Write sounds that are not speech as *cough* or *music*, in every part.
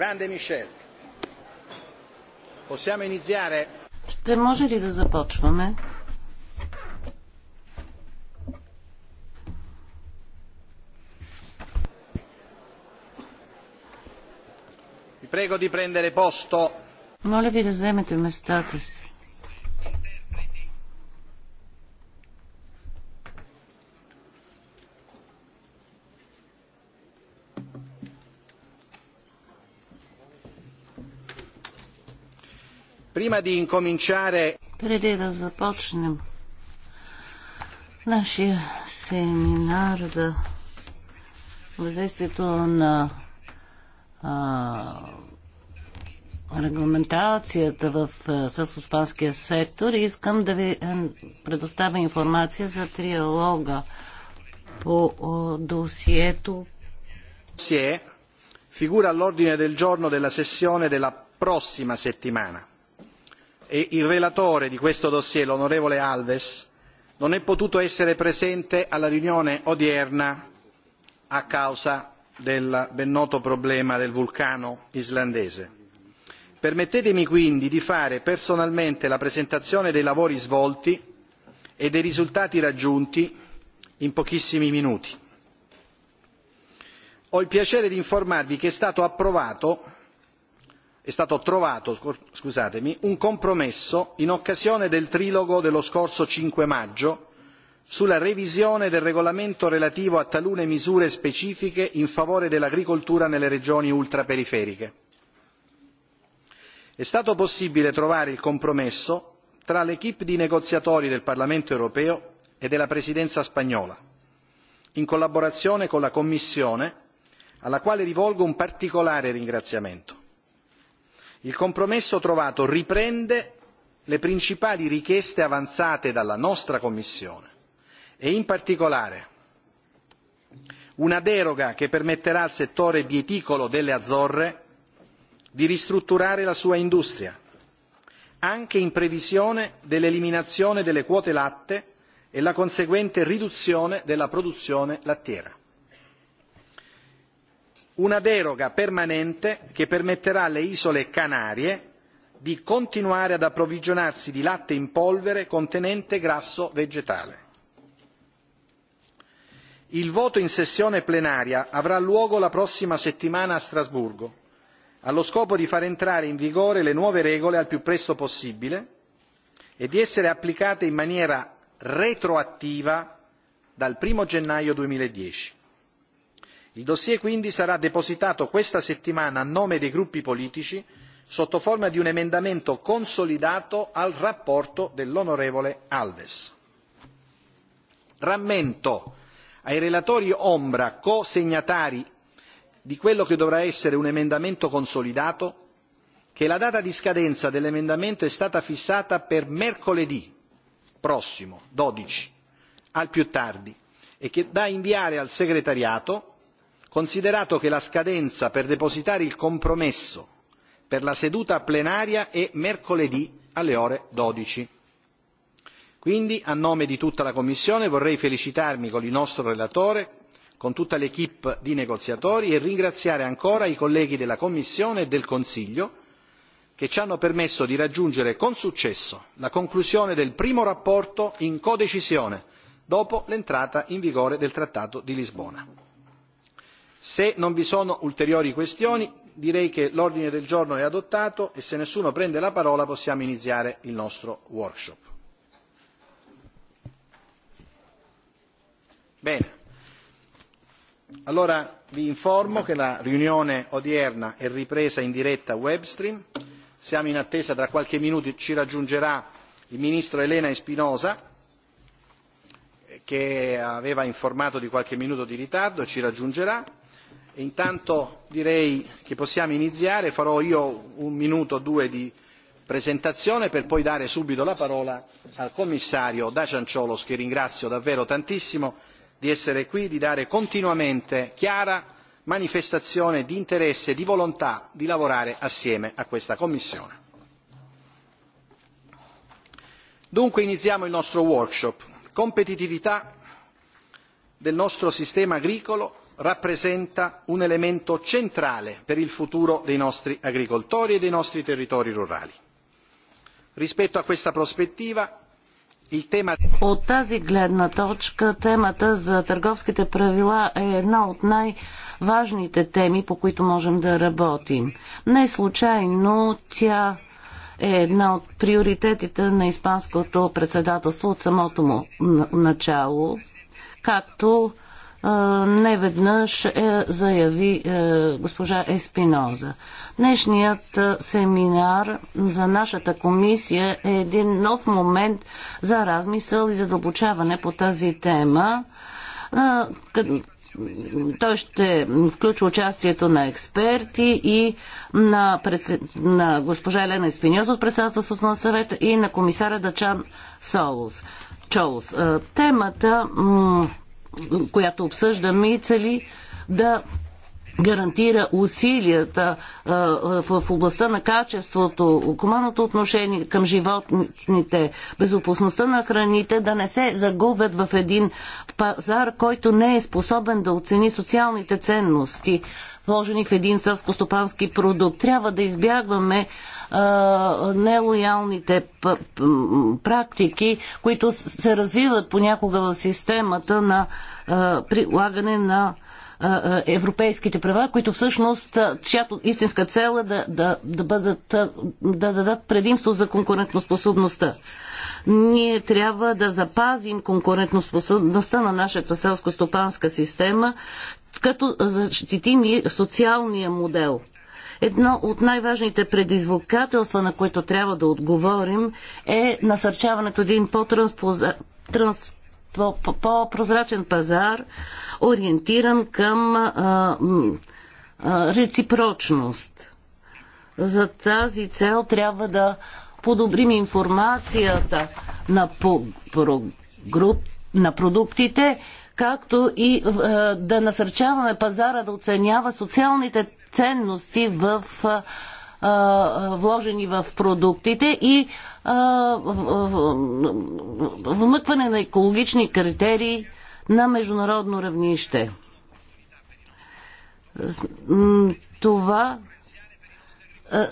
Grande Michel. Possiamo iniziare? Ще може ли да започваме? Ви прего prendere posto. Моля ви да вземете местата си. prima di incominciare... Преди да започнем нашия семинар за въздействието на а, регламентацията в съсоспанския сектор, искам да ви предоставя информация за триалога по о, досието. Фигура all'ordine del giorno della sessione della prossima settimana e il relatore di questo dossier, l'onorevole Alves, non è potuto essere presente alla riunione odierna a causa del ben noto problema del vulcano islandese. Permettetemi quindi di fare personalmente la presentazione dei lavori svolti e dei risultati raggiunti in pochissimi minuti. Ho il piacere di informarvi che è stato approvato è stato trovato un compromesso in occasione del trilogo dello scorso cinque maggio sulla revisione del regolamento relativo a talune misure specifiche in favore dell'agricoltura nelle regioni ultraperiferiche. È stato possibile trovare il compromesso tra l'equipe di negoziatori del Parlamento europeo e della Presidenza spagnola, in collaborazione con la Commissione, alla quale rivolgo un particolare ringraziamento. Il compromesso trovato riprende le principali richieste avanzate dalla nostra Commissione e in particolare una deroga che permetterà al settore bieticolo delle Azzorre di ristrutturare la sua industria, anche in previsione dell'eliminazione delle quote latte e la conseguente riduzione della produzione lattiera una deroga permanente che permetterà alle isole canarie di continuare ad approvvigionarsi di latte in polvere contenente grasso vegetale. Il voto in sessione plenaria avrà luogo la prossima settimana a Strasburgo, allo scopo di far entrare in vigore le nuove regole al più presto possibile e di essere applicate in maniera retroattiva dal uno gennaio duemiladieci il dossier quindi sarà depositato questa settimana a nome dei gruppi politici sotto forma di un emendamento consolidato al rapporto dell'onorevole Alves. rammento ai relatori ombra cosegnatari di quello che dovrà essere un emendamento consolidato che la data di scadenza dell'emendamento è stata fissata per mercoledì prossimo dodici al più tardi e che da inviare al segretariato considerato che la scadenza per depositare il compromesso per la seduta plenaria è mercoledì alle ore. dodici quindi a nome di tutta la commissione vorrei felicitarmi con il nostro relatore con tutta l'equipe di negoziatori e ringraziare ancora i colleghi della commissione e del consiglio che ci hanno permesso di raggiungere con successo la conclusione del primo rapporto in codecisione dopo l'entrata in vigore del trattato di lisbona se non vi sono ulteriori questioni direi che l'ordine del giorno è adottato e se nessuno prende la parola possiamo iniziare il nostro workshop. Bene, allora vi informo che la riunione odierna è ripresa in diretta web stream. Siamo in attesa, tra qualche minuto ci raggiungerà il ministro Elena Espinosa che aveva informato di qualche minuto di ritardo, ci raggiungerà Intanto direi che possiamo iniziare, farò io un minuto o due di presentazione per poi dare subito la parola al commissario Dacianciolos che ringrazio davvero tantissimo di essere qui, di dare continuamente chiara manifestazione di interesse e di volontà di lavorare assieme a questa Commissione. Dunque iniziamo il nostro workshop. Competitività del nostro sistema agricolo rappresenta un elemento centrale per il futuro dei nostri agricoltori e dei nostri territori rurali. Rispetto a questa prospettiva, il tema... От тази гледна точка темата за търговските правила е една от най-важните теми, по които можем да работим. Не случайно тя е една от приоритетите на Испанското председателство от самото му начало, както неведнъж е, заяви е, госпожа Еспиноза. Днешният е, семинар за нашата комисия е един нов момент за размисъл и задълбочаване по тази тема. Е, той ще включи участието на експерти и на, председ... на госпожа Елена Еспиньоз от председателството на съвета и на комисаря Дачан Солус. Чолус. Е, темата която обсъждаме и цели да гарантира усилията а, в областта на качеството, хуманното отношение към животните, безопасността на храните, да не се загубят в един пазар, който не е способен да оцени социалните ценности вложени в един съскостопански продукт. Трябва да избягваме а, нелоялните практики, които се развиват понякога в системата на а, прилагане на европейските права, които всъщност, чиято истинска цел е да, да, да, бъдат, да дадат предимство за конкурентоспособността ние трябва да запазим конкурентоспособността на нашата селско-стопанска система, като защитим и социалния модел. Едно от най-важните предизвикателства, на които трябва да отговорим, е насърчаването един по транс... по-прозрачен пазар, ориентиран към а, а, реципрочност. За тази цел трябва да подобрим информацията на, по, про, груп, на продуктите както и е, да насърчаваме пазара да оценява социалните ценности в е, е, вложени в продуктите и вмъкване на екологични критерии на международно равнище. Това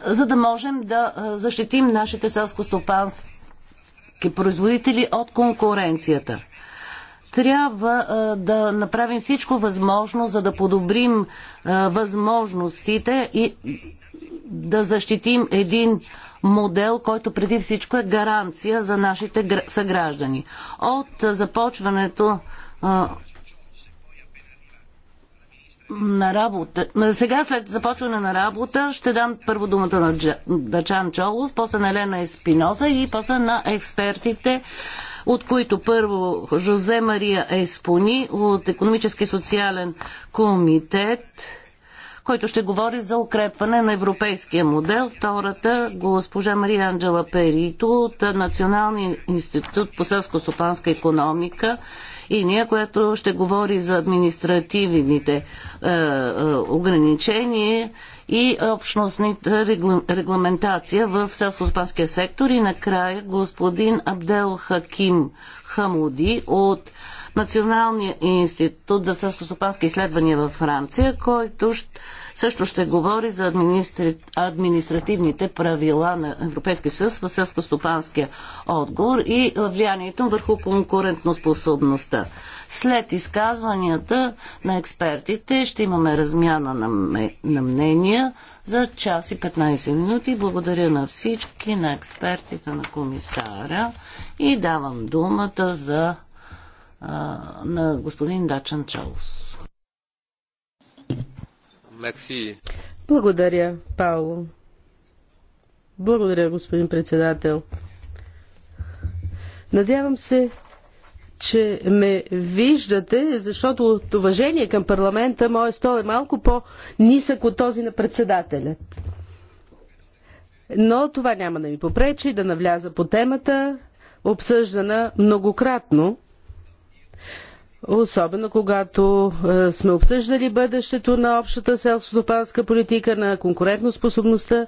за да можем да защитим нашите селскостопански производители от конкуренцията трябва а, да направим всичко възможно, за да подобрим а, възможностите и да защитим един модел, който преди всичко е гаранция за нашите съграждани. От започването на работа. Сега след започване на работа ще дам първо думата на Бачан Чолос, после на Елена Еспиноза и после на експертите, от които първо Жозе Мария Еспони от Економически и социален комитет който ще говори за укрепване на европейския модел. Втората госпожа Мария Анджела Перито от Националния институт по селско-стопанска економика и ние, която ще говори за административните е, е, ограничения и общностната регламентация в селско-стопанския сектор. И накрая господин Абдел Хаким Хамуди от Националния институт за сълскостопански изследвания във Франция, който също ще говори за администри... административните правила на Европейския съюз в сълскостопанския отговор и влиянието върху конкурентноспособността. След изказванията на експертите ще имаме размяна на, м... на мнения за час и 15 минути. Благодаря на всички, на експертите, на комисара и давам думата за а, на господин Дачан Чаус. Мерси. Благодаря, Пауло. Благодаря, господин председател. Надявам се, че ме виждате, защото от уважение към парламента моят стол е малко по-нисък от този на председателят. Но това няма да ми попречи да навляза по темата, обсъждана многократно Особено когато е, сме обсъждали бъдещето на общата селскостопанска политика, на конкурентоспособността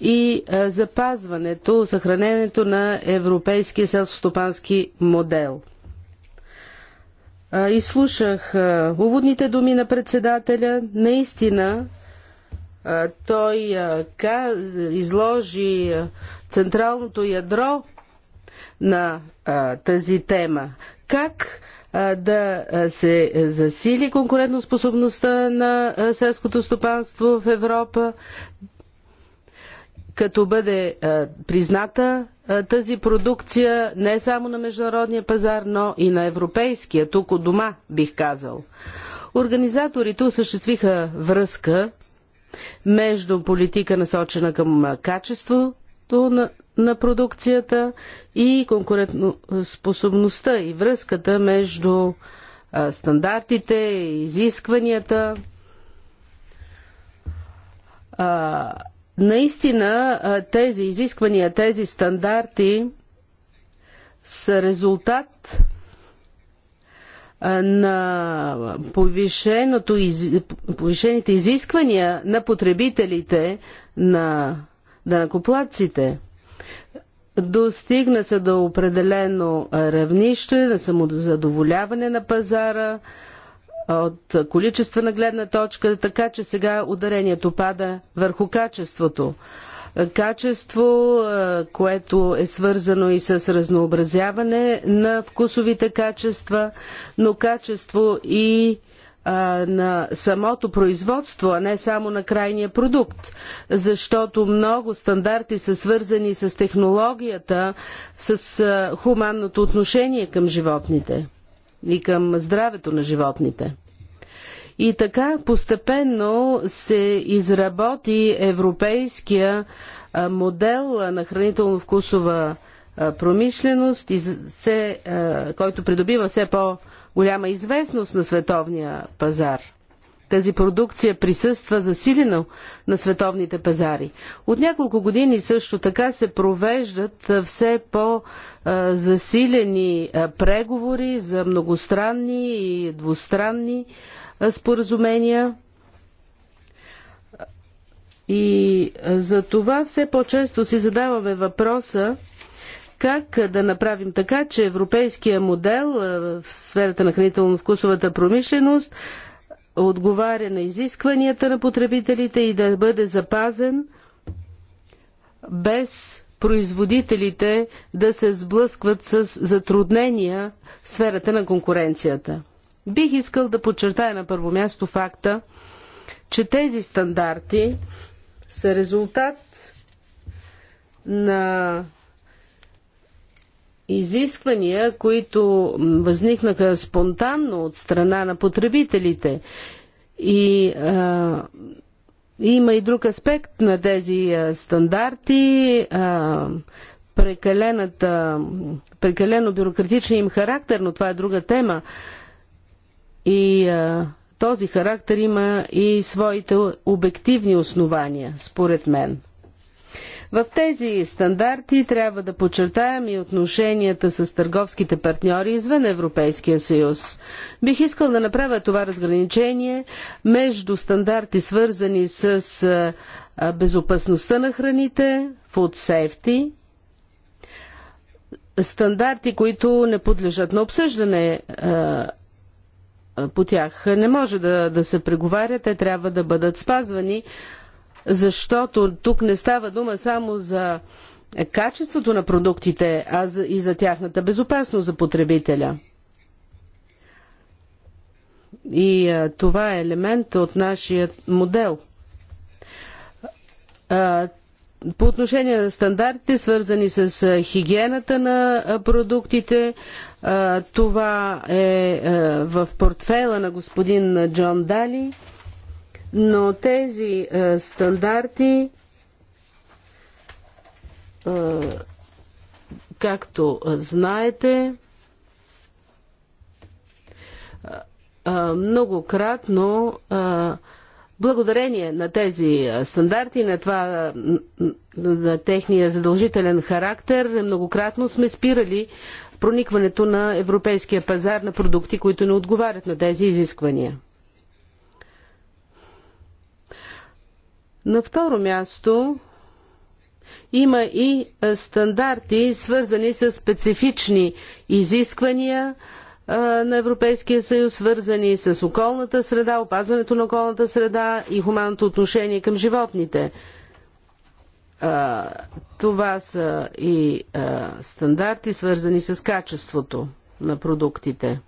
и е, запазването, съхранението на европейския селскостопански модел. Е, изслушах уводните думи на председателя. Наистина той изложи централното ядро на тази тема. Как да се засили конкурентоспособността на селското стопанство в Европа, като бъде призната тази продукция не само на международния пазар, но и на европейския, тук у дома, бих казал. Организаторите осъществиха връзка между политика насочена към качеството на на продукцията и конкурентоспособността и връзката между стандартите, изискванията. Наистина тези изисквания, тези стандарти са резултат на повишените изисквания на потребителите, на данакоплатците – Достигна се до определено равнище на самозадоволяване на пазара от количествена гледна точка, така че сега ударението пада върху качеството. Качество, което е свързано и с разнообразяване на вкусовите качества, но качество и на самото производство, а не само на крайния продукт, защото много стандарти са свързани с технологията, с хуманното отношение към животните и към здравето на животните. И така постепенно се изработи европейския модел на хранително-вкусова промишленост, който придобива все по- голяма известност на световния пазар. Тази продукция присъства засилено на световните пазари. От няколко години също така се провеждат все по-засилени преговори за многостранни и двустранни споразумения. И за това все по-често си задаваме въпроса как да направим така, че европейския модел в сферата на хранително-вкусовата промишленост отговаря на изискванията на потребителите и да бъде запазен без производителите да се сблъскват с затруднения в сферата на конкуренцията. Бих искал да подчертая на първо място факта, че тези стандарти са резултат на изисквания, които възникнаха спонтанно от страна на потребителите. И а, има и друг аспект на тези стандарти. А, прекалената, прекалено бюрократичния им характер, но това е друга тема. И а, този характер има и своите обективни основания, според мен. В тези стандарти трябва да подчертаем и отношенията с търговските партньори извън Европейския съюз. Бих искал да направя това разграничение между стандарти свързани с безопасността на храните, food safety, стандарти, които не подлежат на обсъждане по тях. Не може да, да се преговаря, те трябва да бъдат спазвани защото тук не става дума само за качеството на продуктите, а и за тяхната безопасност за потребителя. И а, това е елемент от нашия модел. А, по отношение на стандартите, свързани с хигиената на продуктите, това е в портфела на господин Джон Дали. Но тези е, стандарти, е, както знаете, е, е многократно е, благодарение на тези е, стандарти, на, това, е, на техния задължителен характер, многократно сме спирали проникването на европейския пазар на продукти, които не отговарят на тези изисквания. На второ място има и стандарти, свързани с специфични изисквания на Европейския съюз, свързани с околната среда, опазването на околната среда и хуманното отношение към животните. Това са и стандарти, свързани с качеството на продуктите.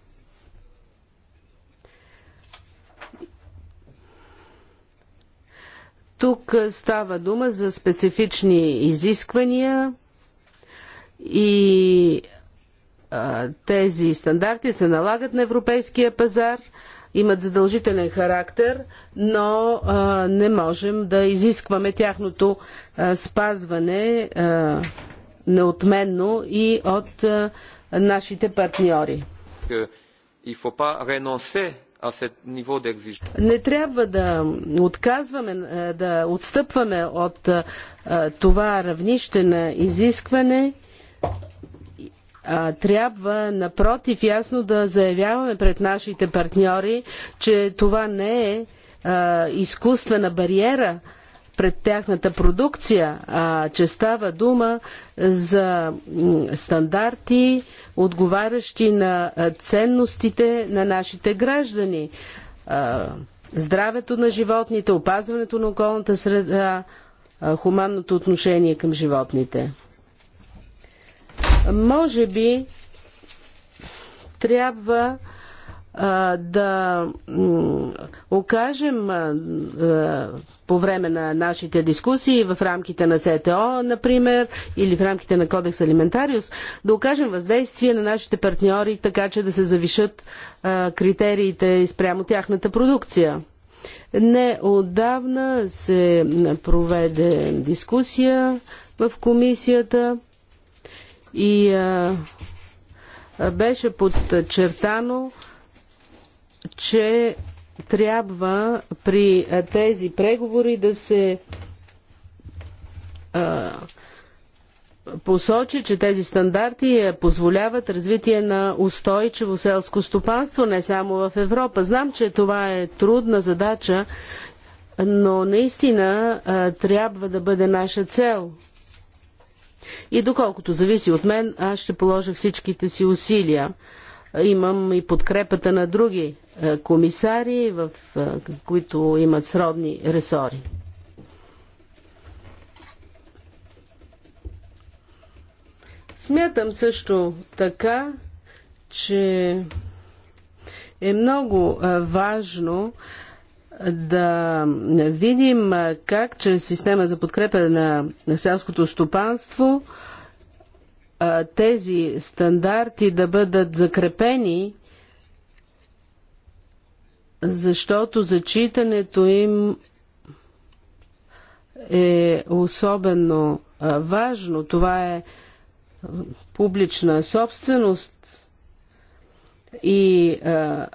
Тук става дума за специфични изисквания и а, тези стандарти се налагат на европейския пазар, имат задължителен характер, но а, не можем да изискваме тяхното а, спазване а, неотменно и от а, нашите партньори. Il faut pas renoncer е не трябва да отказваме, е, да отстъпваме от е, това равнище на изискване. Трябва, напротив, ясно да заявяваме пред нашите партньори, че това не е изкуствена бариера пред тяхната продукция, а че става дума за стандарти, отговарящи на ценностите на нашите граждани. Здравето на животните, опазването на околната среда, хуманното отношение към животните. Може би трябва да окажем по време на нашите дискусии в рамките на СТО, например, или в рамките на Кодекс Алиментариус, да окажем въздействие на нашите партньори, така че да се завишат критериите спрямо тяхната продукция. Не отдавна се проведе дискусия в комисията и беше подчертано, че трябва при тези преговори да се а, посочи, че тези стандарти е, позволяват развитие на устойчиво селско стопанство не само в Европа. Знам, че това е трудна задача, но наистина а, трябва да бъде наша цел. И доколкото зависи от мен, аз ще положа всичките си усилия имам и подкрепата на други е, комисари, в е, които имат сродни ресори. Смятам също така, че е много е, важно да видим как чрез система за подкрепа на селското стопанство тези стандарти да бъдат закрепени, защото зачитането им е особено важно. Това е публична собственост и а,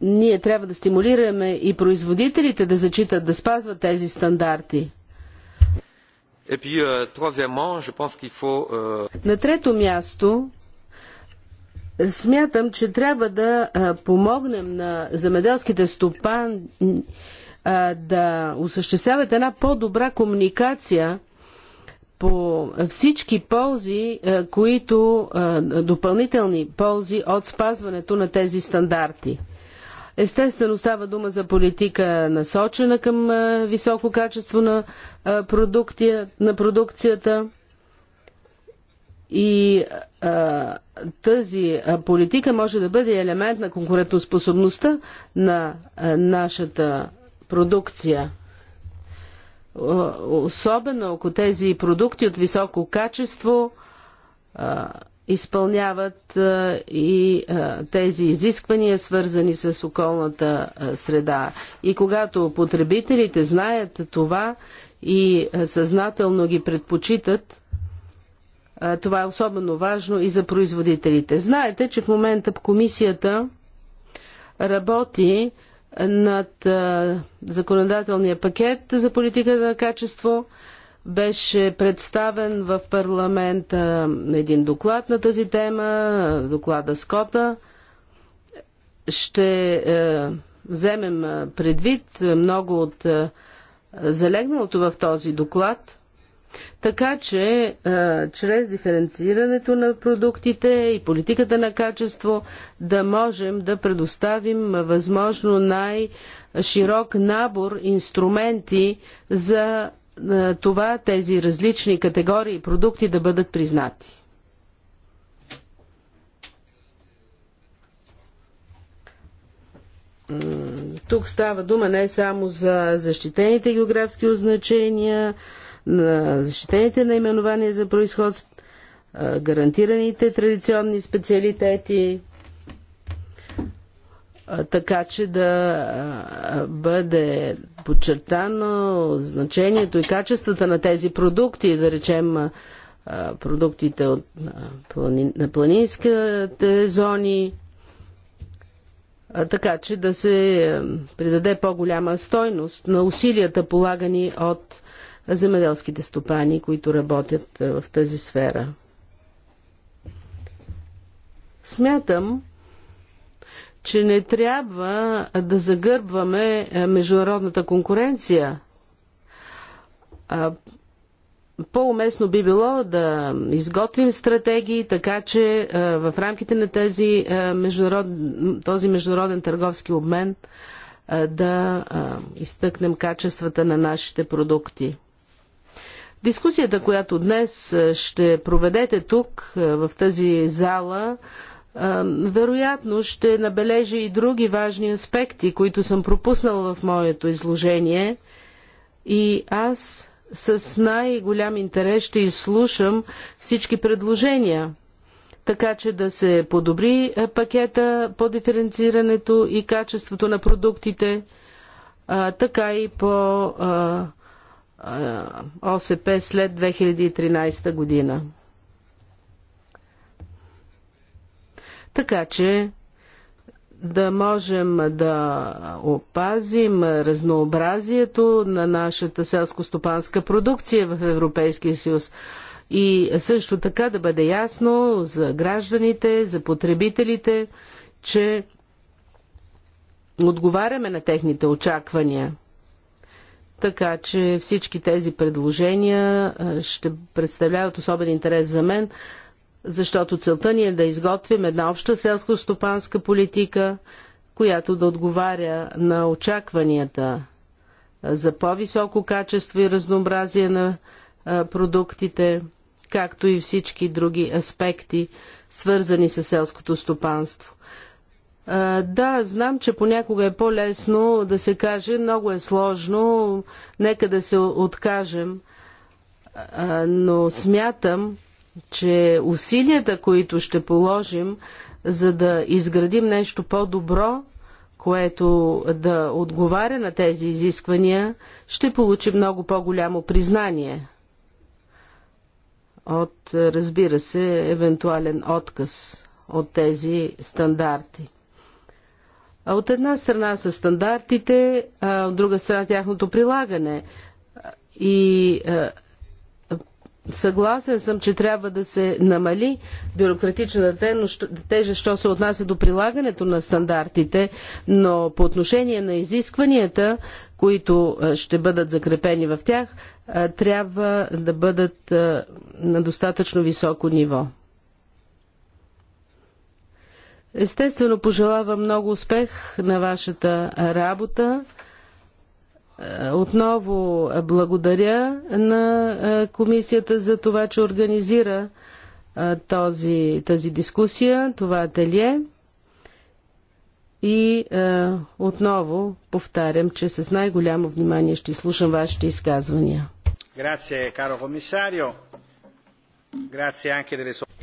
ние трябва да стимулираме и производителите да зачитат, да спазват тези стандарти. Euh, euh, на трето място, смятам, че трябва да помогнем на земеделските стопани да осъществяват една по-добра комуникация по всички ползи, които допълнителни ползи от спазването на тези стандарти. Естествено става дума за политика насочена към високо качество на, на продукцията. И а, тази политика може да бъде елемент на конкурентоспособността на а, нашата продукция. Особено ако тези продукти от високо качество а, изпълняват и тези изисквания, свързани с околната среда. И когато потребителите знаят това и съзнателно ги предпочитат, това е особено важно и за производителите. Знаете, че в момента комисията работи над законодателния пакет за политика на качество – беше представен в парламента един доклад на тази тема, доклада Скота. Ще е, вземем е, предвид много от е, залегналото в този доклад – така че, е, чрез диференцирането на продуктите и политиката на качество, да можем да предоставим е, възможно най-широк набор инструменти за е, това тези различни категории продукти да бъдат признати. Тук става дума не само за защитените географски означения, на защитените наименования за происход, гарантираните традиционни специалитети, така че да бъде подчертано значението и качествата на тези продукти, да речем продуктите от, плани, на планинските зони, така че да се придаде по-голяма стойност на усилията полагани от земеделските стопани, които работят в тази сфера. Смятам, че не трябва да загърбваме е, международната конкуренция. По-уместно би било да изготвим стратегии, така че е, в рамките на тези е, международ... този международен търговски обмен да изтъкнем качествата на нашите продукти. Дискусията, която днес ще проведете тук, в тази зала, вероятно ще набележа и други важни аспекти, които съм пропуснал в моето изложение. И аз с най-голям интерес ще изслушам всички предложения, така че да се подобри е, пакета по диференцирането и качеството на продуктите, така и по ОСП след 2013 година. така че да можем да опазим разнообразието на нашата селско-стопанска продукция в Европейския съюз. И също така да бъде ясно за гражданите, за потребителите, че отговаряме на техните очаквания. Така че всички тези предложения ще представляват особен интерес за мен защото целта ни е да изготвим една обща селско-стопанска политика, която да отговаря на очакванията за по-високо качество и разнообразие на продуктите, както и всички други аспекти, свързани с селското стопанство. Да, знам, че понякога е по-лесно да се каже, много е сложно, нека да се откажем, но смятам, че усилията, които ще положим, за да изградим нещо по-добро, което да отговаря на тези изисквания, ще получи много по-голямо признание от, разбира се, евентуален отказ от тези стандарти. А от една страна са стандартите, а от друга страна тяхното прилагане. И Съгласен съм, че трябва да се намали бюрократичната тежест, що се отнася до прилагането на стандартите, но по отношение на изискванията, които ще бъдат закрепени в тях, трябва да бъдат на достатъчно високо ниво. Естествено, пожелавам много успех на вашата работа. Е, отново благодаря на е, комисията за това, че организира е, този, тази дискусия, това ателие. И е, отново повтарям, че с най-голямо внимание ще слушам вашите изказвания.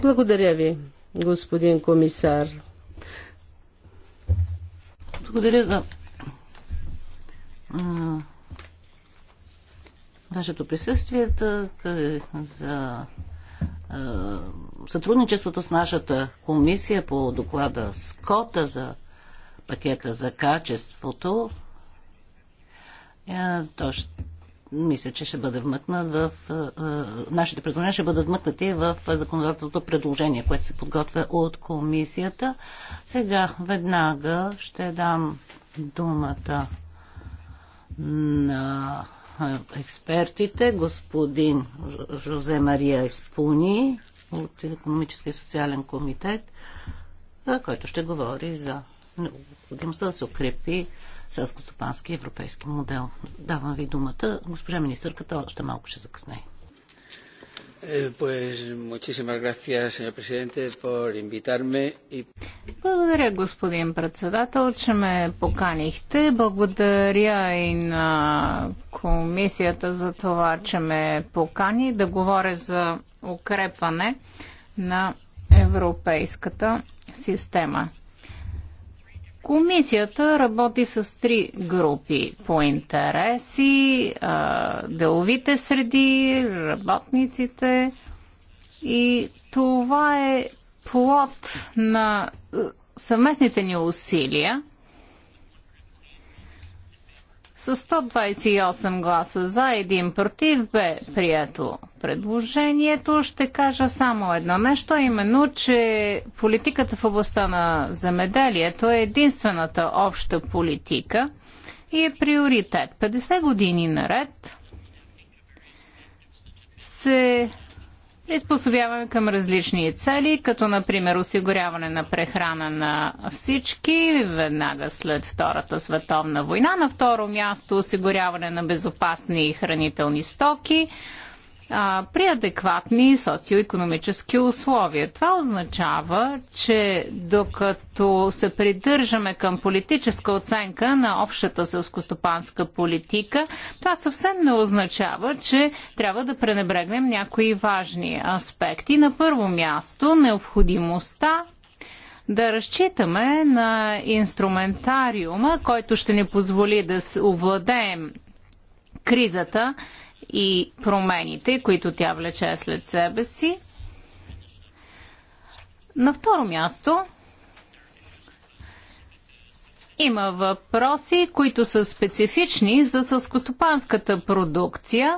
Благодаря ви, господин комисар. Благодаря за вашето присъствие за сътрудничеството с нашата комисия по доклада Скота за пакета за качеството. То ще, мисля, че ще бъде вмъкнат в... Нашите предложения ще бъдат вмъкнати в законодателното предложение, което се подготвя от комисията. Сега веднага ще дам думата на експертите, господин Жозе Мария Испуни от Економическия и социален комитет, който ще говори за необходимостта да се укрепи селско-стопански европейски модел. Давам ви думата. Госпожа министърката още малко ще закъсне. Eh, Благодаря, господин председател, че ме поканихте. Благодаря и на комисията за това, че ме покани да говоря за укрепване на европейската система. Комисията работи с три групи по интереси, деловите среди, работниците и това е плод на съвместните ни усилия с 128 гласа за, един против бе прието предложението. Ще кажа само едно нещо, именно, че политиката в областта на замеделието е единствената обща политика и е приоритет. 50 години наред се приспособяваме към различни цели, като например осигуряване на прехрана на всички веднага след Втората световна война. На второ място осигуряване на безопасни и хранителни стоки а, при адекватни социо-економически условия. Това означава, че докато се придържаме към политическа оценка на общата селскостопанска политика, това съвсем не означава, че трябва да пренебрегнем някои важни аспекти. На първо място необходимостта да разчитаме на инструментариума, който ще ни позволи да овладеем кризата и промените, които тя влече след себе си. На второ място има въпроси, които са специфични за съскостопанската продукция.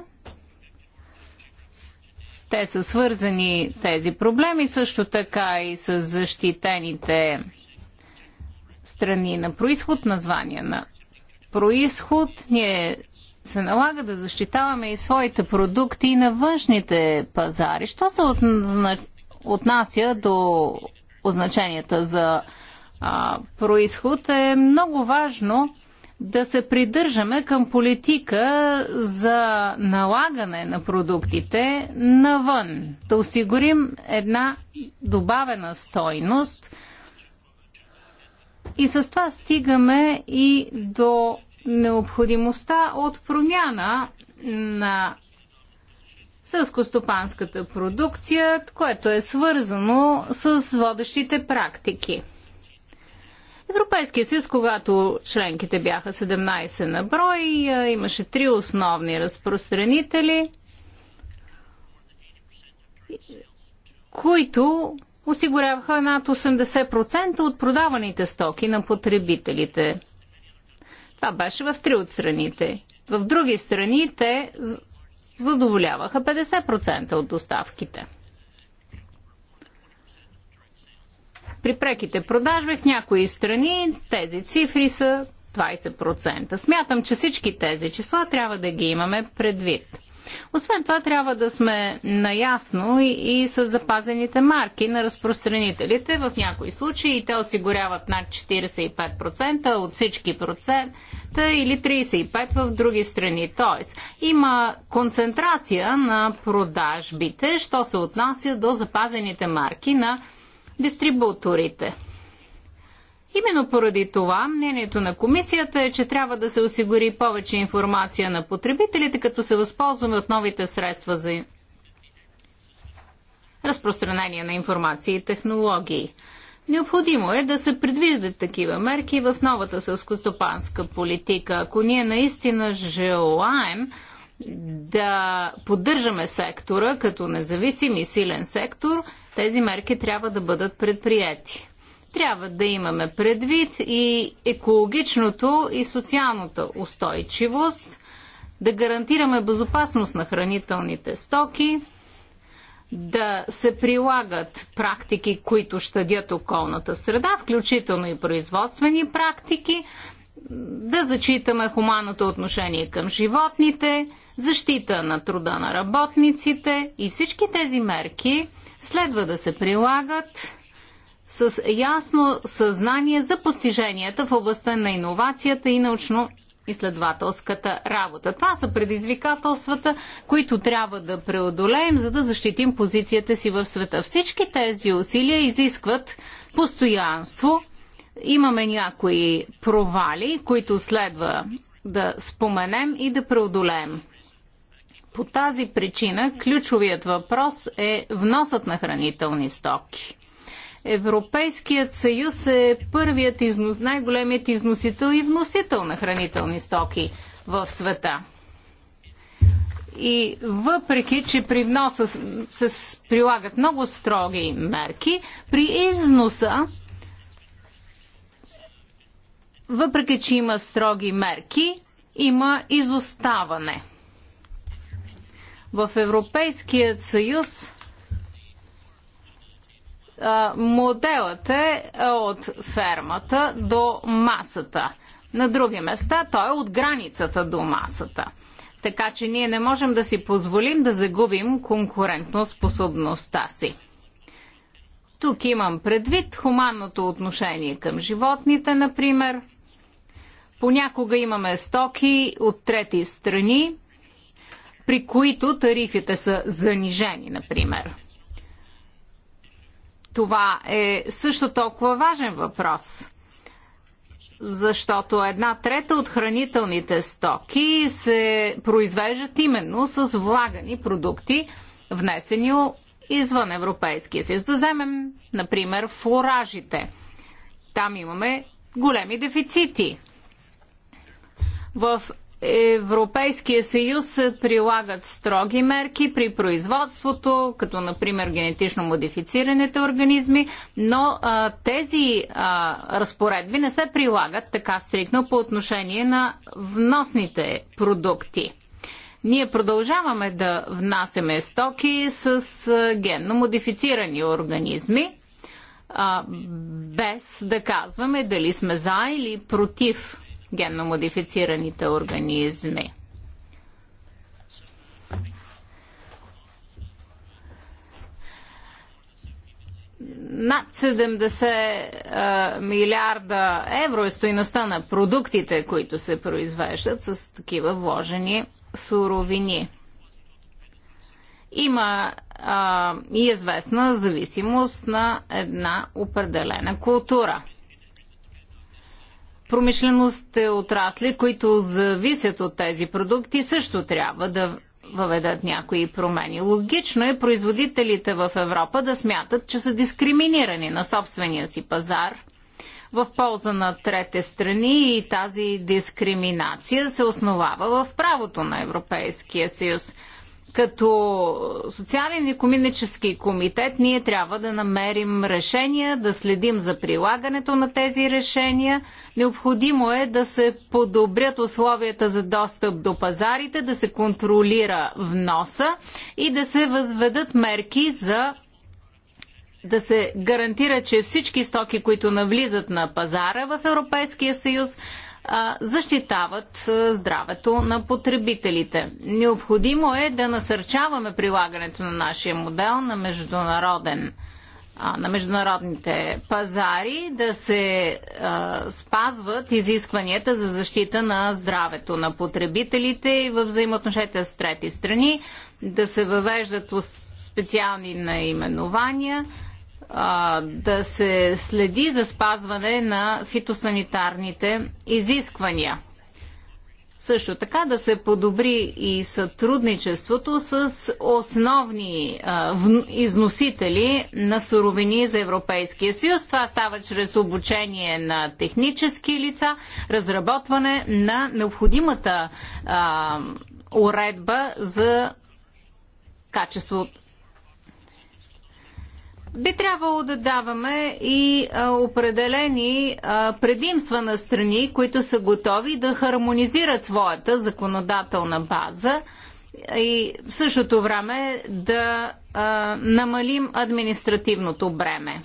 Те са свързани тези проблеми също така и с защитените страни на происход, названия на происход. Ние се налага да защитаваме и своите продукти и на външните пазари. Що се отнася до означенията за а, происход, е много важно да се придържаме към политика за налагане на продуктите навън, да осигурим една добавена стойност. И с това стигаме и до необходимостта от промяна на сълскостопанската продукция, което е свързано с водещите практики. Европейския съюз, когато членките бяха 17 на брой, имаше три основни разпространители, които осигуряваха над 80% от продаваните стоки на потребителите. Това беше в три от страните. В други страни те задоволяваха 50% от доставките. При преките продажби в някои страни тези цифри са 20%. Смятам, че всички тези числа трябва да ги имаме предвид. Освен това, трябва да сме наясно и, и с запазените марки на разпространителите. В някои случаи те осигуряват над 45% от всички процента или 35% в други страни. Тоест, има концентрация на продажбите, що се отнася до запазените марки на дистрибуторите. Именно поради това мнението на комисията е, че трябва да се осигури повече информация на потребителите, като се възползваме от новите средства за разпространение на информация и технологии. Необходимо е да се предвиждат такива мерки в новата сълскостопанска политика. Ако ние наистина желаем да поддържаме сектора като независим и силен сектор, тези мерки трябва да бъдат предприяти трябва да имаме предвид и екологичното и социалната устойчивост, да гарантираме безопасност на хранителните стоки, да се прилагат практики, които щадят околната среда, включително и производствени практики, да зачитаме хуманното отношение към животните, защита на труда на работниците и всички тези мерки следва да се прилагат с ясно съзнание за постиженията в областта на иновацията и научно изследователската работа. Това са предизвикателствата, които трябва да преодолеем, за да защитим позицията си в света. Всички тези усилия изискват постоянство. Имаме някои провали, които следва да споменем и да преодолеем. По тази причина ключовият въпрос е вносът на хранителни стоки. Европейският съюз е първият износ, най-големият износител и вносител на хранителни стоки в света. И въпреки, че при вноса се прилагат много строги мерки, при износа, въпреки, че има строги мерки, има изоставане. В Европейският съюз Моделът е, е от фермата до масата. На други места той е от границата до масата. Така че ние не можем да си позволим да загубим конкурентно способността си. Тук имам предвид хуманното отношение към животните, например. Понякога имаме стоки от трети страни, при които тарифите са занижени, например. Това е също толкова важен въпрос защото една трета от хранителните стоки се произвеждат именно с влагани продукти, внесени извън Европейския съюз. Да вземем, например, фуражите. Там имаме големи дефицити. В Европейския съюз се прилагат строги мерки при производството, като например генетично модифицираните организми, но а, тези а, разпоредби не се прилагат така стрикно по отношение на вносните продукти. Ние продължаваме да внасяме стоки с генно модифицирани организми, а, без да казваме дали сме за или против генно модифицираните организми. над 70 а, милиарда евро е стоиността на продуктите, които се произвеждат с такива вложени суровини. Има а, и известна зависимост на една определена култура – промишленост и е отрасли, които зависят от тези продукти, също трябва да въведат някои промени. Логично е производителите в Европа да смятат, че са дискриминирани на собствения си пазар в полза на трете страни и тази дискриминация се основава в правото на Европейския съюз като социален и економически комитет ние трябва да намерим решения, да следим за прилагането на тези решения. Необходимо е да се подобрят условията за достъп до пазарите, да се контролира вноса и да се възведат мерки за да се гарантира, че всички стоки, които навлизат на пазара в Европейския съюз, защитават здравето на потребителите. Необходимо е да насърчаваме прилагането на нашия модел на международен на международните пазари да се а, спазват изискванията за защита на здравето на потребителите и във взаимоотношенията с трети страни, да се въвеждат специални наименования, да се следи за спазване на фитосанитарните изисквания. Също така да се подобри и сътрудничеството с основни а, в, износители на суровини за Европейския съюз. Това става чрез обучение на технически лица, разработване на необходимата а, уредба за качество, би трябвало да даваме и а, определени а, предимства на страни, които са готови да хармонизират своята законодателна база и в същото време да а, намалим административното бреме.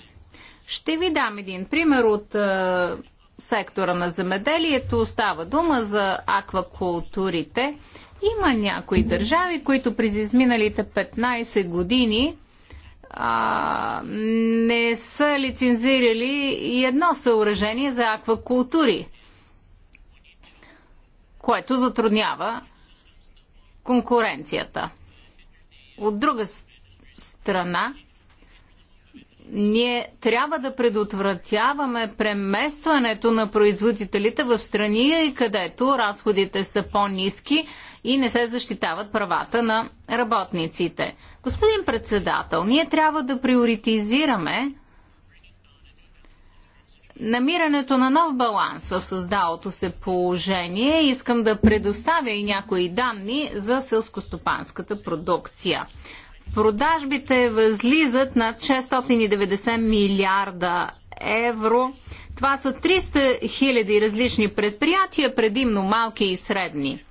Ще ви дам един пример от а, сектора на земеделието. Става дума за аквакултурите. Има някои държави, които през изминалите 15 години а, не са лицензирали и едно съоръжение за аквакултури, което затруднява конкуренцията. От друга страна, ние трябва да предотвратяваме преместването на производителите в страни, където разходите са по-низки и не се защитават правата на работниците. Господин председател, ние трябва да приоритизираме намирането на нов баланс в създалото се положение. Искам да предоставя и някои данни за селскостопанската продукция. Продажбите възлизат над 690 милиарда евро. Това са 300 хиляди различни предприятия, предимно малки и средни.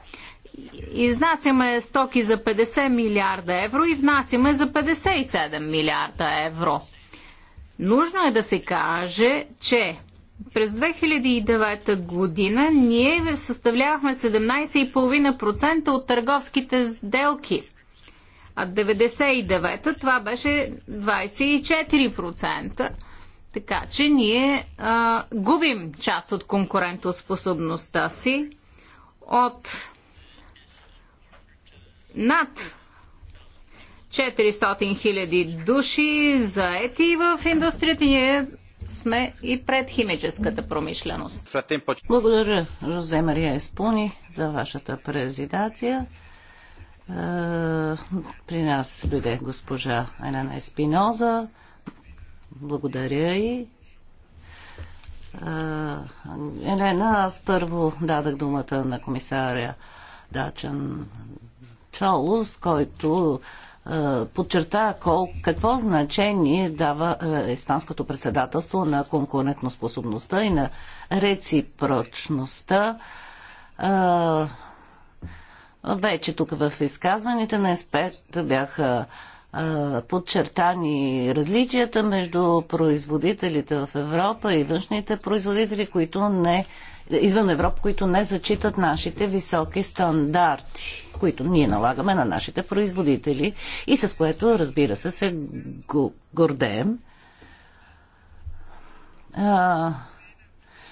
Изнасяме стоки за 50 милиарда евро и внасяме за 57 милиарда евро. Нужно е да се каже, че през 2009 година ние съставлявахме 17,5% от търговските сделки – а 99-та това беше 24%. Така че ние а, губим част от конкурентоспособността си от над 400 000 души заети в индустрията. Ние сме и пред химическата промишленост. Благодаря, Жозе Мария Еспуни, за вашата презентация. При нас дойде госпожа Елена Еспиноза. Благодаря и. Елена, аз първо дадах думата на комисаря Дачан Чолус, който подчерта какво значение дава Испанското председателство на конкурентоспособността и на реципрочността вече тук в изказваните на експерт бяха подчертани различията между производителите в Европа и външните производители, които не извън Европа, които не зачитат нашите високи стандарти, които ние налагаме на нашите производители и с което, разбира се, се гордеем. А,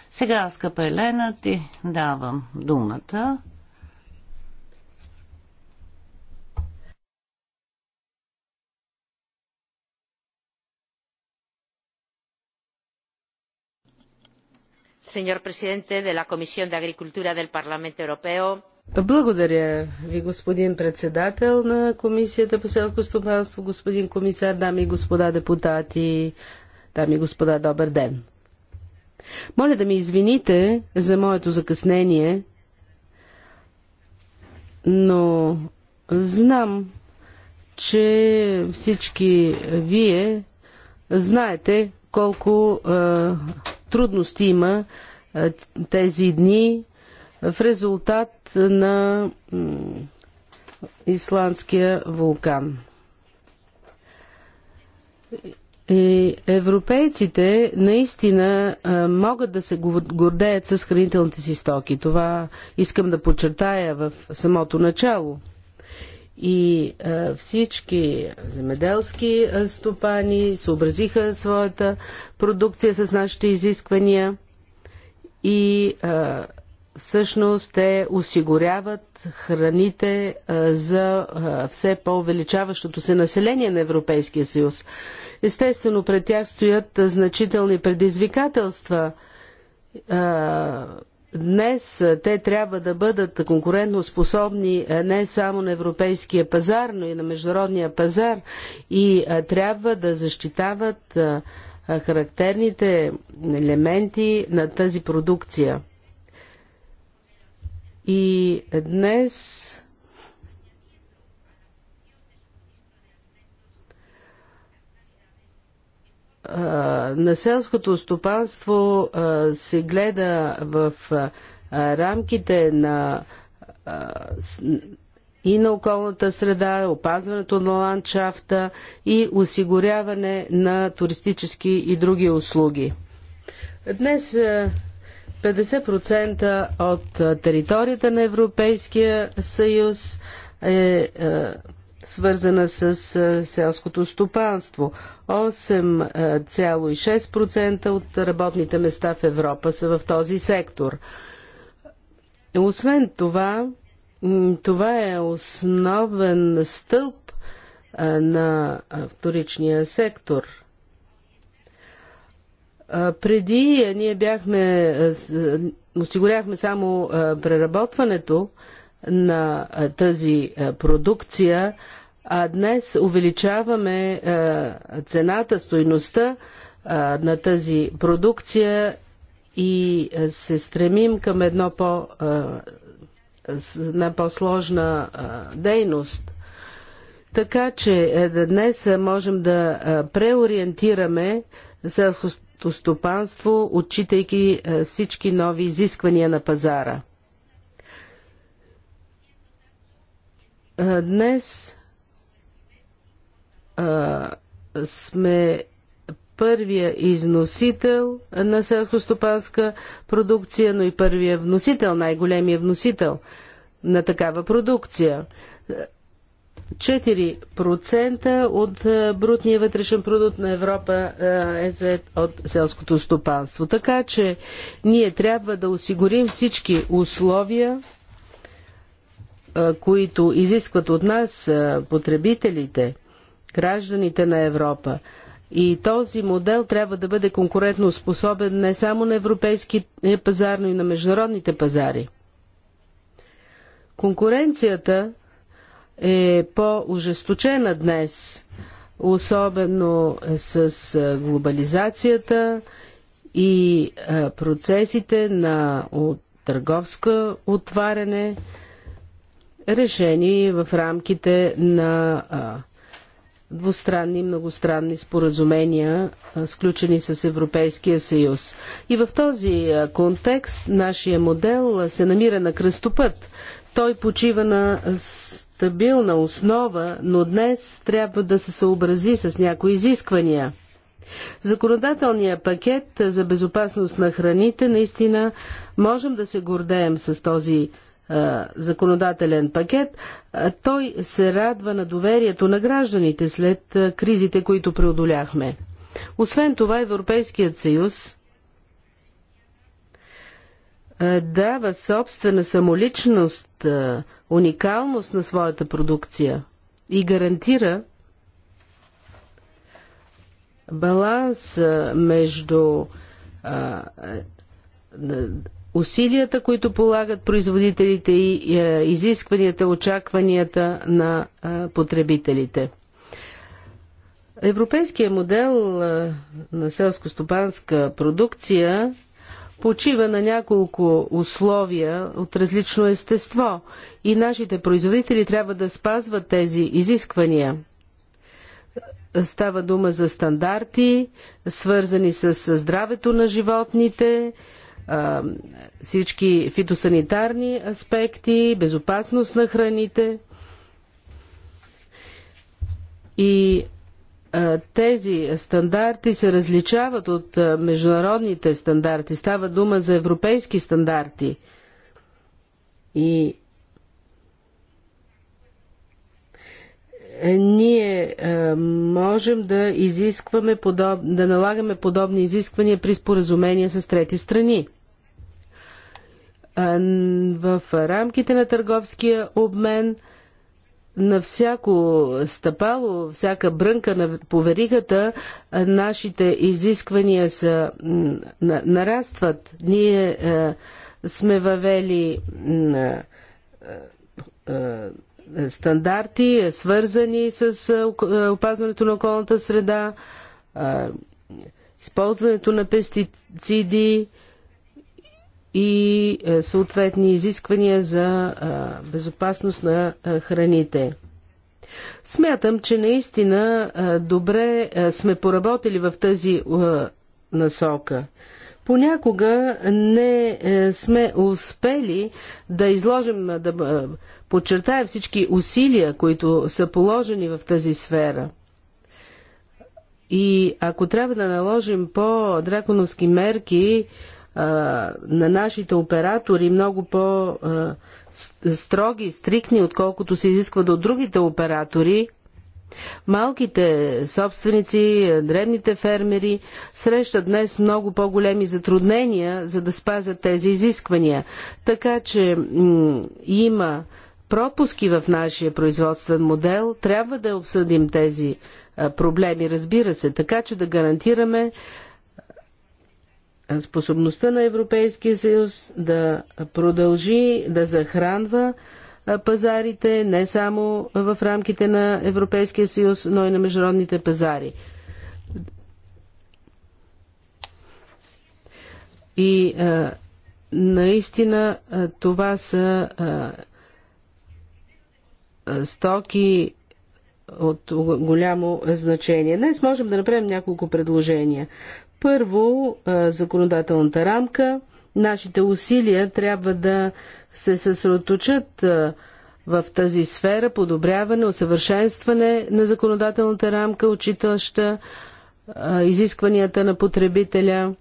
сега, скъпа Елена, ти давам думата. señor presidente de la Comisión de Agricultura del Parlamento Europeo. Благодаря ви, господин председател на Комисията по селско стопанство, господин комисар, дами и господа депутати, дами и господа, добър ден. Моля да ми извините за моето закъснение, но знам, че всички вие знаете колко е, трудности има е, тези дни в резултат на исландския вулкан. И европейците наистина е, могат да се гордеят с хранителните си стоки. Това искам да подчертая в самото начало – и а, е, всички земеделски е, стопани съобразиха своята продукция с нашите изисквания и а, е, всъщност те осигуряват храните а, за а, все по-увеличаващото се население на Европейския съюз. Естествено, пред тях стоят значителни предизвикателства. А, Днес те трябва да бъдат конкурентоспособни не само на европейския пазар, но и на международния пазар и трябва да защитават характерните елементи на тази продукция. И днес на селското стопанство се гледа в рамките на и на околната среда, опазването на ландшафта и осигуряване на туристически и други услуги. Днес 50% от територията на Европейския съюз е свързана с селското стопанство. 8,6% от работните места в Европа са в този сектор. Освен това, това е основен стълб на вторичния сектор. Преди ние бяхме, осигуряхме само преработването, на тази продукция, а днес увеличаваме цената, стойността на тази продукция и се стремим към едно по, една по-сложна дейност. Така че е, днес можем да преориентираме селското стопанство, отчитайки всички нови изисквания на пазара. Днес а, сме първия износител на селскостопанска продукция, но и първия вносител, най-големия вносител на такава продукция. 4% от брутния вътрешен продукт на Европа е заед от селското стопанство. Така че ние трябва да осигурим всички условия които изискват от нас потребителите, гражданите на Европа. И този модел трябва да бъде конкурентно способен не само на европейския е, пазар, но и на международните пазари. Конкуренцията е по ужесточена днес, особено с глобализацията и процесите на търговско отваряне, решени в рамките на двустранни и многостранни споразумения, сключени с Европейския съюз. И в този контекст нашия модел се намира на кръстопът. Той почива на стабилна основа, но днес трябва да се съобрази с някои изисквания. Законодателният пакет за безопасност на храните наистина можем да се гордеем с този законодателен пакет, той се радва на доверието на гражданите след кризите, които преодоляхме. Освен това, Европейският съюз дава собствена самоличност, уникалност на своята продукция и гарантира баланс между усилията, които полагат производителите и е, изискванията, очакванията на е, потребителите. Европейския модел е, на селско-стопанска продукция почива на няколко условия от различно естество и нашите производители трябва да спазват тези изисквания. Става дума за стандарти, свързани с здравето на животните, всички фитосанитарни аспекти, безопасност на храните. И тези стандарти се различават от международните стандарти. Става дума за европейски стандарти. И ние е, можем да изискваме, да налагаме подобни изисквания при споразумения с трети страни. Е, в рамките на търговския обмен на всяко стъпало, всяка брънка на поверигата, е, нашите изисквания са, нарастват. Ние сме въвели стандарти, е свързани с е, е, опазването на околната среда, използването на пестициди и съответни изисквания за безопасност на храните. Смятам, че наистина добре сме поработили в тази насока. Понякога не сме успели да изложим, да подчертая всички усилия, които са положени в тази сфера. И ако трябва да наложим по-драконовски мерки а, на нашите оператори, много по-строги, стрикни, отколкото се изискват от другите оператори, Малките собственици, древните фермери срещат днес много по-големи затруднения, за да спазят тези изисквания. Така че има пропуски в нашия производствен модел, трябва да обсъдим тези проблеми, разбира се, така че да гарантираме способността на Европейския съюз да продължи да захранва пазарите не само в рамките на Европейския съюз, но и на международните пазари. И а, наистина а, това са а, стоки от голямо значение. Днес можем да направим няколко предложения. Първо, законодателната рамка. Нашите усилия трябва да се съсредоточат в тази сфера подобряване, усъвършенстване на законодателната рамка, отчитаща изискванията на потребителя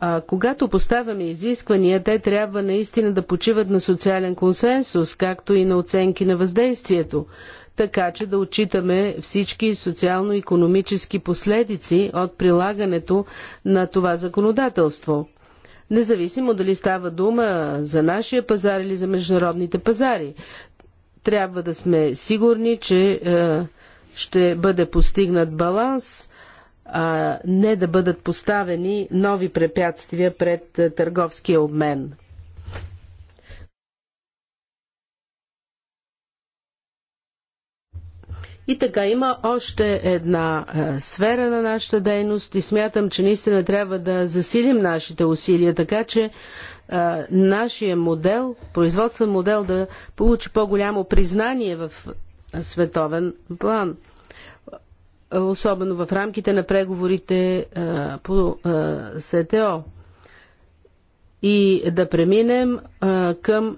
а, когато поставяме изисквания, те трябва наистина да почиват на социален консенсус, както и на оценки на въздействието, така че да отчитаме всички социално-економически последици от прилагането на това законодателство. Независимо дали става дума за нашия пазар или за международните пазари, трябва да сме сигурни, че е, ще бъде постигнат баланс а не да бъдат поставени нови препятствия пред търговския обмен. И така, има още една а, сфера на нашата дейност и смятам, че наистина трябва да засилим нашите усилия, така че а, нашия модел, производствен модел да получи по-голямо признание в световен план особено в рамките на преговорите по СТО и да преминем към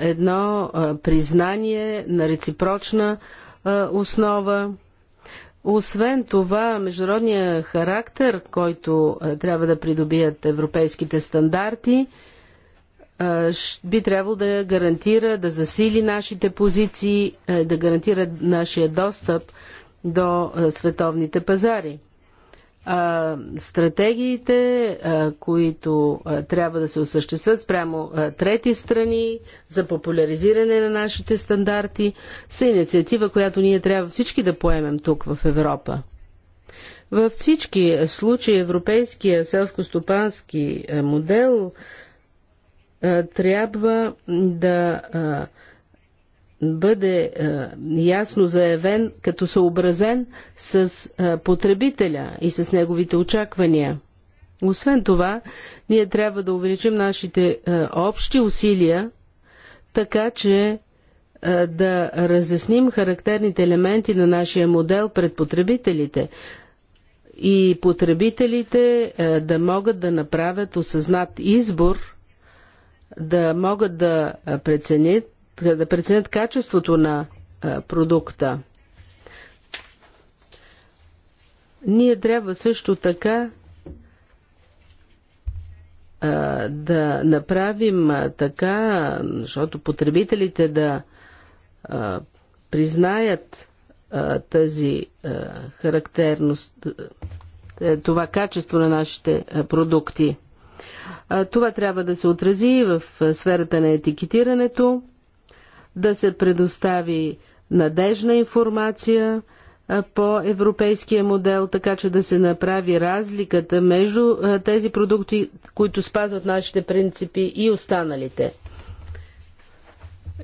едно признание на реципрочна основа. Освен това, международния характер, който трябва да придобият европейските стандарти, би трябвало да гарантира, да засили нашите позиции, да гарантира нашия достъп до световните пазари. А, стратегиите, а, които а, трябва да се осъществят спрямо трети страни за популяризиране на нашите стандарти, са инициатива, която ние трябва всички да поемем тук в Европа. Във всички случаи европейския селско-стопански модел трябва да бъде е, ясно заявен като съобразен с е, потребителя и с неговите очаквания. Освен това, ние трябва да увеличим нашите е, общи усилия, така че да разясним характерните елементи на нашия модел пред потребителите и потребителите да могат да направят осъзнат избор, да могат да преценят да преценят качеството на продукта. Ние трябва също така да направим така, защото потребителите да признаят тази характерност, е, това качество на нашите продукти. Това трябва да се отрази в сферата на етикетирането да се предостави надежна информация по европейския модел, така че да се направи разликата между тези продукти, които спазват нашите принципи и останалите.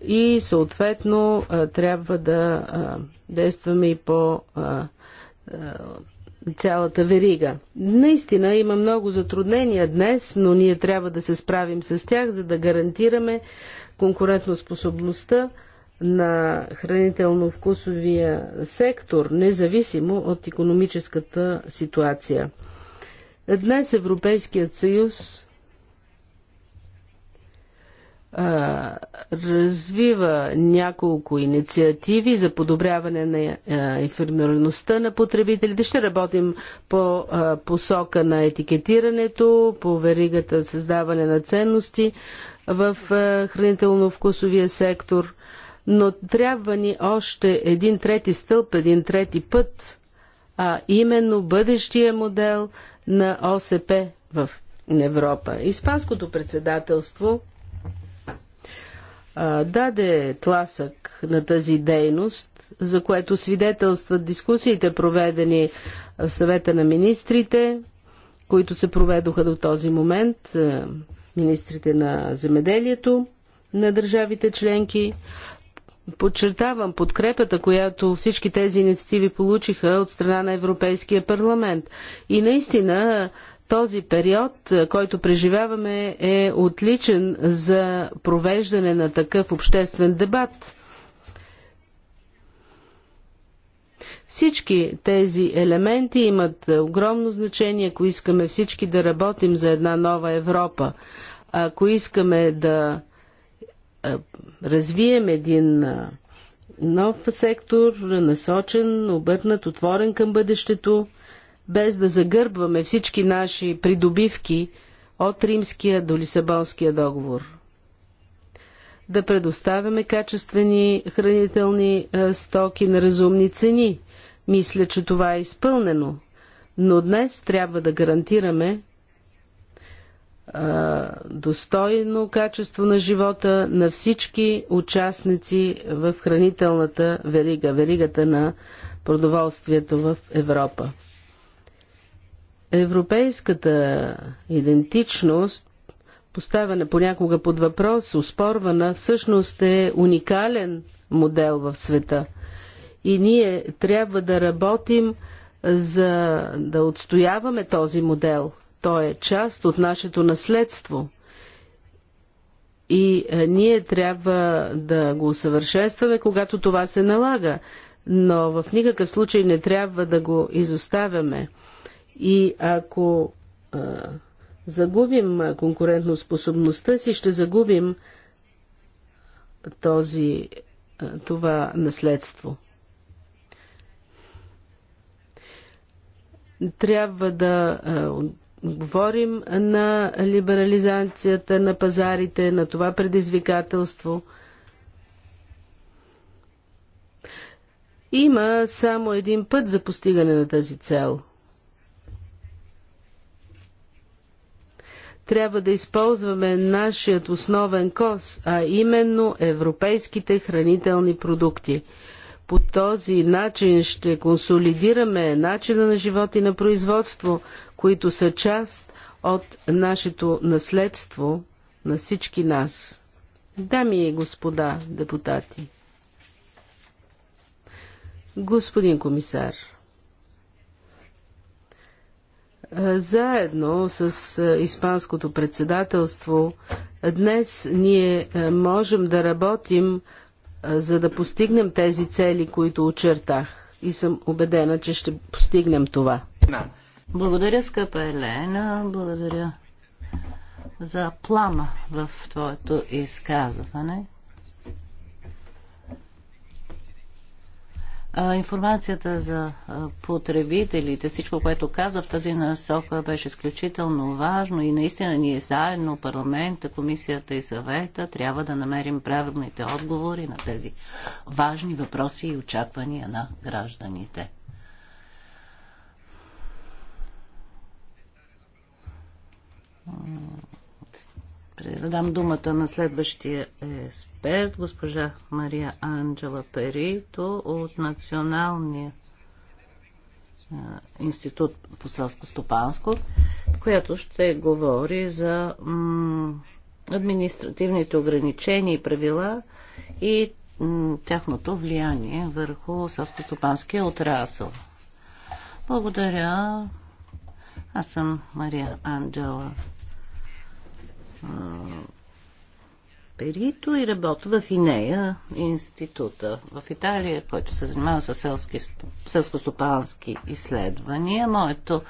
И съответно трябва да действаме и по цялата верига. Наистина има много затруднения днес, но ние трябва да се справим с тях, за да гарантираме, конкурентоспособността на хранително-вкусовия сектор, независимо от економическата ситуация. Днес Европейският съюз а, развива няколко инициативи за подобряване на информираността на потребителите. Ще работим по а, посока на етикетирането, по веригата създаване на ценности, в е, хранително-вкусовия сектор, но трябва ни още един трети стълб, един трети път, а именно бъдещия модел на ОСП в Европа. Испанското председателство а, даде тласък на тази дейност, за което свидетелстват дискусиите, проведени в съвета на министрите, които се проведоха до този момент е, министрите на земеделието на държавите членки. Подчертавам подкрепата, която всички тези инициативи получиха от страна на Европейския парламент. И наистина този период, който преживяваме, е отличен за провеждане на такъв обществен дебат. Всички тези елементи имат огромно значение, ако искаме всички да работим за една нова Европа. Ако искаме да развием един нов сектор, насочен, обърнат, отворен към бъдещето, без да загърбваме всички наши придобивки от Римския до Лисабонския договор. Да предоставяме качествени хранителни стоки на разумни цени. Мисля, че това е изпълнено. Но днес трябва да гарантираме, достойно качество на живота на всички участници в хранителната верига, веригата на продоволствието в Европа. Европейската идентичност, поставена понякога под въпрос, успорвана, всъщност е уникален модел в света. И ние трябва да работим за да отстояваме този модел – той е част от нашето наследство. И е, ние трябва да го усъвършенстваме, когато това се налага. Но в никакъв случай не трябва да го изоставяме. И ако а, е, загубим способността си, ще загубим този, а, е, това наследство. трябва да Говорим на либерализацията на пазарите, на това предизвикателство. Има само един път за постигане на тази цел. Трябва да използваме нашият основен кос, а именно европейските хранителни продукти. По този начин ще консолидираме начина на живот и на производство – които са част от нашето наследство на всички нас. Дами и господа депутати, господин комисар, заедно с Испанското председателство днес ние можем да работим за да постигнем тези цели, които очертах. И съм убедена, че ще постигнем това. Благодаря, скъпа Елена. Благодаря за плама в твоето изказване. Информацията за потребителите, всичко, което каза в тази насока, беше изключително важно и наистина ние заедно, парламента, комисията и съвета, трябва да намерим правилните отговори на тези важни въпроси и очаквания на гражданите. Предам думата на следващия експерт, госпожа Мария Анджела Перито от Националния институт по селско-стопанско, която ще говори за административните ограничения и правила и тяхното влияние върху селско-стопанския отрасъл. Благодаря. Аз съм Мария Анджела Перито и работя в Инея института в Италия, който се занимава с селско-стопански изследвания. Моето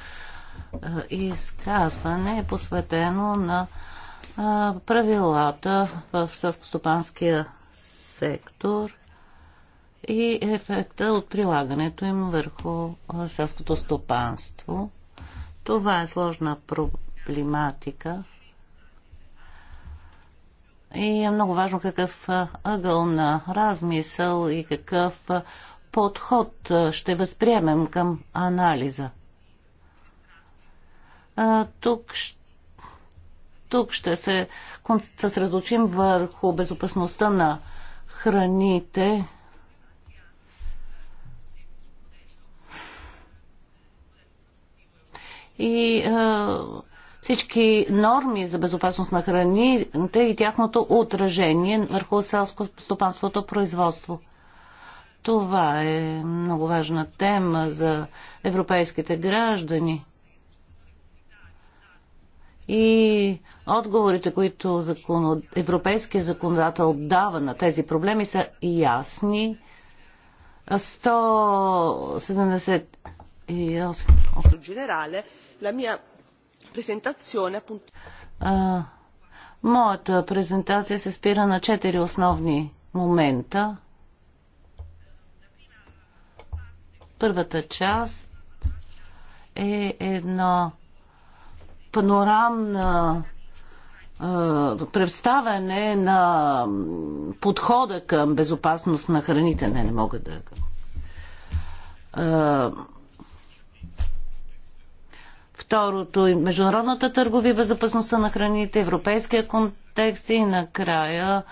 изказване е посветено на правилата в селско-стопанския сектор и ефекта от прилагането им върху селското стопанство. Това е сложна проблематика. И е много важно какъв ъгъл на размисъл и какъв подход ще възприемем към анализа. Тук, тук ще се съсредочим върху безопасността на храните, и всички норми за безопасност на храните и тяхното отражение върху селско-стопанството производство. Това е много важна тема за европейските граждани. И отговорите, които закон... европейският законодател дава на тези проблеми са ясни. 178 la mia appunto. моята презентация се спира на четири основни момента. Първата част е една. панорамна представяне на подхода към безопасност на храните. Не, не мога да. Второто международната търговия, безопасността на храните, европейския контекст и накрая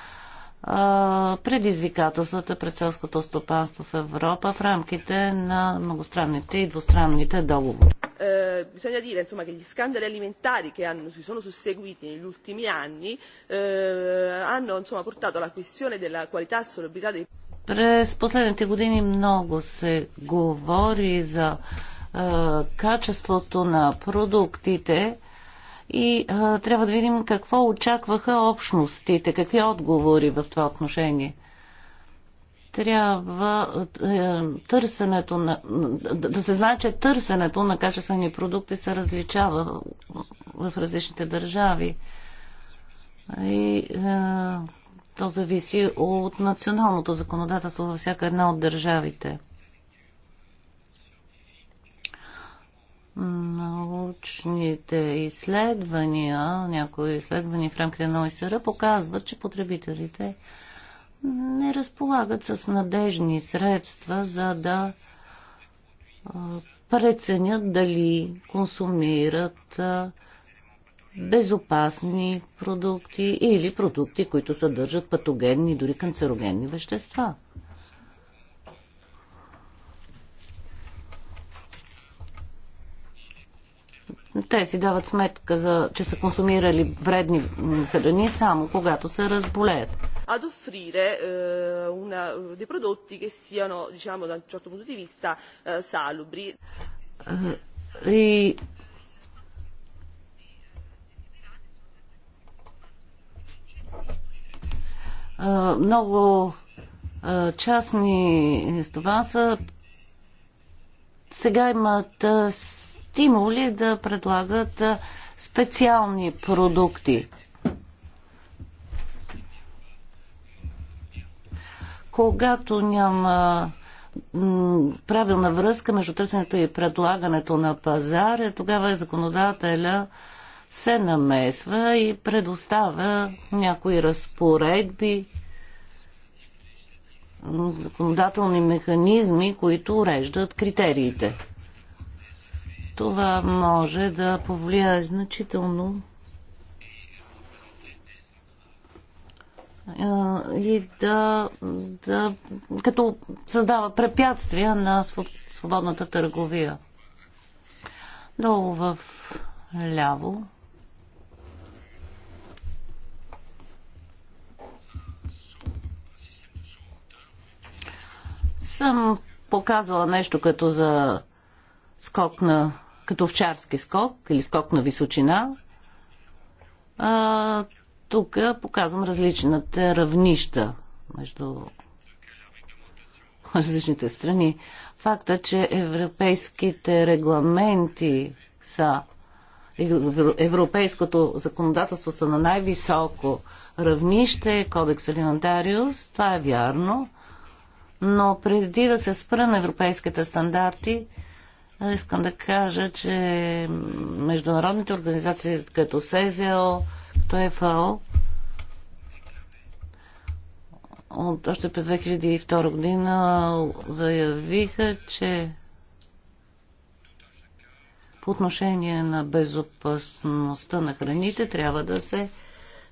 предизвикателствата пред селското стопанство в Европа в рамките на многостранните и двустранните договори. Eh, bisogna dire insomma, che gli scandali alimentari che hanno, si sono susseguiti negli ultimi anni eh, hanno insomma, portato alla questione della qualità e solubilità dei... През последните години много се говори за eh, качеството на продуктите и а, трябва да видим какво очакваха общностите, какви отговори в това отношение. Трябва е, търсенето на, да се знае, че търсенето на качествени продукти се различава в различните държави. И е, то зависи от националното законодателство във всяка една от държавите. научните изследвания, някои изследвания в рамките на ОСР показват, че потребителите не разполагат с надежни средства, за да преценят дали консумират безопасни продукти или продукти, които съдържат патогенни, дори канцерогенни вещества. Те си дават сметка, за, че са консумирали вредни храни само когато се разболеят. Ad offrire eh, una, dei prodotti che siano, diciamo, da un certo punto di vista, eh, salubri. И eh, eh, много eh, частни стопанства сега имат э, стимули да предлагат специални продукти. Когато няма правилна връзка между търсенето и предлагането на пазара, тогава законодателя се намесва и предоставя някои разпоредби, законодателни механизми, които уреждат критериите. Това може да повлияе значително и да, да като създава препятствия на свободната търговия. Долу в ляво. Съм показала нещо като за скок на като овчарски скок или скок на височина. А, тук показвам различните равнища между *laughs* различните страни. Факта, че европейските регламенти са европейското законодателство са на най-високо равнище, кодекс Алиментариус, това е вярно, но преди да се спра на европейските стандарти, Искам да кажа, че международните организации като СЕЗЕО, като ЕФАО, от, още през 2002 година заявиха, че по отношение на безопасността на храните трябва да се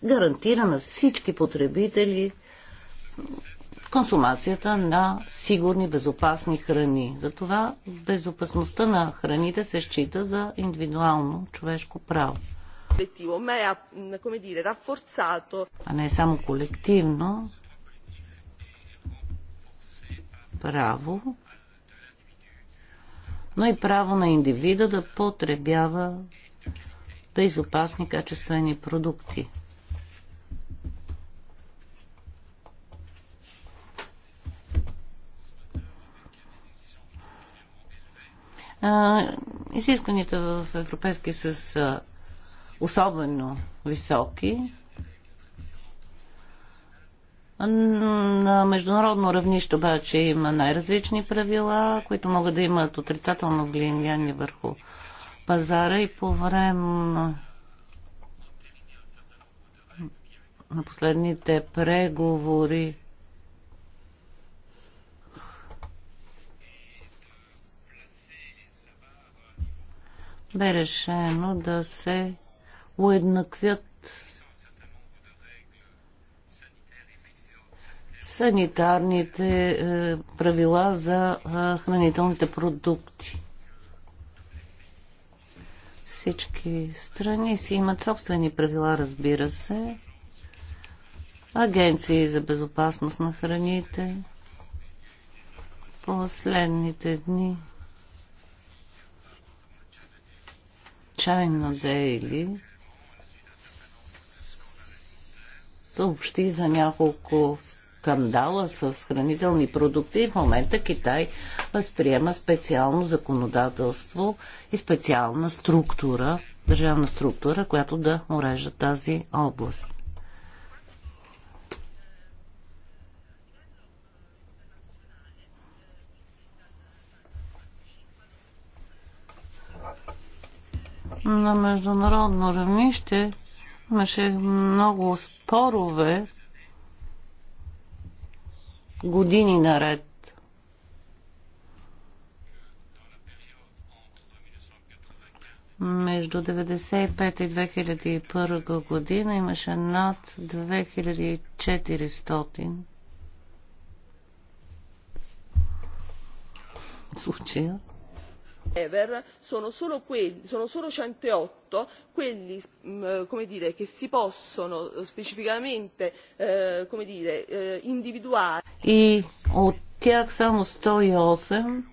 гарантира на всички потребители консумацията на сигурни, безопасни храни. Затова безопасността на храните се счита за индивидуално човешко право. Е, а не е само колективно право, но и право на индивида да потребява безопасни качествени продукти. изискванията в Европейския са особено високи. На международно равнище обаче има най-различни правила, които могат да имат отрицателно влияние върху пазара и по време на последните преговори бе решено да се уеднаквят санитарните е, правила за е, хранителните продукти. Всички страни си имат собствени правила, разбира се. Агенции за безопасност на храните. Последните дни Чайна Дейли съобщи за няколко скандала с хранителни продукти и в момента Китай възприема специално законодателство и специална структура, държавна структура, която да урежда тази област. на международно равнище имаше много спорове години наред. Между 1995 и 2001 година имаше над 2400 случая ever sono solo, centotto quelli mm, eh, come dire, che si possono eh, specificamente eh, come dire, individuare. И от 108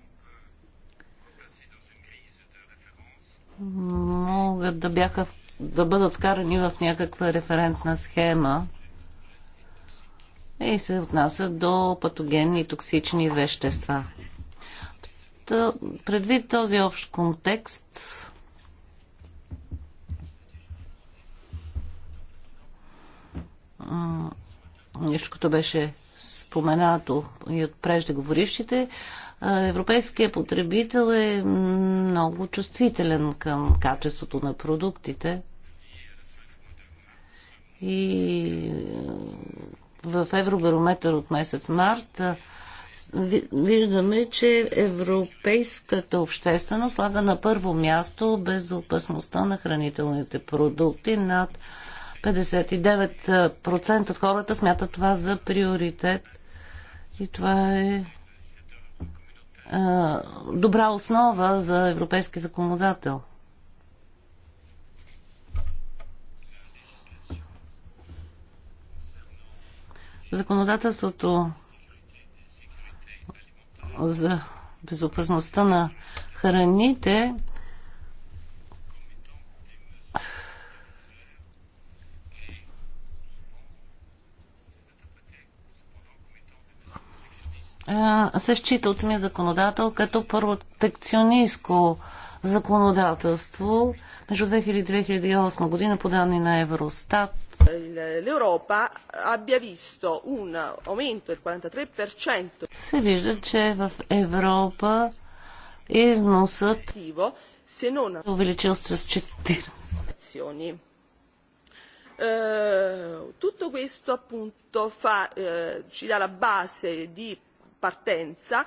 могат да, бяха, да бъдат вкарани в някаква референтна схема и се отнасят до патогенни и токсични вещества предвид този общ контекст, нещо като беше споменато и от преждеговорившите, европейският потребител е много чувствителен към качеството на продуктите и в Евробарометър от месец март виждаме, че европейската общественост слага на първо място безопасността на хранителните продукти. Над 59% от хората смятат това за приоритет. И това е добра основа за европейски законодател. Законодателството за безопасността на храните, се счита от самия законодател като протекционистко законодателство, между 2000 и 2008 година по данни на Евростат. Се вижда, че в Европа износът се е увеличил с 40 е, tutto questo appunto fa, е, ci dà la base di partenza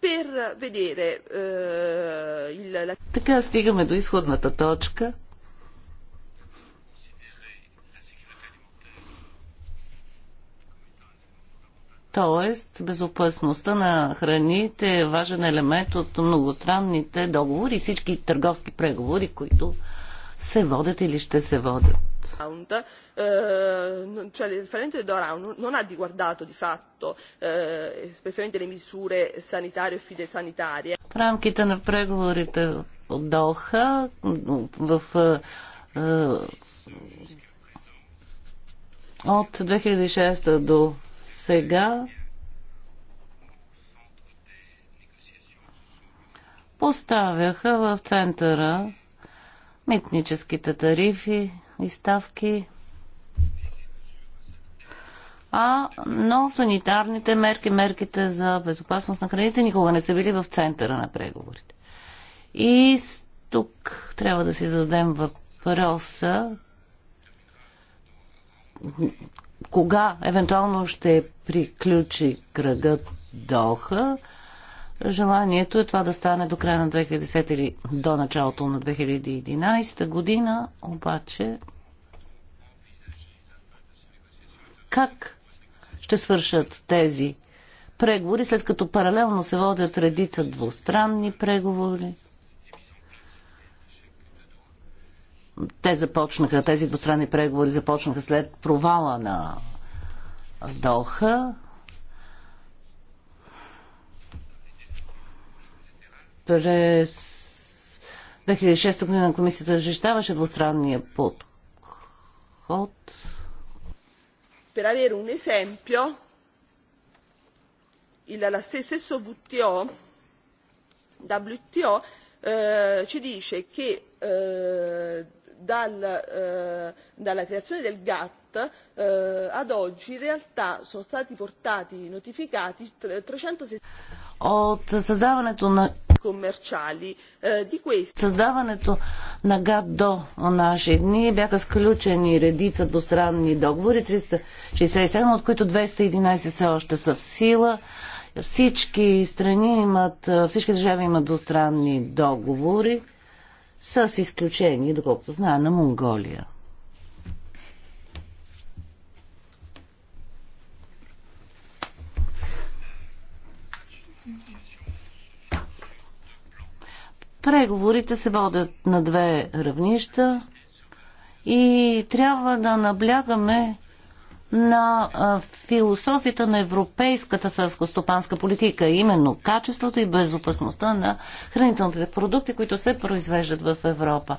per vedere eh, il... La... Така стигаме до изходната точка. Тоест, безопасността на храните е важен елемент от многостранните договори и всички търговски преговори, които се водят или ще се водят cioè il referente Dora non ha riguardato di fatto eh, specialmente le misure sanitarie e fitosanitarie. В рамките на преговорите от Доха в е, от 2006 до сега поставяха в центъра митническите тарифи, и ставки. А, но санитарните мерки, мерките за безопасност на храните никога не са били в центъра на преговорите. И тук трябва да си зададем въпроса кога евентуално ще приключи кръгът Доха Желанието е това да стане до края на 2010 или до началото на 2011 година, обаче как ще свършат тези преговори, след като паралелно се водят редица двустранни преговори? Те започнаха, тези двустранни преговори започнаха след провала на Доха, През 2006 година комисията защитаваше двустранния подход. Per avere un esempio, il, la stesso WTO, WTO eh, ci dice che eh, dal, eh, dalla creazione del GATT eh, ad oggi in realtà sono stati portati notificati 360 от създаването на commerciali di questi. Създаването на ГАД до наши дни бяха сключени редица двустранни договори, 367, от които 211 все още са в сила. Всички страни имат, е, всички държави имат двустранни договори, с изключение, доколкото знае, на Монголия. Преговорите се водят на две равнища и трябва да наблягаме на философията на европейската селскостопанска политика, именно качеството и безопасността на хранителните продукти, които се произвеждат в Европа.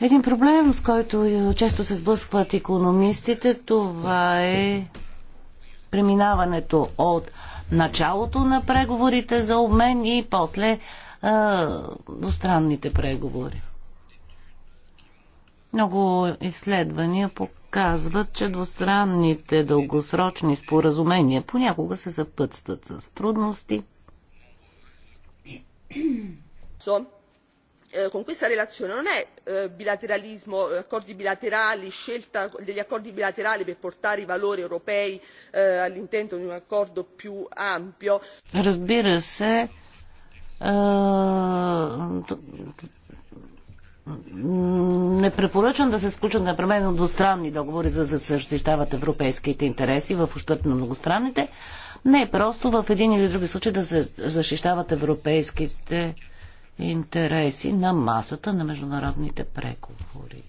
Един проблем, с който често се сблъскват економистите, това е преминаването от началото на преговорите за обмен и после а, двустранните преговори. Много изследвания показват, че двустранните дългосрочни споразумения понякога се съпътстват с трудности. Сон. Eh, con questa relazione non è eh, bilateralismo eh, accordi bilaterali scelta degli accordi bilaterali per portare i valori europei all'intento di un accordo più ampio. Разбира се, не препоръчвам да се сключат непременно двустранни договори, за да защищават европейските интереси в ущърп на многостранните. Не, просто в един или други случай да се защищават европейските интереси интереси на масата на международните преговори.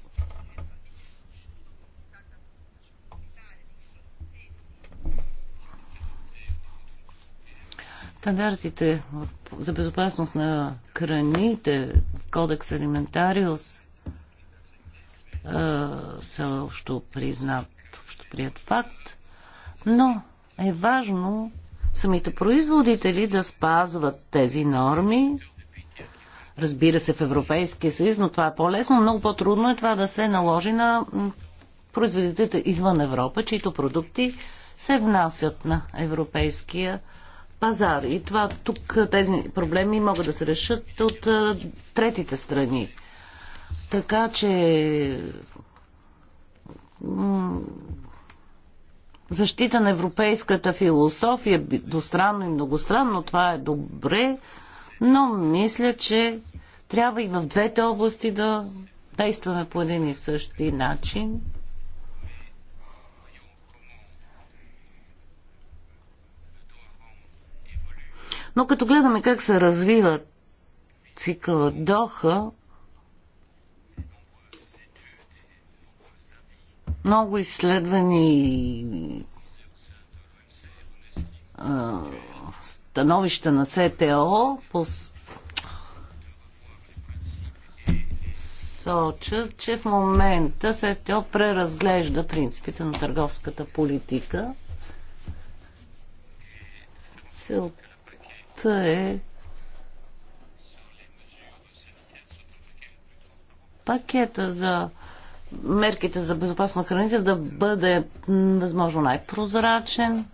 Стандартите за безопасност на храните в Кодекс Алиментариус са общо признат, общо прият факт, но е важно самите производители да спазват тези норми разбира се, в Европейския съюз, но това е по-лесно. Много по-трудно е това да се наложи на производителите извън Европа, чието продукти се внасят на европейския пазар. И това тук тези проблеми могат да се решат от а, третите страни. Така че защита на европейската философия, двустранно и многостранно, това е добре, но мисля, че трябва и в двете области да действаме по един и същи начин. Но като гледаме как се развива цикъла Доха, много изследвани становища на СТО по соча, че в момента СТО преразглежда принципите на търговската политика. Целта е пакета за мерките за безопасно храните да бъде възможно най-прозрачен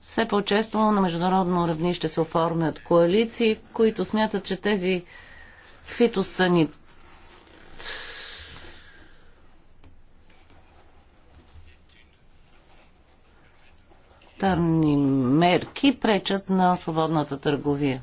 Все по-често на международно равнище се оформят коалиции, които смятат, че тези фитосани. Тарни мерки пречат на свободната търговия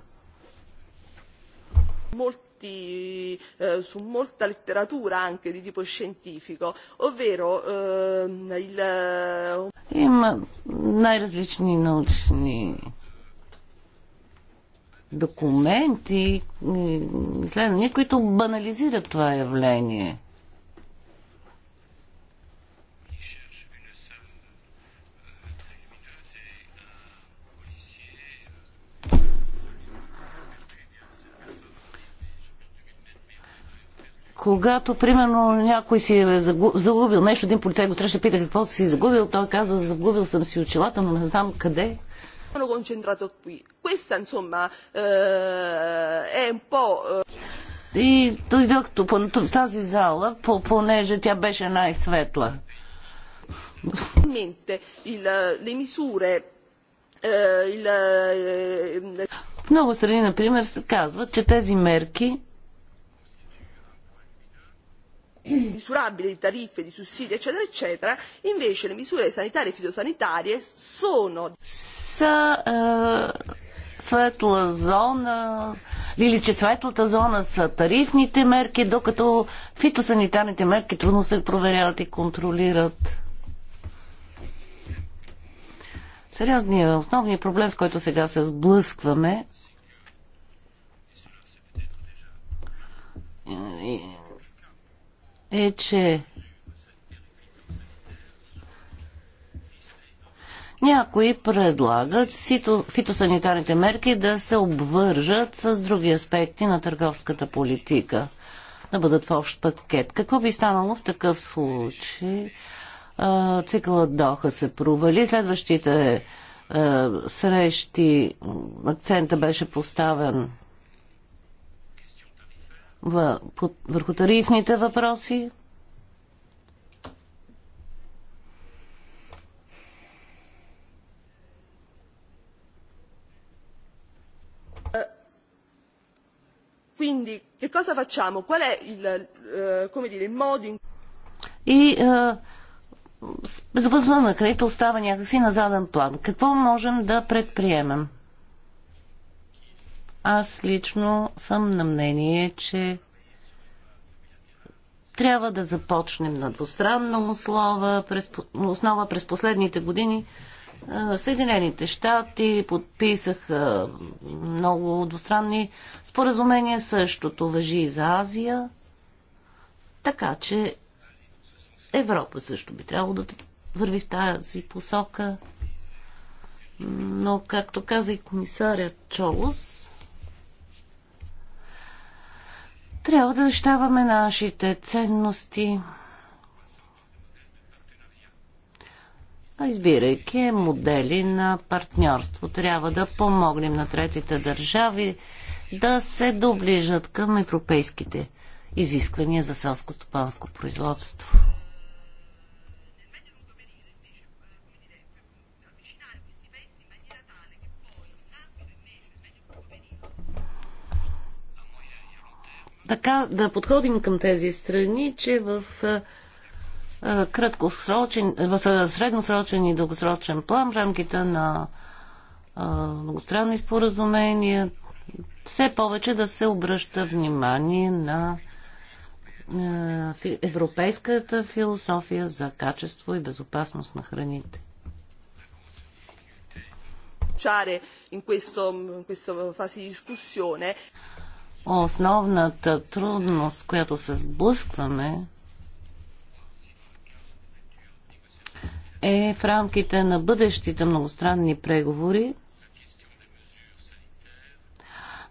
molti, eh, su molta letteratura anche di tipo scientifico, ovvero eh, il... Eh, Има най-различни научни документи, изследвания, които банализират това явление. Когато, примерно, някой си е загубил нещо, един полицай го среща, пита какво си загубил, той казва, загубил съм си очилата, но не знам къде sono concentrato qui. Questa, eh, eh, И дойдох в тази зала, понеже тя беше най-светла. В eh, много страни, например, се казват, че тези мерки misurabile di tariffe, di sussidi, eccetera, eccetera, invece le misure sanitarie e fitosanitarie sono... Са, е, светла зона, или че светлата зона са тарифните мерки, докато фитосанитарните мерки трудно се проверяват и контролират. Сериозният, основният проблем, с който сега се сблъскваме, е, че Някои предлагат фитосанитарните мерки да се обвържат с други аспекти на търговската политика, да бъдат в общ пакет. Какво би станало в такъв случай? Цикълът Доха се провали. Следващите срещи акцента беше поставен върху тарифните въпроси. Eh, И безопасността на кредита остава някакси на заден план. Какво можем да предприемем? Аз лично съм на мнение, че трябва да започнем на двустранна основа през, основа през последните години. Съединените щати подписаха много двустранни споразумения, същото въжи и за Азия. Така че Европа също би трябвало да върви в тази посока. Но, както каза и комисарят Чолос, Трябва да защитаваме нашите ценности, а избирайки модели на партньорство. Трябва да помогнем на третите държави да се доближат към европейските изисквания за селско-стопанско производство. така да подходим към тези страни, че в краткосрочен, в средносрочен и дългосрочен план, в рамките на многостранни споразумения, все повече да се обръща внимание на европейската философия за качество и безопасност на храните. In questo, in questa fase di discussione Основната трудност, която се сблъскваме, е в рамките на бъдещите многостранни преговори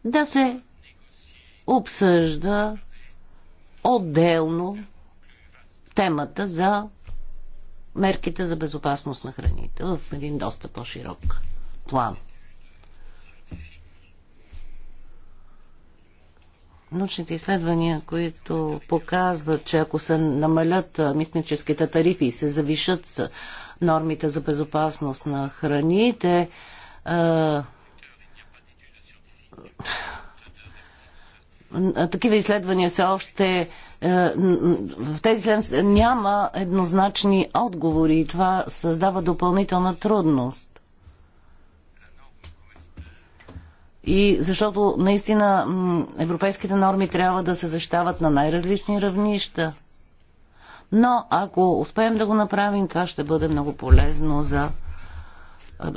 да се обсъжда отделно темата за мерките за безопасност на храните в един доста по-широк план. научните изследвания, които показват, че ако се намалят мистническите тарифи и се завишат нормите за безопасност на храните, такива изследвания са още. В тези изследвания няма еднозначни отговори и това създава допълнителна трудност. И защото наистина европейските норми трябва да се защитават на най-различни равнища. Но ако успеем да го направим, това ще бъде много полезно за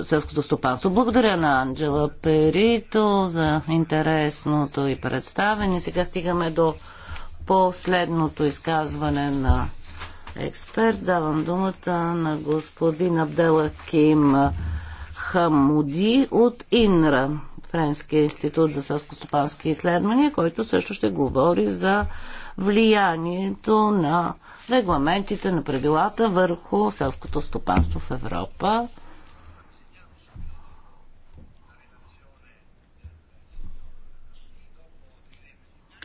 селското стопанство. Благодаря на Анджела Перито за интересното и представене. Сега стигаме до последното изказване на експерт. Давам думата на господин Абдела Ким Хамуди от Инра. Френския институт за селско-стопански изследвания, който също ще говори за влиянието на регламентите, на правилата върху селското стопанство в Европа.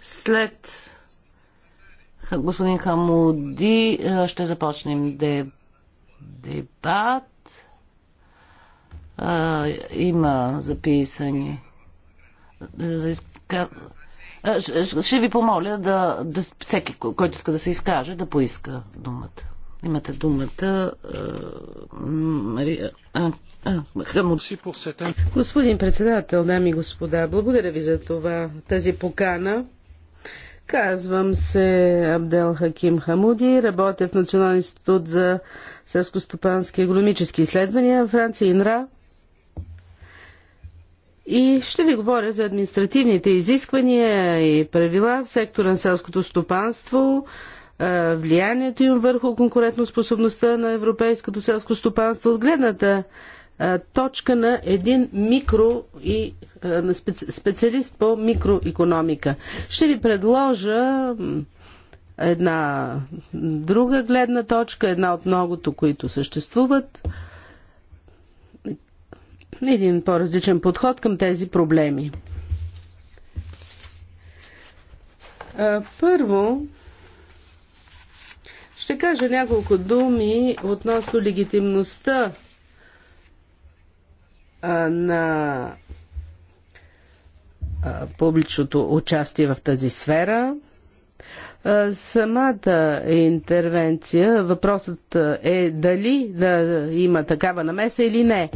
След господин Хамуди ще започнем дебат а, има записани. За изка... а, ще, ще ви помоля да, да всеки, който иска да се изкаже, да поиска думата. Имате думата. Мария. А, а, Господин председател, дами и господа, благодаря ви за това, тази покана. Казвам се Абдел Хаким Хамуди, работя в Национален институт за селско-стопански и агрономически изследвания в Франция ИНРА. И ще ви говоря за административните изисквания и правила в сектора на селското стопанство, влиянието им върху конкурентоспособността на европейското селско стопанство от гледната точка на един микро и на специалист по микроекономика. Ще ви предложа една друга гледна точка, една от многото, които съществуват един по-различен подход към тези проблеми. Първо, ще кажа няколко думи относно легитимността на публичното участие в тази сфера. Самата интервенция, въпросът е дали да има такава намеса или не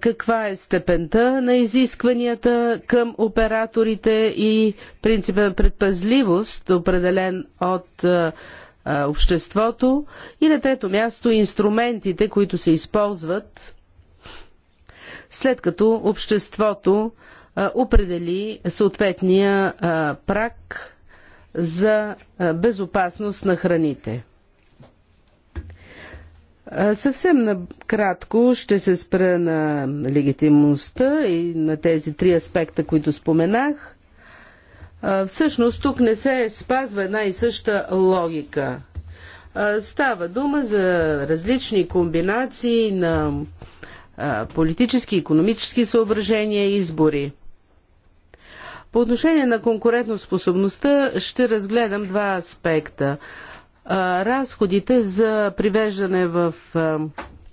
каква е степента на изискванията към операторите и принципа на предпазливост, определен от обществото. И на трето място инструментите, които се използват след като обществото определи съответния прак за безопасност на храните. Съвсем накратко ще се спра на легитимността и на тези три аспекта, които споменах. Всъщност тук не се спазва една и съща логика. Става дума за различни комбинации на политически, и економически съображения и избори. По отношение на конкурентоспособността ще разгледам два аспекта разходите за привеждане в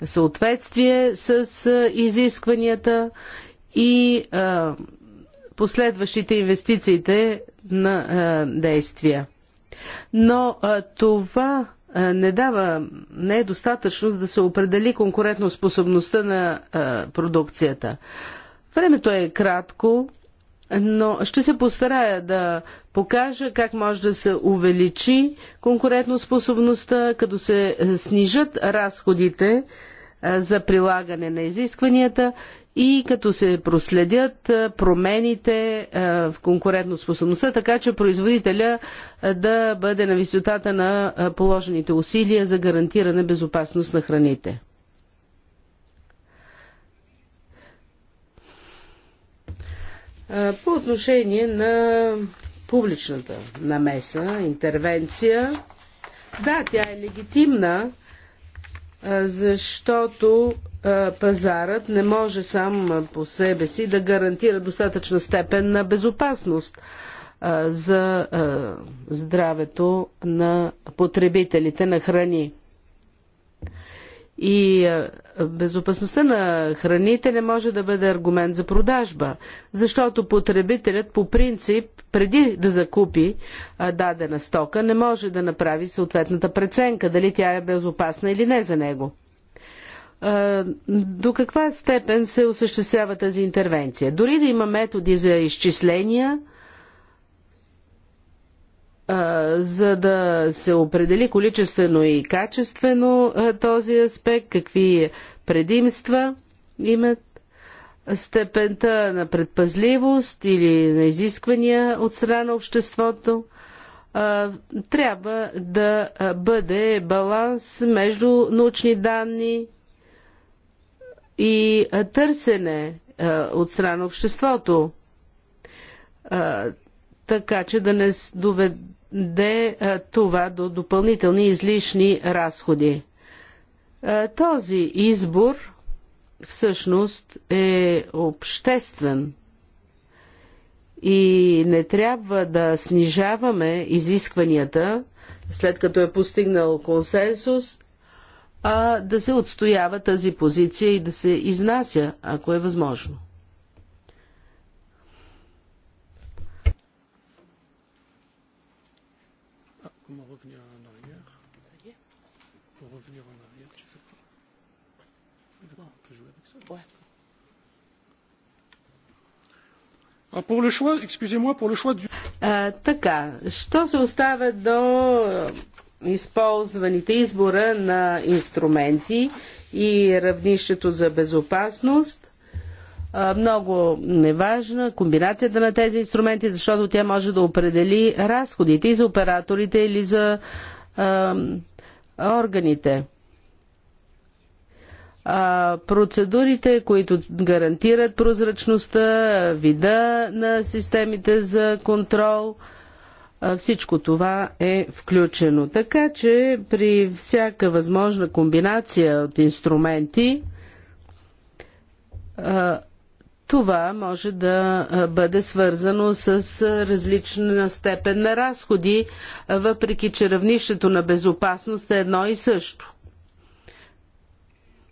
съответствие с изискванията и последващите инвестициите на действия. Но това не дава, не е достатъчно да се определи конкурентоспособността на продукцията. Времето е кратко, но ще се постарая да покажа как може да се увеличи конкурентоспособността, като се е, снижат разходите е, за прилагане на изискванията и като се проследят е, промените в конкурентоспособността, така че производителя да бъде на висотата на положените усилия за гарантиране безопасност на храните. По отношение на публичната намеса, интервенция. Да, тя е легитимна, защото пазарът не може сам по себе си да гарантира достатъчна степен на безопасност за здравето на потребителите на храни. И е, безопасността на храните не може да бъде аргумент за продажба, защото потребителят по принцип, преди да закупи е, дадена стока, не може да направи съответната преценка дали тя е безопасна или не за него. Е, до каква степен се осъществява тази интервенция? Дори да има методи за изчисления, за да се определи количествено и качествено този аспект, какви предимства имат степента на предпазливост или на изисквания от страна на обществото, трябва да бъде баланс между научни данни и търсене от страна на обществото така че да не доведе доведе е, това до допълнителни излишни разходи. Е, този избор всъщност е обществен и не трябва да снижаваме изискванията, след като е постигнал консенсус, а да се отстоява тази позиция и да се изнася, ако е възможно. така, що се оставя до използваните избора на инструменти и равнището за безопасност, много неважна комбинацията на тези инструменти, защото тя може да определи разходите и за операторите или за а, органите процедурите, които гарантират прозрачността, вида на системите за контрол. всичко това е включено. Така че при всяка възможна комбинация от инструменти, това може да бъде свързано с различна степен на разходи, въпреки че равнището на безопасност е едно и също.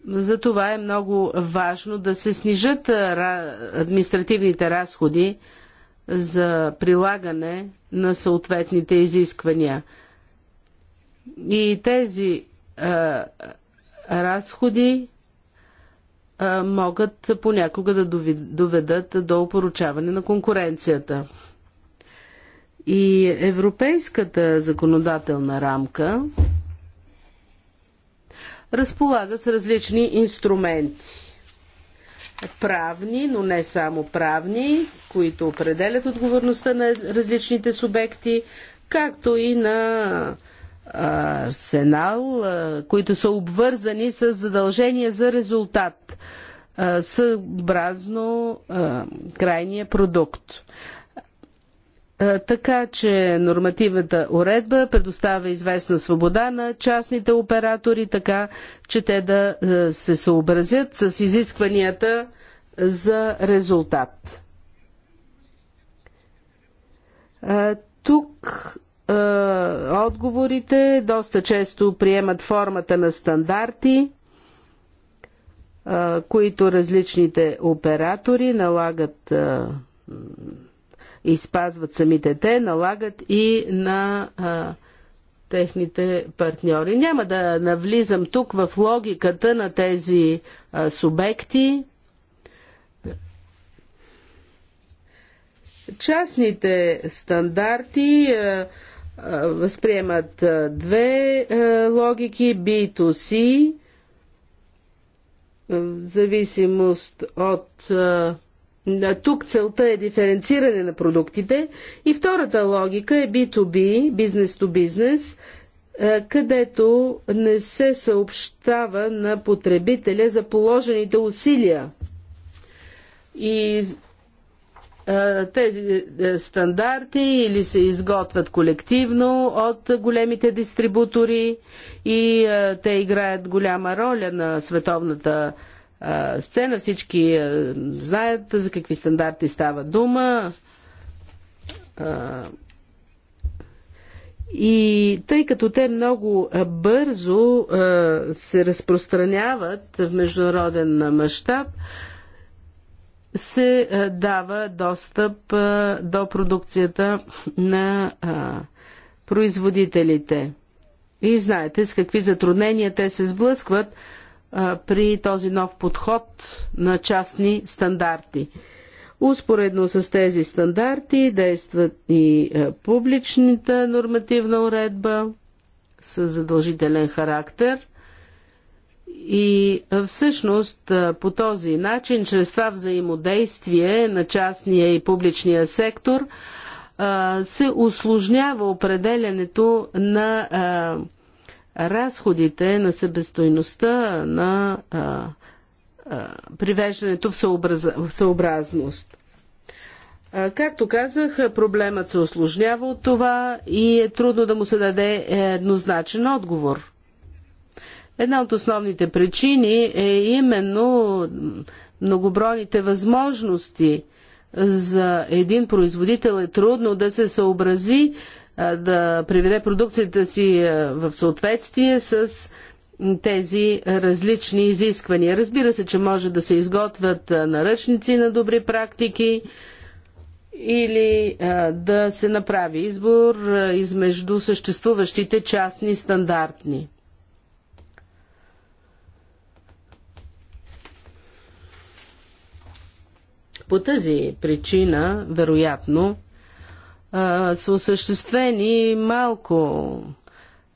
Затова е много важно да се снижат административните разходи за прилагане на съответните изисквания. И тези а, разходи а, могат понякога да доведат до опоручаване на конкуренцията. И европейската законодателна рамка разполага с различни инструменти. Правни, но не само правни, които определят отговорността на различните субекти, както и на арсенал, които са обвързани с задължения за резултат съобразно крайния продукт. Е, така че нормативната уредба предоставя известна свобода на частните оператори, така че те да е, се съобразят с изискванията за резултат. Е, тук отговорите доста често приемат формата на стандарти, които различните оператори налагат и спазват самите те, налагат и на а, техните партньори. Няма да навлизам тук в логиката на тези а, субекти. Частните стандарти а, а, възприемат а, две а, логики B2C в зависимост от а, тук целта е диференциране на продуктите. И втората логика е B2B, бизнес to бизнес, е, където не се съобщава на потребителя за положените усилия. И е, тези е, стандарти или се изготвят колективно от големите дистрибутори и те играят голяма роля на световната сцена. Всички знаят за какви стандарти става дума. И тъй като те много бързо се разпространяват в международен мащаб, се дава достъп до продукцията на производителите. И знаете с какви затруднения те се сблъскват, при този нов подход на частни стандарти. Успоредно с тези стандарти действат и публичната нормативна уредба с задължителен характер. И всъщност по този начин, чрез това взаимодействие на частния и публичния сектор, се усложнява определенето на разходите на себестойността на а, а, привеждането в, съобраз... в съобразност. А, както казах, проблемът се осложнява от това и е трудно да му се даде еднозначен отговор. Една от основните причини е именно многобройните възможности за един производител е трудно да се съобрази да приведе продукцията си в съответствие с тези различни изисквания. Разбира се, че може да се изготвят наръчници на добри практики или да се направи избор измежду съществуващите частни стандартни. По тази причина, вероятно, са осъществени малко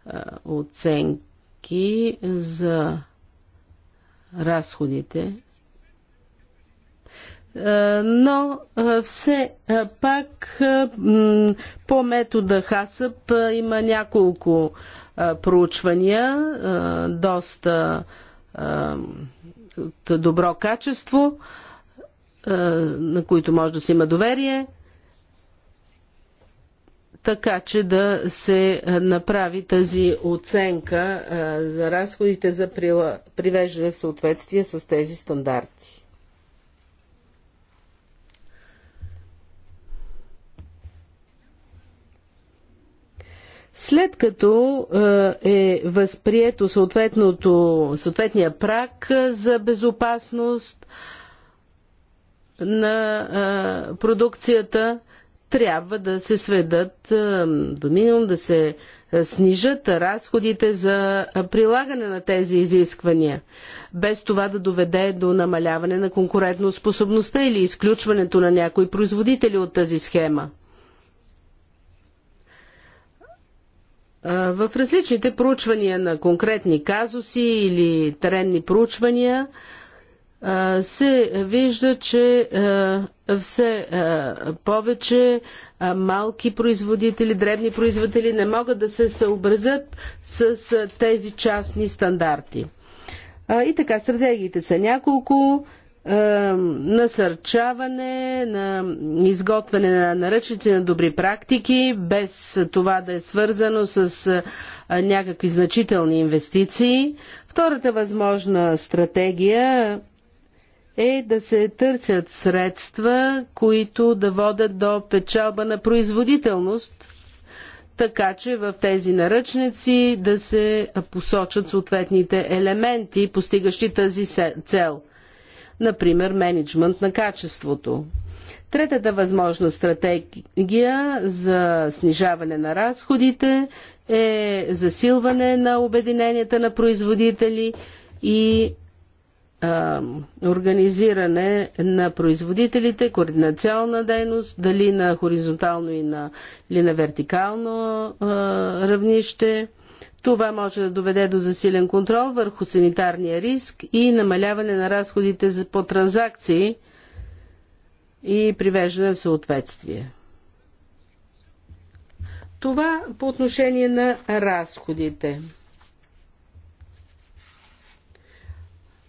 а, оценки за разходите. Но все пак по метода ХАСАП има няколко проучвания, доста добро качество, на които може да се има доверие така че да се е, направи тази оценка е, за разходите за привеждане в съответствие с тези стандарти. След като е, е възприето съответния прак за безопасност на продукцията, трябва да се сведат до минимум, да се снижат разходите за прилагане на тези изисквания, без това да доведе до намаляване на конкурентоспособността или изключването на някои производители от тази схема. В различните проучвания на конкретни казуси или теренни проучвания се вижда, че все повече малки производители, дребни производители не могат да се съобразят с тези частни стандарти. И така, стратегиите са няколко. Насърчаване на изготвяне на наръчници на добри практики, без това да е свързано с някакви значителни инвестиции. Втората възможна стратегия е да се търсят средства, които да водят до печалба на производителност, така че в тези наръчници да се посочат съответните елементи, постигащи тази цел. Например, менеджмент на качеството. Третата възможна стратегия за снижаване на разходите е засилване на обединенията на производители и организиране на производителите, координационна дейност, дали на хоризонтално и на, или на вертикално а, равнище. Това може да доведе до засилен контрол върху санитарния риск и намаляване на разходите за, по транзакции и привеждане в съответствие. Това по отношение на разходите.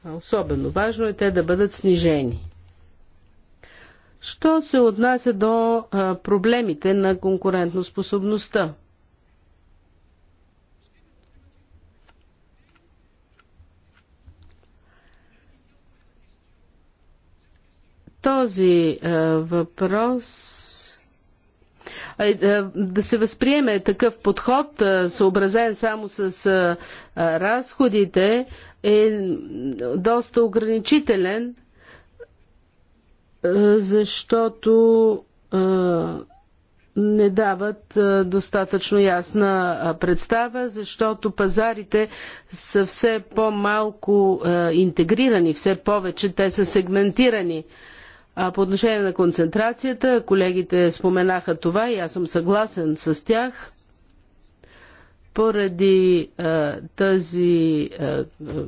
Особено важно е те да бъдат снижени. Що се отнася до проблемите на конкурентоспособността? Този въпрос да се възприеме такъв подход, съобразен само с разходите, е доста ограничителен, е, защото е, не дават е, достатъчно ясна представа, защото пазарите са все по-малко интегрирани, все повече те са сегментирани. А по отношение на концентрацията, колегите споменаха това и аз съм съгласен с тях. Поради а, тази а,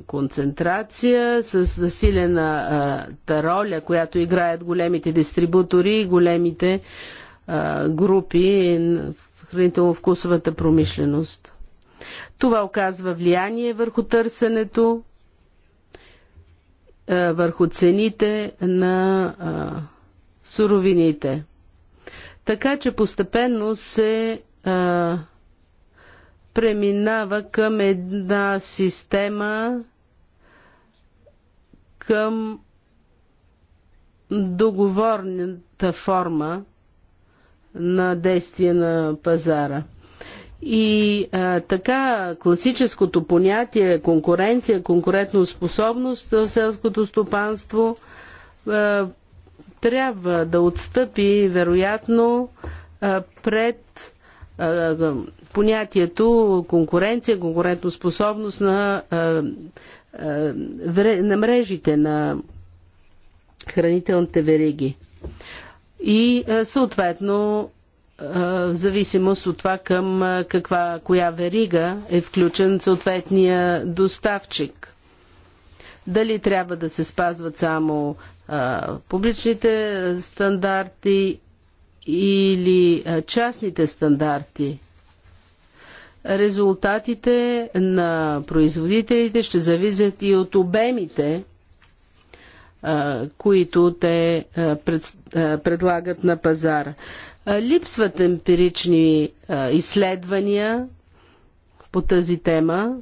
концентрация с засилената роля, която играят големите дистрибутори и големите а, групи в хранително-вкусовата промишленост. Това оказва влияние върху търсенето, върху цените на а, суровините. Така че постепенно се а, преминава към една система, към договорната форма на действие на пазара. И а, така класическото понятие конкуренция, конкурентоспособност в селското стопанство а, трябва да отстъпи вероятно а, пред понятието конкуренция, конкурентоспособност на, на мрежите на хранителните вериги. И съответно, в зависимост от това към каква, коя верига е включен съответния доставчик. Дали трябва да се спазват само а, публичните стандарти или частните стандарти. Резултатите на производителите ще зависят и от обемите, които те предлагат на пазара. Липсват емпирични изследвания по тази тема.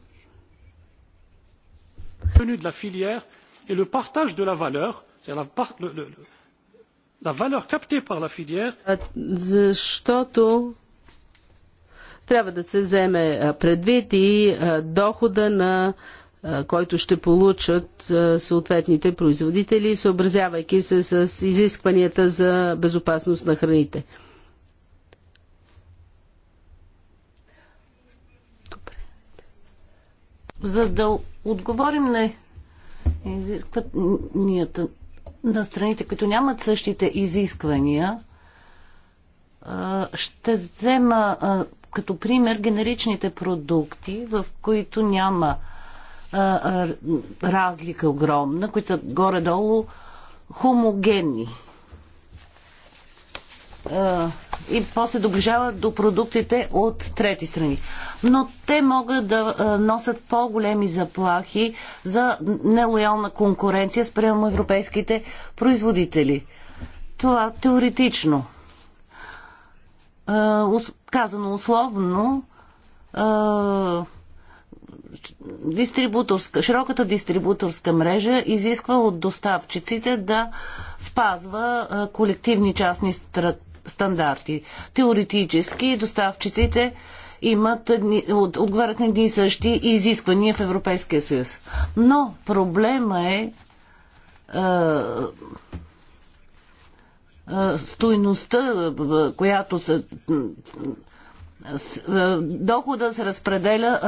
Защото трябва да се вземе предвид и дохода на който ще получат съответните производители, съобразявайки се с изискванията за безопасност на храните. Добре. За да отговорим на изискванията на страните, които нямат същите изисквания, ще взема като пример генеричните продукти, в които няма а, а, разлика огромна, които са горе-долу хомогенни. А, и после доближават до продуктите от трети страни. Но те могат да носят по-големи заплахи за нелоялна конкуренция спрямо европейските производители. Това теоретично казано условно, дистрибуторска, широката дистрибуторска мрежа изисква от доставчиците да спазва колективни частни стандарти. Теоретически доставчиците имат, отговарят на едни и същи изисквания в Европейския съюз. Но проблема е, е стойността, която се дохода се разпределя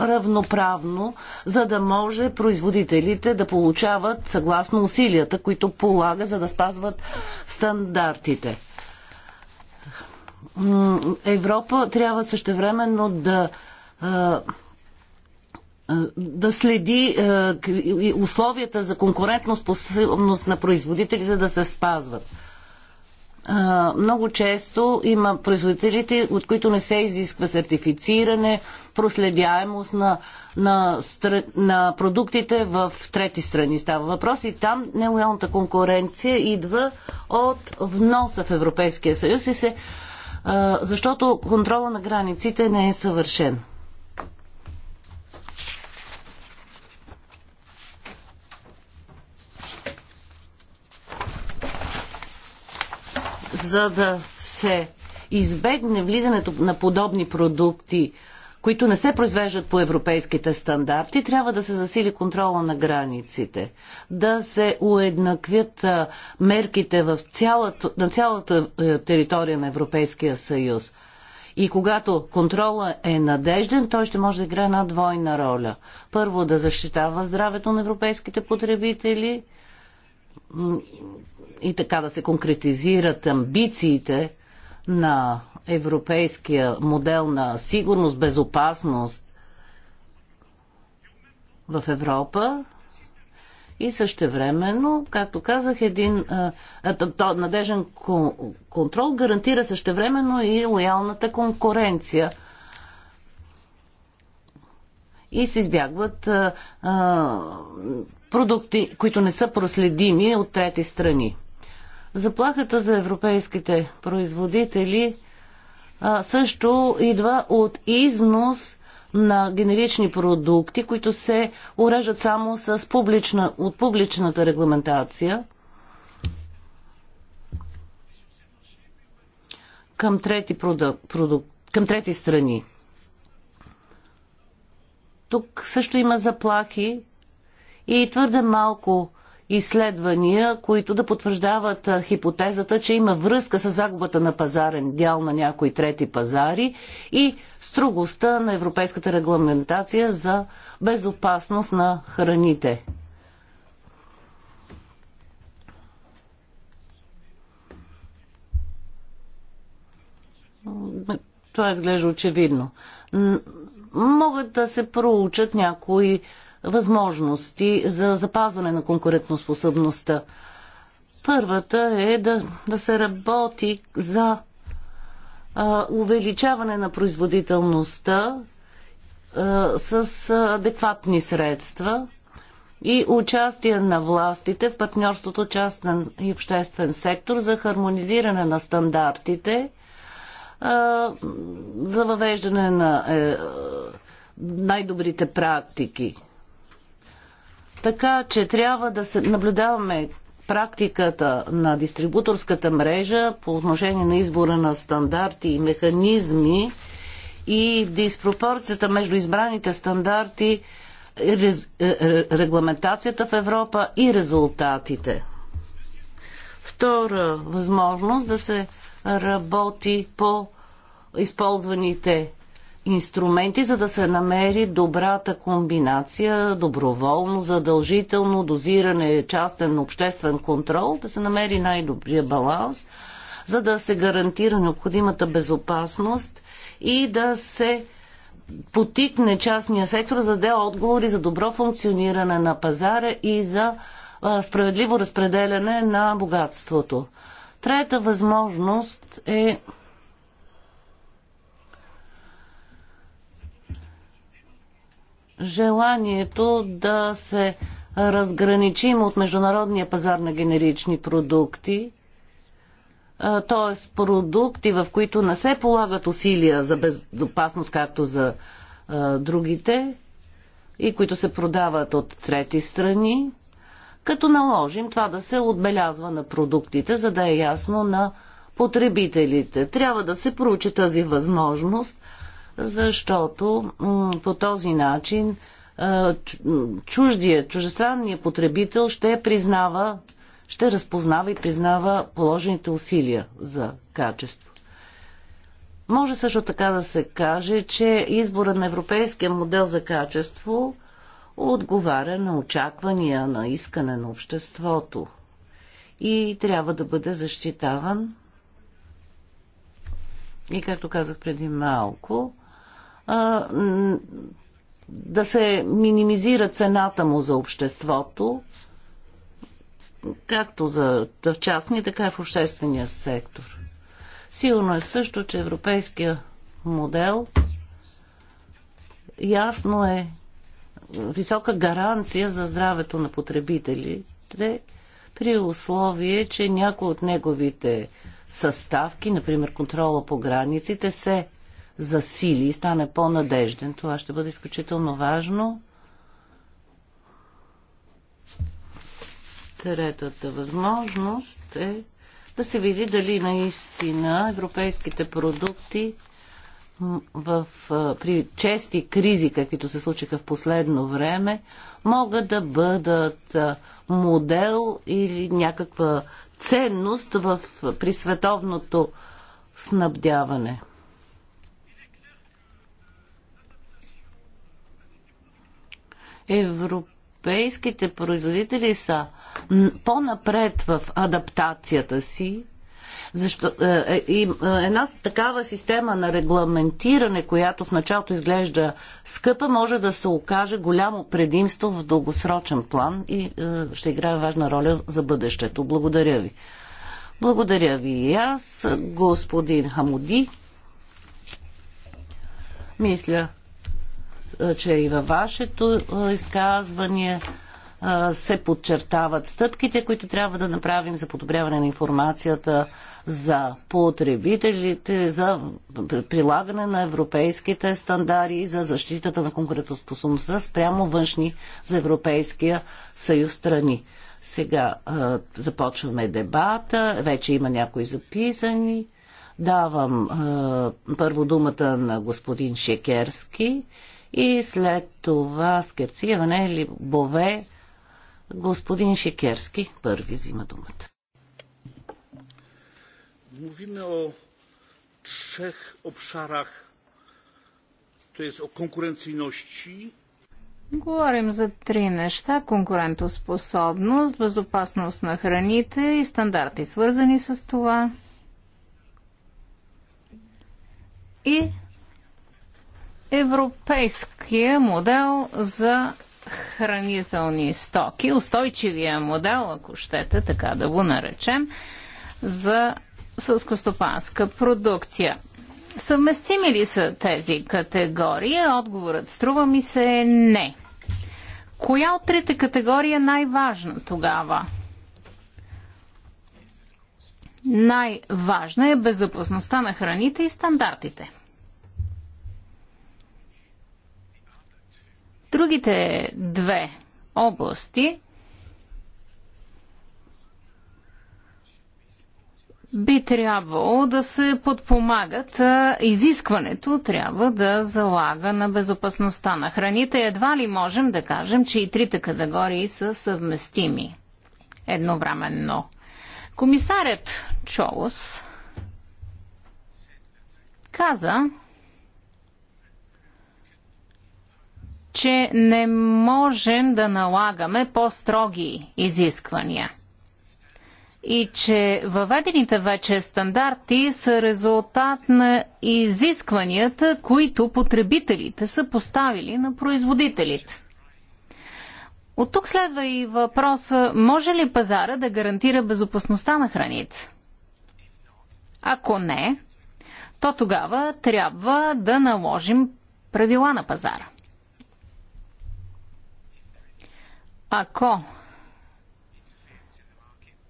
равноправно, за да може производителите да получават съгласно усилията, които полага, за да спазват стандартите. Европа трябва същевременно да да следи условията за конкурентоспособност на производителите да се спазват. Много често има производителите, от които не се изисква сертифициране, проследяемост на, на, на продуктите в трети страни става въпрос и там нелоялната конкуренция идва от вноса в Европейския съюз и се защото контрола на границите не е съвършен. за да се избегне влизането на подобни продукти, които не се произвеждат по европейските стандарти, трябва да се засили контрола на границите, да се уеднаквят мерките в цялата, на цялата е, територия на Европейския съюз. И когато контрола е надежден, той ще може да играе една двойна роля. Първо да защитава здравето на европейските потребители, и така да се конкретизират амбициите на европейския модел на сигурност, безопасност в Европа, и също времено, както казах, един а, то, надежен контрол гарантира също и лоялната конкуренция. И се избягват а, а, продукти, които не са проследими от трети страни. Заплахата за европейските производители а, също идва от износ на генерични продукти, които се уреждат само с публична, от публичната регламентация. към трети, проду, проду, към трети страни. Тук също има заплахи и твърде малко изследвания, които да потвърждават хипотезата, че има връзка с загубата на пазарен дял на някои трети пазари и строгостта на европейската регламентация за безопасност на храните. Това изглежда очевидно. Могат да се проучат някои възможности за запазване на конкурентоспособността. Първата е да, да се работи за а, увеличаване на производителността а, с адекватни средства и участие на властите в партньорството частен и обществен сектор за хармонизиране на стандартите а, за въвеждане на е, най-добрите практики така че трябва да се наблюдаваме практиката на дистрибуторската мрежа по отношение на избора на стандарти и механизми и диспропорцията между избраните стандарти, е, е, регламентацията в Европа и резултатите. Втора възможност да се работи по използваните инструменти, за да се намери добрата комбинация, доброволно, задължително, дозиране, частен, обществен контрол, да се намери най-добрия баланс, за да се гарантира необходимата безопасност и да се потикне частния сектор да даде отговори за добро функциониране на пазара и за справедливо разпределяне на богатството. Трета възможност е желанието да се разграничим от международния пазар на генерични продукти, т.е. продукти, в които не се полагат усилия за безопасност, както за другите, и които се продават от трети страни, като наложим това да се отбелязва на продуктите, за да е ясно на потребителите. Трябва да се проучи тази възможност – защото по този начин чуждия, чужестранният потребител ще признава, ще разпознава и признава положените усилия за качество. Може също така да се каже, че избора на европейския модел за качество отговаря на очаквания, на искане на обществото и трябва да бъде защитаван. И както казах преди малко, а, да се минимизира цената му за обществото, както за, в частния, така и в обществения сектор. Силно е също, че европейския модел ясно е висока гаранция за здравето на потребителите при условие, че някои от неговите съставки, например контрола по границите, се засили и стане по-надежден. Това ще бъде изключително важно. Третата възможност е да се види дали наистина европейските продукти в, при чести кризи, каквито се случиха в последно време, могат да бъдат модел или някаква ценност в, при световното снабдяване. европейските производители са по-напред в адаптацията си, защо, е, е, е една такава система на регламентиране, която в началото изглежда скъпа, може да се окаже голямо предимство в дългосрочен план и е, ще играе важна роля за бъдещето. Благодаря ви. Благодаря ви и аз, господин Хамуди. Мисля, че и във вашето изказване се подчертават стъпките, които трябва да направим за подобряване на информацията за потребителите, за прилагане на европейските стандари и за защитата на конкурентоспособността спрямо външни за Европейския съюз страни. Сега а, започваме дебата, вече има някои записани. Давам а, първо думата на господин Шекерски и след това скерциване или бове господин Шикерски първи взима думата. Мовиме о трех обшарах, т.е. о конкуренцийности. Говорим за три неща – конкурентоспособност, безопасност на храните и стандарти, свързани с това. И европейския модел за хранителни стоки, устойчивия модел, ако щете така да го наречем, за сълскостопанска продукция. Съвместими ли са тези категории? Отговорът струва ми се е не. Коя от трите категории е най-важна тогава? Най-важна е безопасността на храните и стандартите. Другите две области би трябвало да се подпомагат. Изискването трябва да залага на безопасността на храните. Едва ли можем да кажем, че и трите категории са съвместими едновременно. Комисарят Чолос каза, че не можем да налагаме по-строги изисквания и че въведените вече стандарти са резултат на изискванията, които потребителите са поставили на производителите. От тук следва и въпроса, може ли пазара да гарантира безопасността на храните? Ако не, то тогава трябва да наложим правила на пазара. Ако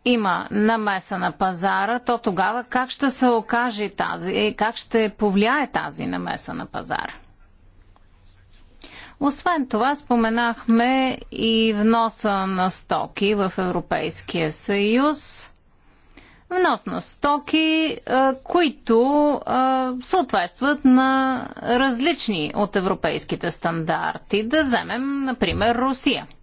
има намеса на пазара, то тогава как ще се окаже тази, как ще повлияе тази намеса на пазара? Освен това, споменахме и вноса на стоки в Европейския съюз. Внос на стоки, които съответстват на различни от европейските стандарти. Да вземем, например, Русия –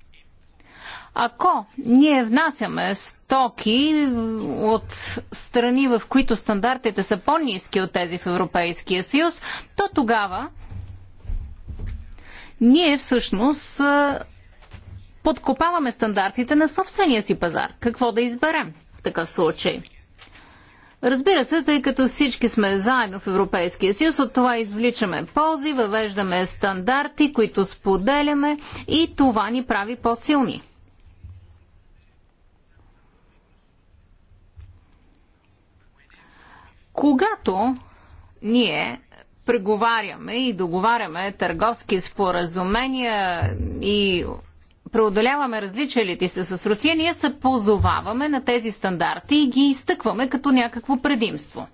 ако ние внасяме стоки от страни, в които стандартите са по-низки от тези в Европейския съюз, то тогава ние всъщност подкопаваме стандартите на собствения си пазар. Какво да изберем в такъв случай? Разбира се, тъй като всички сме заедно в Европейския съюз, от това извличаме ползи, въвеждаме стандарти, които споделяме и това ни прави по-силни. Когато ние преговаряме и договаряме търговски споразумения и преодоляваме различалите се с Русия, ние се позоваваме на тези стандарти и ги изтъкваме като някакво предимство.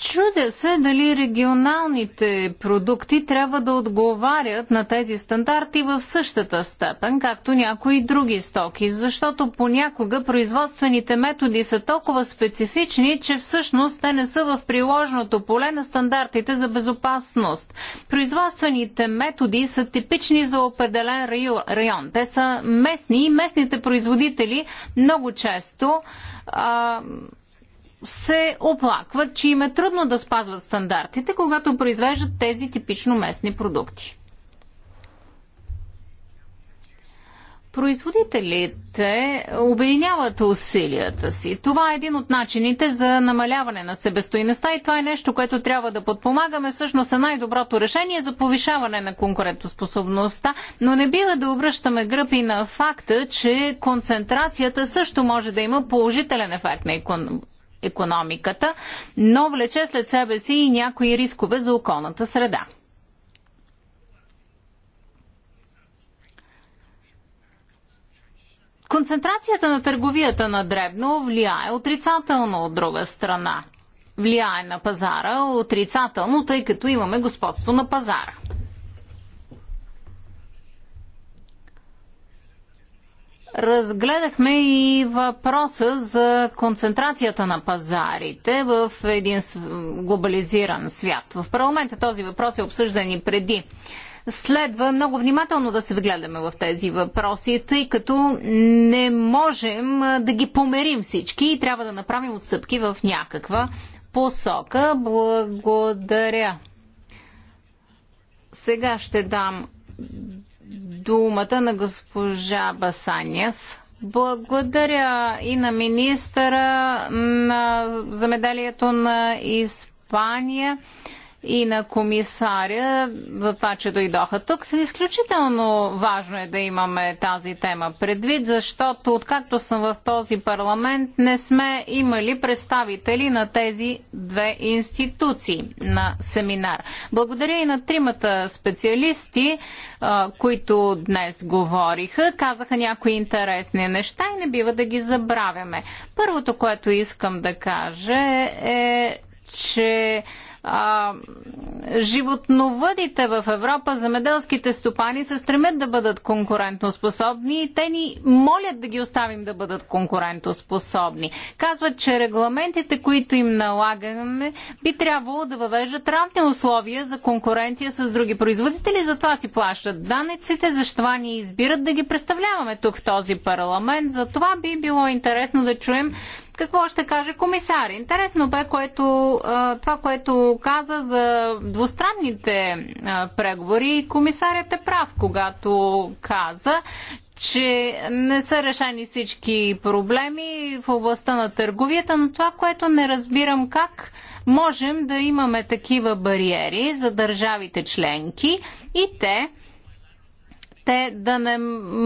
Чудя се дали регионалните продукти трябва да отговарят на тези стандарти в същата степен, както някои други стоки, защото понякога производствените методи са толкова специфични, че всъщност те не са в приложното поле на стандартите за безопасност. Производствените методи са типични за определен район. Те са местни и местните производители много често а, се оплакват, че им е трудно да спазват стандартите, когато произвеждат тези типично местни продукти. Производителите обединяват усилията си. Това е един от начините за намаляване на себестоиността и това е нещо, което трябва да подпомагаме. Всъщност е най-доброто решение за повишаване на конкурентоспособността, но не бива да обръщаме гръпи на факта, че концентрацията също може да има положителен ефект на економ економиката, но влече след себе си и някои рискове за околната среда. Концентрацията на търговията на дребно влияе отрицателно от друга страна. Влияе на пазара отрицателно, тъй като имаме господство на пазара. Разгледахме и въпроса за концентрацията на пазарите в един глобализиран свят. В парламента този въпрос е обсъждан и преди. Следва много внимателно да се вгледаме в тези въпроси, тъй като не можем да ги померим всички и трябва да направим отстъпки в някаква посока. Благодаря. Сега ще дам думата на госпожа Басаняс. Благодаря и на министъра на замеделието на Испания и на комисаря за това, че дойдоха тук. Изключително важно е да имаме тази тема предвид, защото откакто съм в този парламент не сме имали представители на тези две институции на семинар. Благодаря и на тримата специалисти, които днес говориха, казаха някои интересни неща и не бива да ги забравяме. Първото, което искам да кажа е, че а, животновъдите в Европа, замеделските стопани се стремят да бъдат конкурентоспособни и те ни молят да ги оставим да бъдат конкурентоспособни. Казват, че регламентите, които им налагаме, би трябвало да въвеждат равни условия за конкуренция с други производители, затова си плащат данъците, защо ни избират да ги представляваме тук в този парламент. Затова би било интересно да чуем какво ще каже комисар. Интересно бе което, това, което каза за двустранните преговори. Комисарят е прав, когато каза, че не са решени всички проблеми в областта на търговията, но това, което не разбирам как можем да имаме такива бариери за държавите членки и те те да не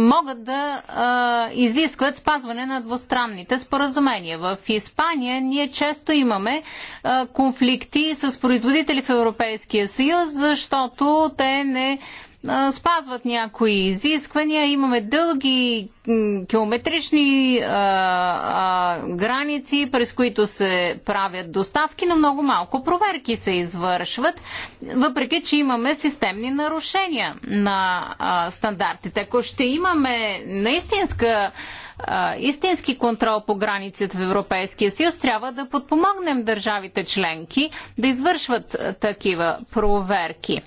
могат да а, изискват спазване на двустранните споразумения. В Испания ние често имаме а, конфликти с производители в Европейския съюз, защото те не спазват някои изисквания. Имаме дълги километрични а, а, граници, през които се правят доставки, но много малко проверки се извършват, въпреки че имаме системни нарушения на а, стандартите. Ако ще имаме наистинска истински контрол по границите в Европейския съюз, трябва да подпомогнем държавите членки да извършват такива проверки.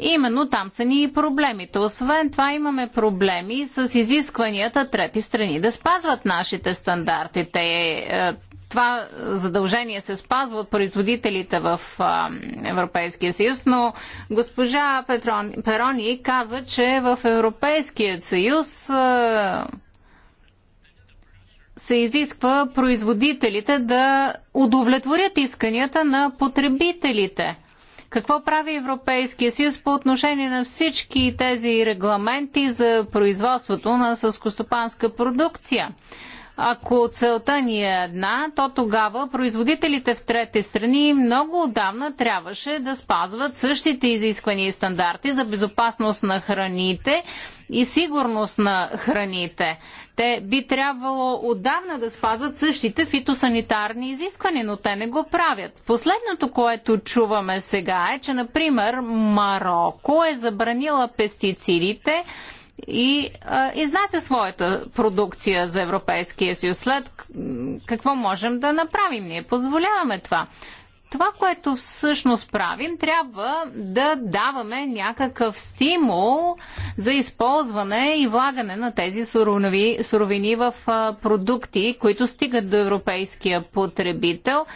Именно там са ни и проблемите. Освен това имаме проблеми с изискванията трети страни да спазват нашите стандарти. Те, е, това задължение се спазва от производителите в Европейския съюз, но госпожа Петрон, Перони каза, че в Европейския съюз се изисква производителите да удовлетворят исканията на потребителите – какво прави Европейския съюз по отношение на всички тези регламенти за производството на съскостопанска продукция? Ако целта ни е една, то тогава производителите в трети страни много отдавна трябваше да спазват същите изисквания и стандарти за безопасност на храните и сигурност на храните. Те би трябвало отдавна да спазват същите фитосанитарни изисквания, но те не го правят. Последното, което чуваме сега е, че, например, Марокко е забранила пестицидите и а, изнася своята продукция за Европейския съюз. След какво можем да направим? Ние позволяваме това. Това, което всъщност правим, трябва да даваме някакъв стимул за използване и влагане на тези суровини, суровини в продукти, които стигат до европейския потребител.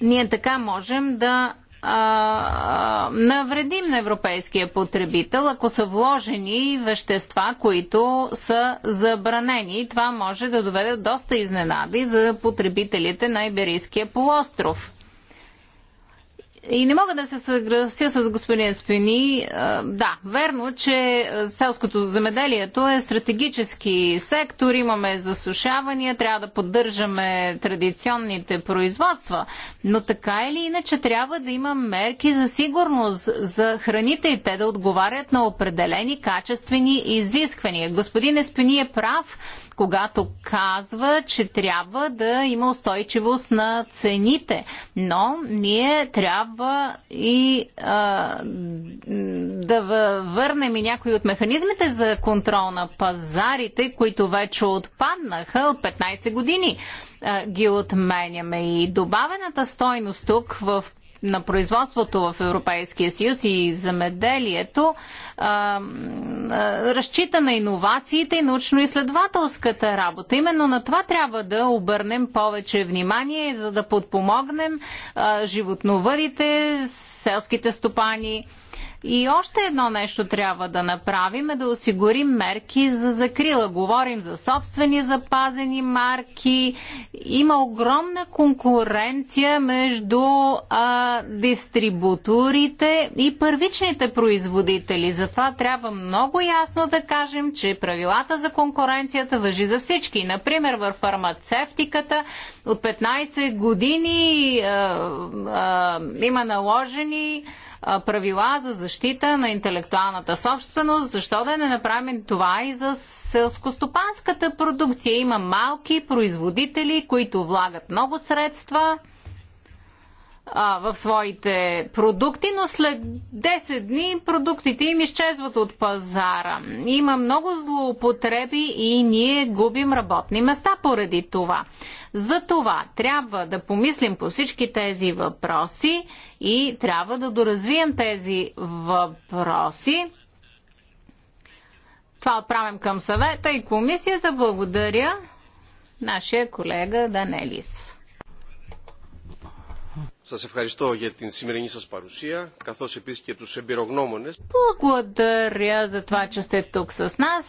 Ние така можем да а, навредим на европейския потребител, ако са вложени вещества, които са забранени. Това може да доведе доста изненади за потребителите на Иберийския полуостров. И не мога да се съглася с господин Спини. Да, верно, че селското земеделието е стратегически сектор, имаме засушавания, трябва да поддържаме традиционните производства, но така или иначе трябва да има мерки за сигурност за храните и те да отговарят на определени качествени изисквания. Господин Спини е прав, когато казва, че трябва да има устойчивост на цените. Но ние трябва и а, да върнем и някои от механизмите за контрол на пазарите, които вече отпаднаха от 15 години. А, ги отменяме и добавената стойност тук в на производството в Европейския съюз и замеделието, а, разчита на иновациите и научно-изследователската работа. Именно на това трябва да обърнем повече внимание, за да подпомогнем а, животновъдите, селските стопани, и още едно нещо трябва да направим е да осигурим мерки за закрила. Говорим за собствени запазени марки. Има огромна конкуренция между а, дистрибуторите и първичните производители. Затова трябва много ясно да кажем, че правилата за конкуренцията въжи за всички. Например, в фармацевтиката от 15 години а, а, има наложени правила за защита на интелектуалната собственост, защо да не направим това и за селскостопанската продукция? Има малки производители, които влагат много средства – а, в своите продукти, но след 10 дни продуктите им изчезват от пазара. Има много злоупотреби и ние губим работни места поради това. За това трябва да помислим по всички тези въпроси и трябва да доразвием тези въпроси. Това отправям към съвета и комисията. Благодаря нашия колега Данелис. Σας ευχαριστώ για την σημερινή σας παρουσία, καθώς επίσης και τους εμπειρογνώμονες. Благодаря за това, че сте тук с нас.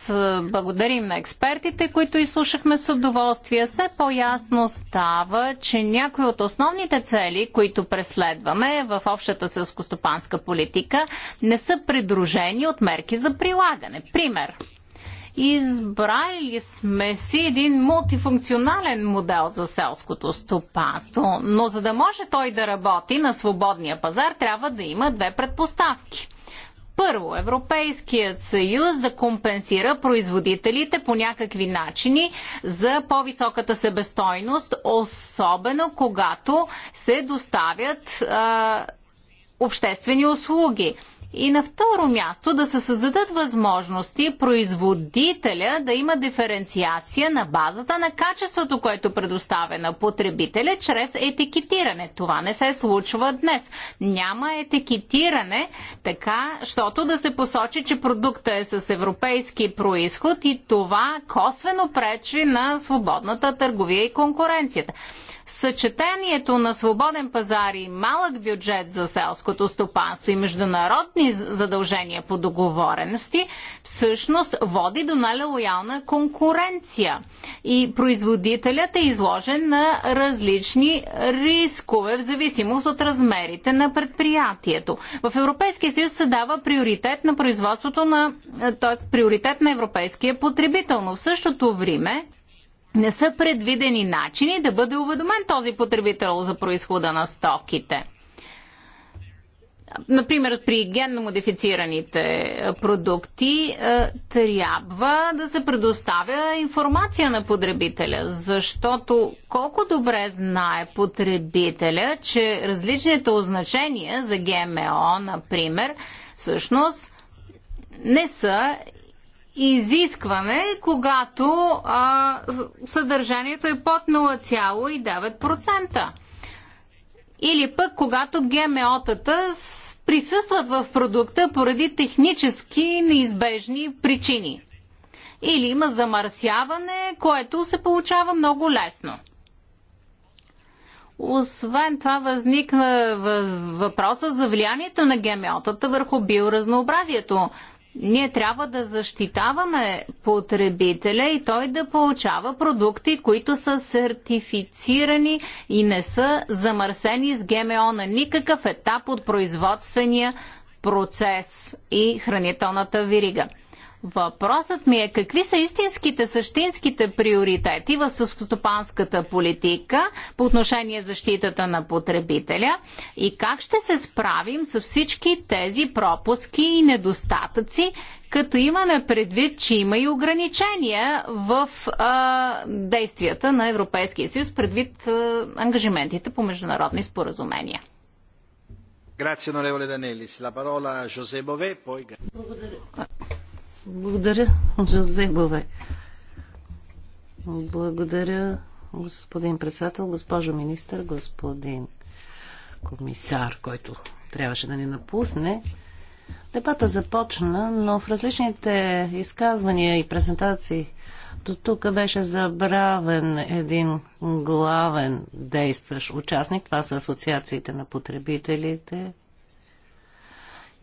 Благодарим на експертите, които изслушахме с удоволствие. Все по-ясно става, че някои от основните цели, които преследваме в общата селскостопанска политика, не са придружени от мерки за прилагане. Пример – Избрали сме си един мултифункционален модел за селското стопанство, но за да може той да работи на свободния пазар, трябва да има две предпоставки. Първо, Европейският съюз да компенсира производителите по някакви начини за по-високата себестойност, особено когато се доставят а, обществени услуги. И на второ място да се създадат възможности производителя да има диференциация на базата на качеството, което предоставя на потребителя чрез етикетиране. Това не се случва днес. Няма етикетиране така, щото да се посочи, че продукта е с европейски происход и това косвено пречи на свободната търговия и конкуренцията съчетанието на свободен пазар и малък бюджет за селското стопанство и международни задължения по договорености всъщност води до нелоялна конкуренция. И производителят е изложен на различни рискове в зависимост от размерите на предприятието. В Европейския съюз се дава приоритет на производството на, е, т.е. приоритет на европейския потребител, но в същото време не са предвидени начини да бъде уведомен този потребител за происхода на стоките. Например, при генно модифицираните продукти е, трябва да се предоставя информация на потребителя, защото колко добре знае потребителя, че различните означения за ГМО, например, всъщност не са изискване, когато а, съдържанието е под 0,9%. Или пък когато ГМО-тата присъстват в продукта поради технически неизбежни причини. Или има замърсяване, което се получава много лесно. Освен това възникна въпроса за влиянието на ГМО-тата върху биоразнообразието. Ние трябва да защитаваме потребителя и той да получава продукти, които са сертифицирани и не са замърсени с ГМО на никакъв етап от производствения процес и хранителната вирига. Въпросът ми е какви са истинските, същинските приоритети в съскостопанската политика по отношение защитата на потребителя и как ще се справим с всички тези пропуски и недостатъци, като имаме предвид, че има и ограничения в а, действията на Европейския съюз предвид а, ангажиментите по международни споразумения. Grazie onorevole Danellis. La parola José Bové, poi... Благодаря. Благодаря, Жозебове. Благодаря, господин председател, госпожо министър, господин комисар, който трябваше да ни напусне. Дебата започна, но в различните изказвания и презентации до тук беше забравен един главен действащ участник. Това са асоциациите на потребителите,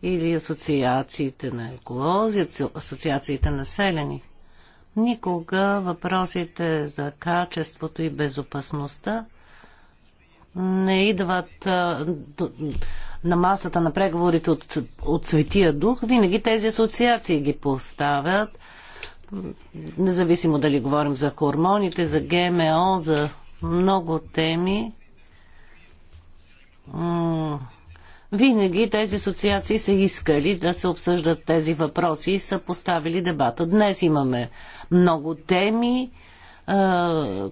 или асоциациите на еколози, асоциациите на селени. Никога въпросите за качеството и безопасността не идват а, до, на масата на преговорите от, от Светия Дух. Винаги тези асоциации ги поставят, независимо дали говорим за хормоните, за ГМО, за много теми винаги тези асоциации са искали да се обсъждат тези въпроси и са поставили дебата. Днес имаме много теми,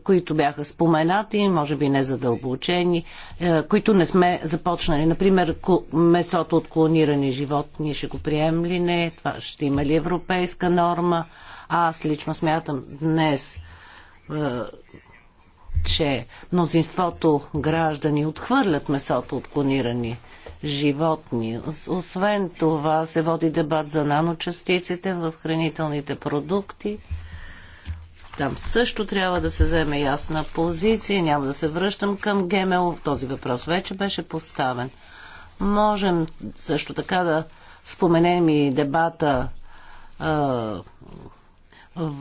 които бяха споменати, може би не задълбочени, които не сме започнали. Например, месото от клонирани животни ще го прием ли не? Това ще има ли европейска норма? Аз лично смятам днес, че мнозинството граждани отхвърлят месото от клонирани животни животни. Освен това се води дебат за наночастиците в хранителните продукти. Там също трябва да се вземе ясна позиция. Няма да се връщам към ГМО. Този въпрос вече беше поставен. Можем също така да споменем и дебата в,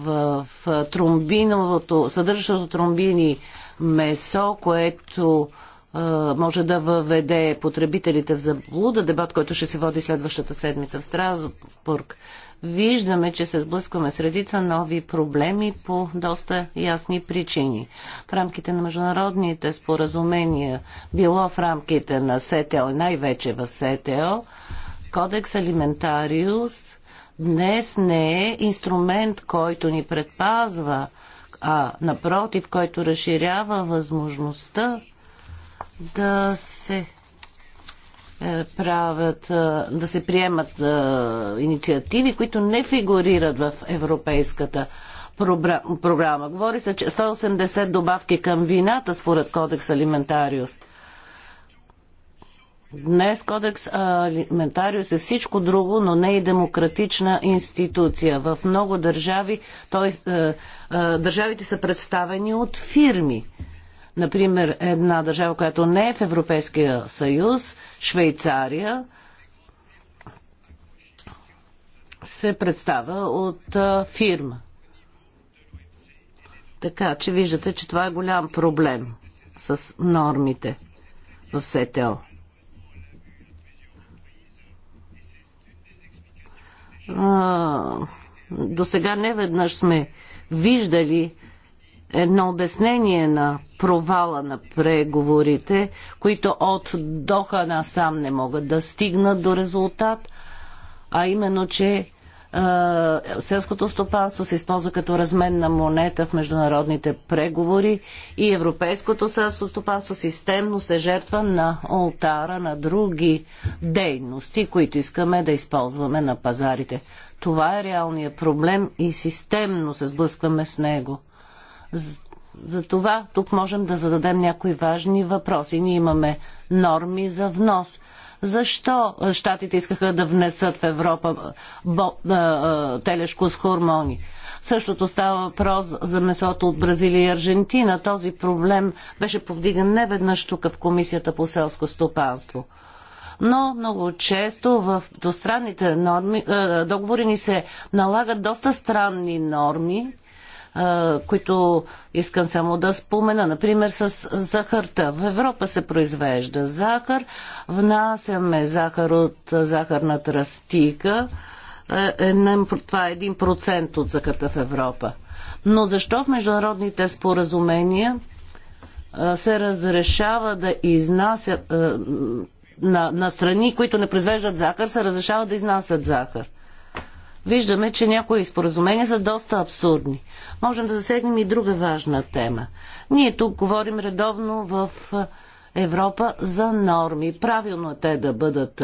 в тромбиновото, съдържащото тромбини месо, което може да въведе потребителите в заблуда, дебат, който ще се води следващата седмица в Страсбург. Виждаме, че се сблъскваме с редица нови проблеми по доста ясни причини. В рамките на международните споразумения, било в рамките на СТО, най-вече в СТО, Кодекс Алиментариус днес не е инструмент, който ни предпазва, а напротив, който разширява възможността да се е, правят, е, да се приемат е, инициативи, които не фигурират в европейската програма. Говори се, че 180 добавки към вината според Кодекс Алиментариус. Днес Кодекс Алиментариус е всичко друго, но не и демократична институция. В много държави, т.е. държавите са представени от фирми. Например, една държава, която не е в Европейския съюз, Швейцария, се представя от а, фирма. Така че виждате, че това е голям проблем с нормите в СТО. До сега не веднъж сме виждали едно обяснение на провала на преговорите, които от Доха насам не могат да стигнат до резултат, а именно, че е, селското стопанство се използва като разменна монета в международните преговори и европейското селско стопанство системно се жертва на олтара на други дейности, които искаме да използваме на пазарите. Това е реалният проблем и системно се сблъскваме с него. За това тук можем да зададем някои важни въпроси. Ние имаме норми за внос. Защо щатите искаха да внесат в Европа бо, а, а, телешко с хормони? Същото става въпрос за месото от Бразилия и Аржентина. Този проблем беше повдиган не веднъж тук в Комисията по селско стопанство. Но много често в достранните норми, договори ни се налагат доста странни норми, които искам само да спомена. Например, с захарта. В Европа се произвежда захар, внасяме захар от захарната растика. Е, е, това е 1% от захарта в Европа. Но защо в международните споразумения се разрешава да изнася на, на страни, които не произвеждат захар, се разрешава да изнасят захар? виждаме, че някои споразумения са доста абсурдни. Можем да засегнем и друга важна тема. Ние тук говорим редовно в Европа за норми. Правилно е те да бъдат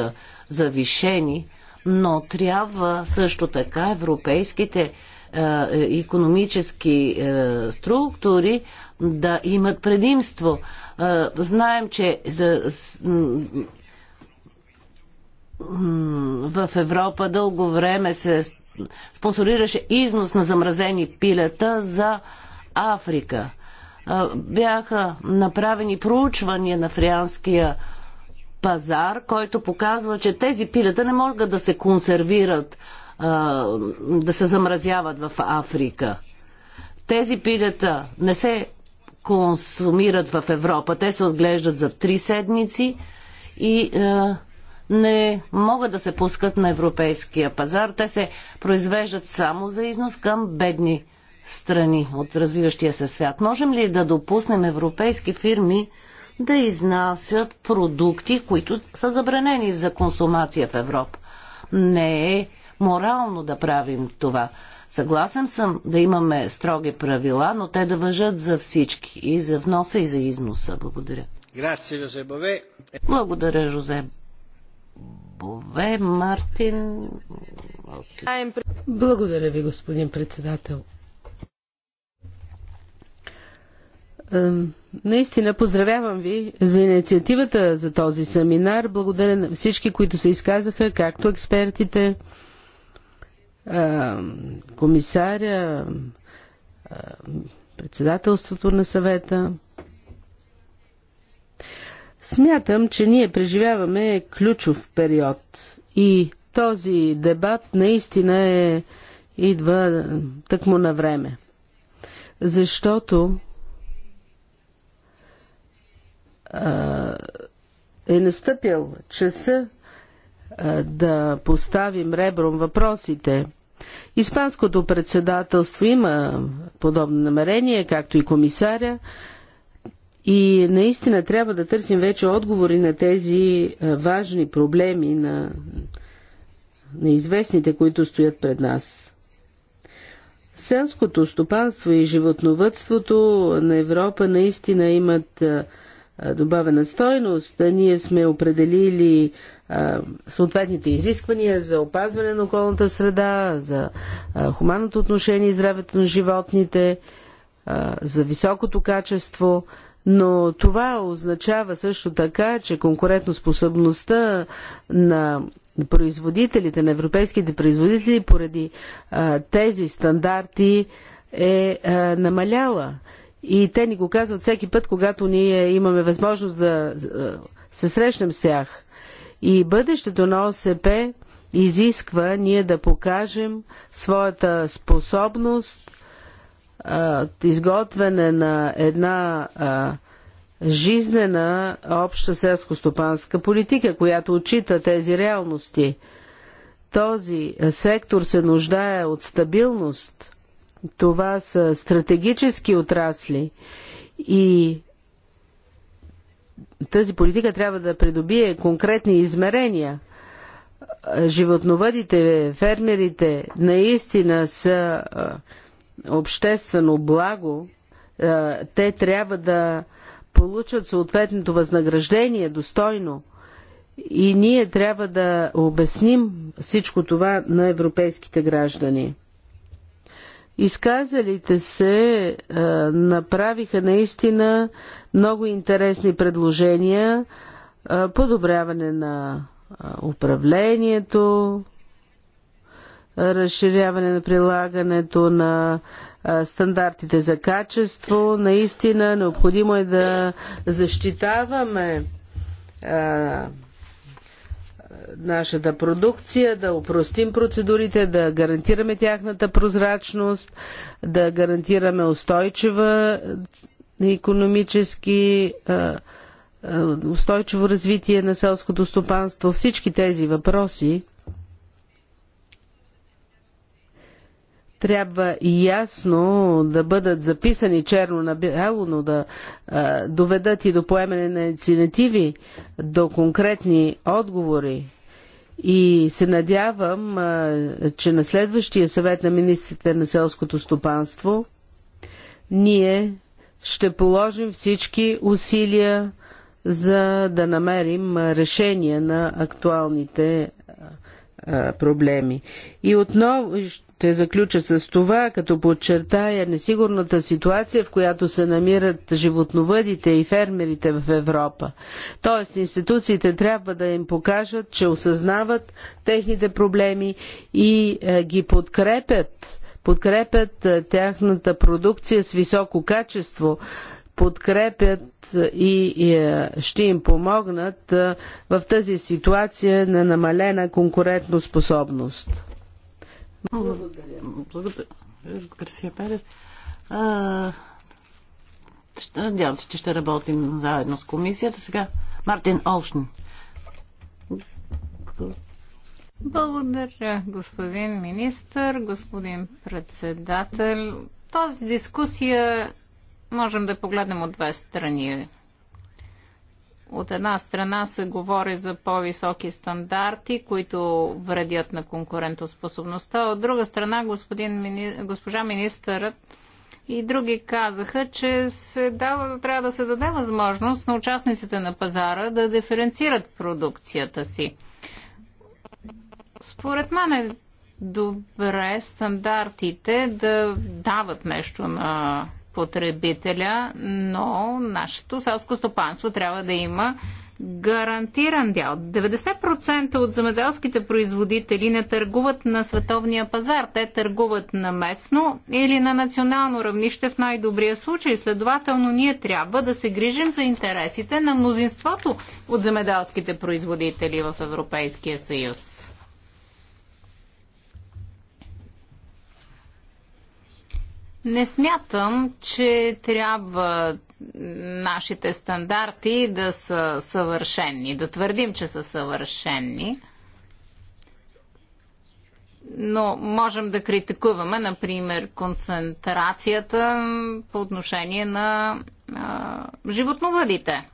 завишени, но трябва също така европейските економически структури да имат предимство. Знаем, че в Европа дълго време се спонсорираше износ на замразени пилета за Африка. Бяха направени проучвания на фрианския пазар, който показва, че тези пилета не могат да се консервират, да се замразяват в Африка. Тези пилета не се консумират в Европа. Те се отглеждат за три седмици и не могат да се пускат на европейския пазар. Те се произвеждат само за износ към бедни страни от развиващия се свят. Можем ли да допуснем европейски фирми да изнасят продукти, които са забранени за консумация в Европа? Не е морално да правим това. Съгласен съм да имаме строги правила, но те да въжат за всички. И за вноса, и за износа. Благодаря. Благодаря, Жозе Бове, Мартин. Благодаря ви, господин председател. Наистина поздравявам ви за инициативата за този семинар. Благодаря на всички, които се изказаха, както експертите, комисаря, председателството на съвета. Смятам, че ние преживяваме ключов период и този дебат наистина е, идва тъкмо на време. Защото а, е настъпил часа а, да поставим ребром въпросите. Испанското председателство има подобно намерение, както и комисаря. И наистина трябва да търсим вече отговори на тези е, важни проблеми на неизвестните, които стоят пред нас. Селското стопанство и животновътството на Европа наистина имат е, е, добавена стойност. Ние сме определили съответните изисквания за опазване на околната среда, за хуманното отношение и здравето на животните, за високото качество – но това означава също така, че конкурентоспособността на производителите, на европейските производители поради а, тези стандарти е а, намаляла. И те ни го казват всеки път, когато ние имаме възможност да се срещнем с тях. И бъдещето на ОСП изисква ние да покажем своята способност изготвяне на една жизнена обща селско-стопанска политика, която отчита тези реалности. Този сектор се нуждае от стабилност. Това са стратегически отрасли и тази политика трябва да придобие конкретни измерения. Животновъдите, фермерите наистина са обществено благо, е, те трябва да получат съответното възнаграждение достойно. И ние трябва да обясним всичко това на европейските граждани. Изказалите се е, направиха наистина много интересни предложения, е, подобряване на управлението, разширяване на прилагането на стандартите за качество. Наистина необходимо е да защитаваме нашата продукция, да упростим процедурите, да гарантираме тяхната прозрачност, да гарантираме устойчива економически устойчиво развитие на селското стопанство. Всички тези въпроси трябва ясно да бъдат записани черно на бяло, но да а, доведат и до поемане на инициативи, до конкретни отговори. И се надявам, а, че на следващия съвет на министрите на селското стопанство ние ще положим всички усилия за да намерим решение на актуалните проблеми. И отново ще заключа с това, като подчертая несигурната ситуация, в която се намират животновъдите и фермерите в Европа. Тоест, институциите трябва да им покажат, че осъзнават техните проблеми и е, ги подкрепят, подкрепят е, тяхната продукция с високо качество, подкрепят и, и е, ще им помогнат е, в тази ситуация на намалена конкурентоспособност. Благодаря. Благодаря. Гарсия Перес. Надявам се, че ще работим заедно с комисията. Сега Мартин Олшн. Благодаря, господин министр, господин председател. Тази дискусия можем да погледнем от две страни. От една страна се говори за по-високи стандарти, които вредят на конкурентоспособността. От друга страна, господин, госпожа министърът и други казаха, че се дава, трябва да се даде възможност на участниците на пазара да диференцират продукцията си. Според мен е добре стандартите да дават нещо на потребителя, но нашето селско стопанство трябва да има гарантиран дял. 90% от земеделските производители не търгуват на световния пазар. Те търгуват на местно или на национално равнище в най-добрия случай. Следователно, ние трябва да се грижим за интересите на мнозинството от земеделските производители в Европейския съюз. Не смятам, че трябва нашите стандарти да са съвършенни, да твърдим, че са съвършенни. Но можем да критикуваме, например, концентрацията по отношение на а, животновъдите.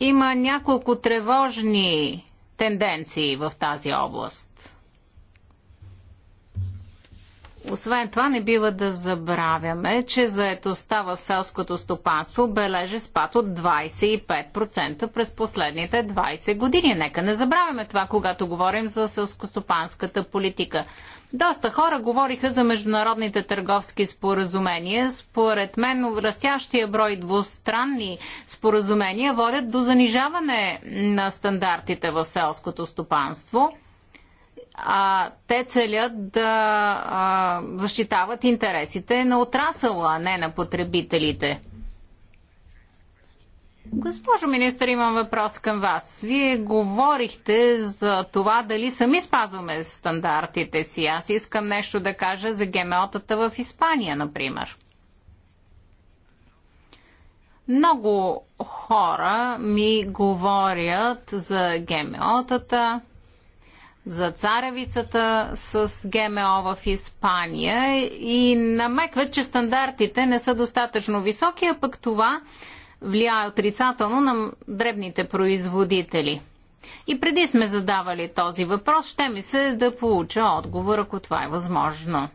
Има няколко тревожни тенденции в тази област. Освен това, не бива да забравяме, че заетостта в селското стопанство бележи спад от 25% през последните 20 години. Нека не забравяме това, когато говорим за селскостопанската политика. Доста хора говориха за международните търговски споразумения. Според мен, растящия брой двустранни споразумения водят до занижаване на стандартите в селското стопанство а, те целят да а, защитават интересите на отрасъла, а не на потребителите. Госпожо министър, имам въпрос към вас. Вие говорихте за това дали сами спазваме стандартите си. Аз искам нещо да кажа за ГМО-тата в Испания, например. Много хора ми говорят за ГМО-тата за царевицата с ГМО в Испания и намекват, че стандартите не са достатъчно високи, а пък това влияе отрицателно на дребните производители. И преди сме задавали този въпрос, ще ми се да получа отговор, ако това е възможно.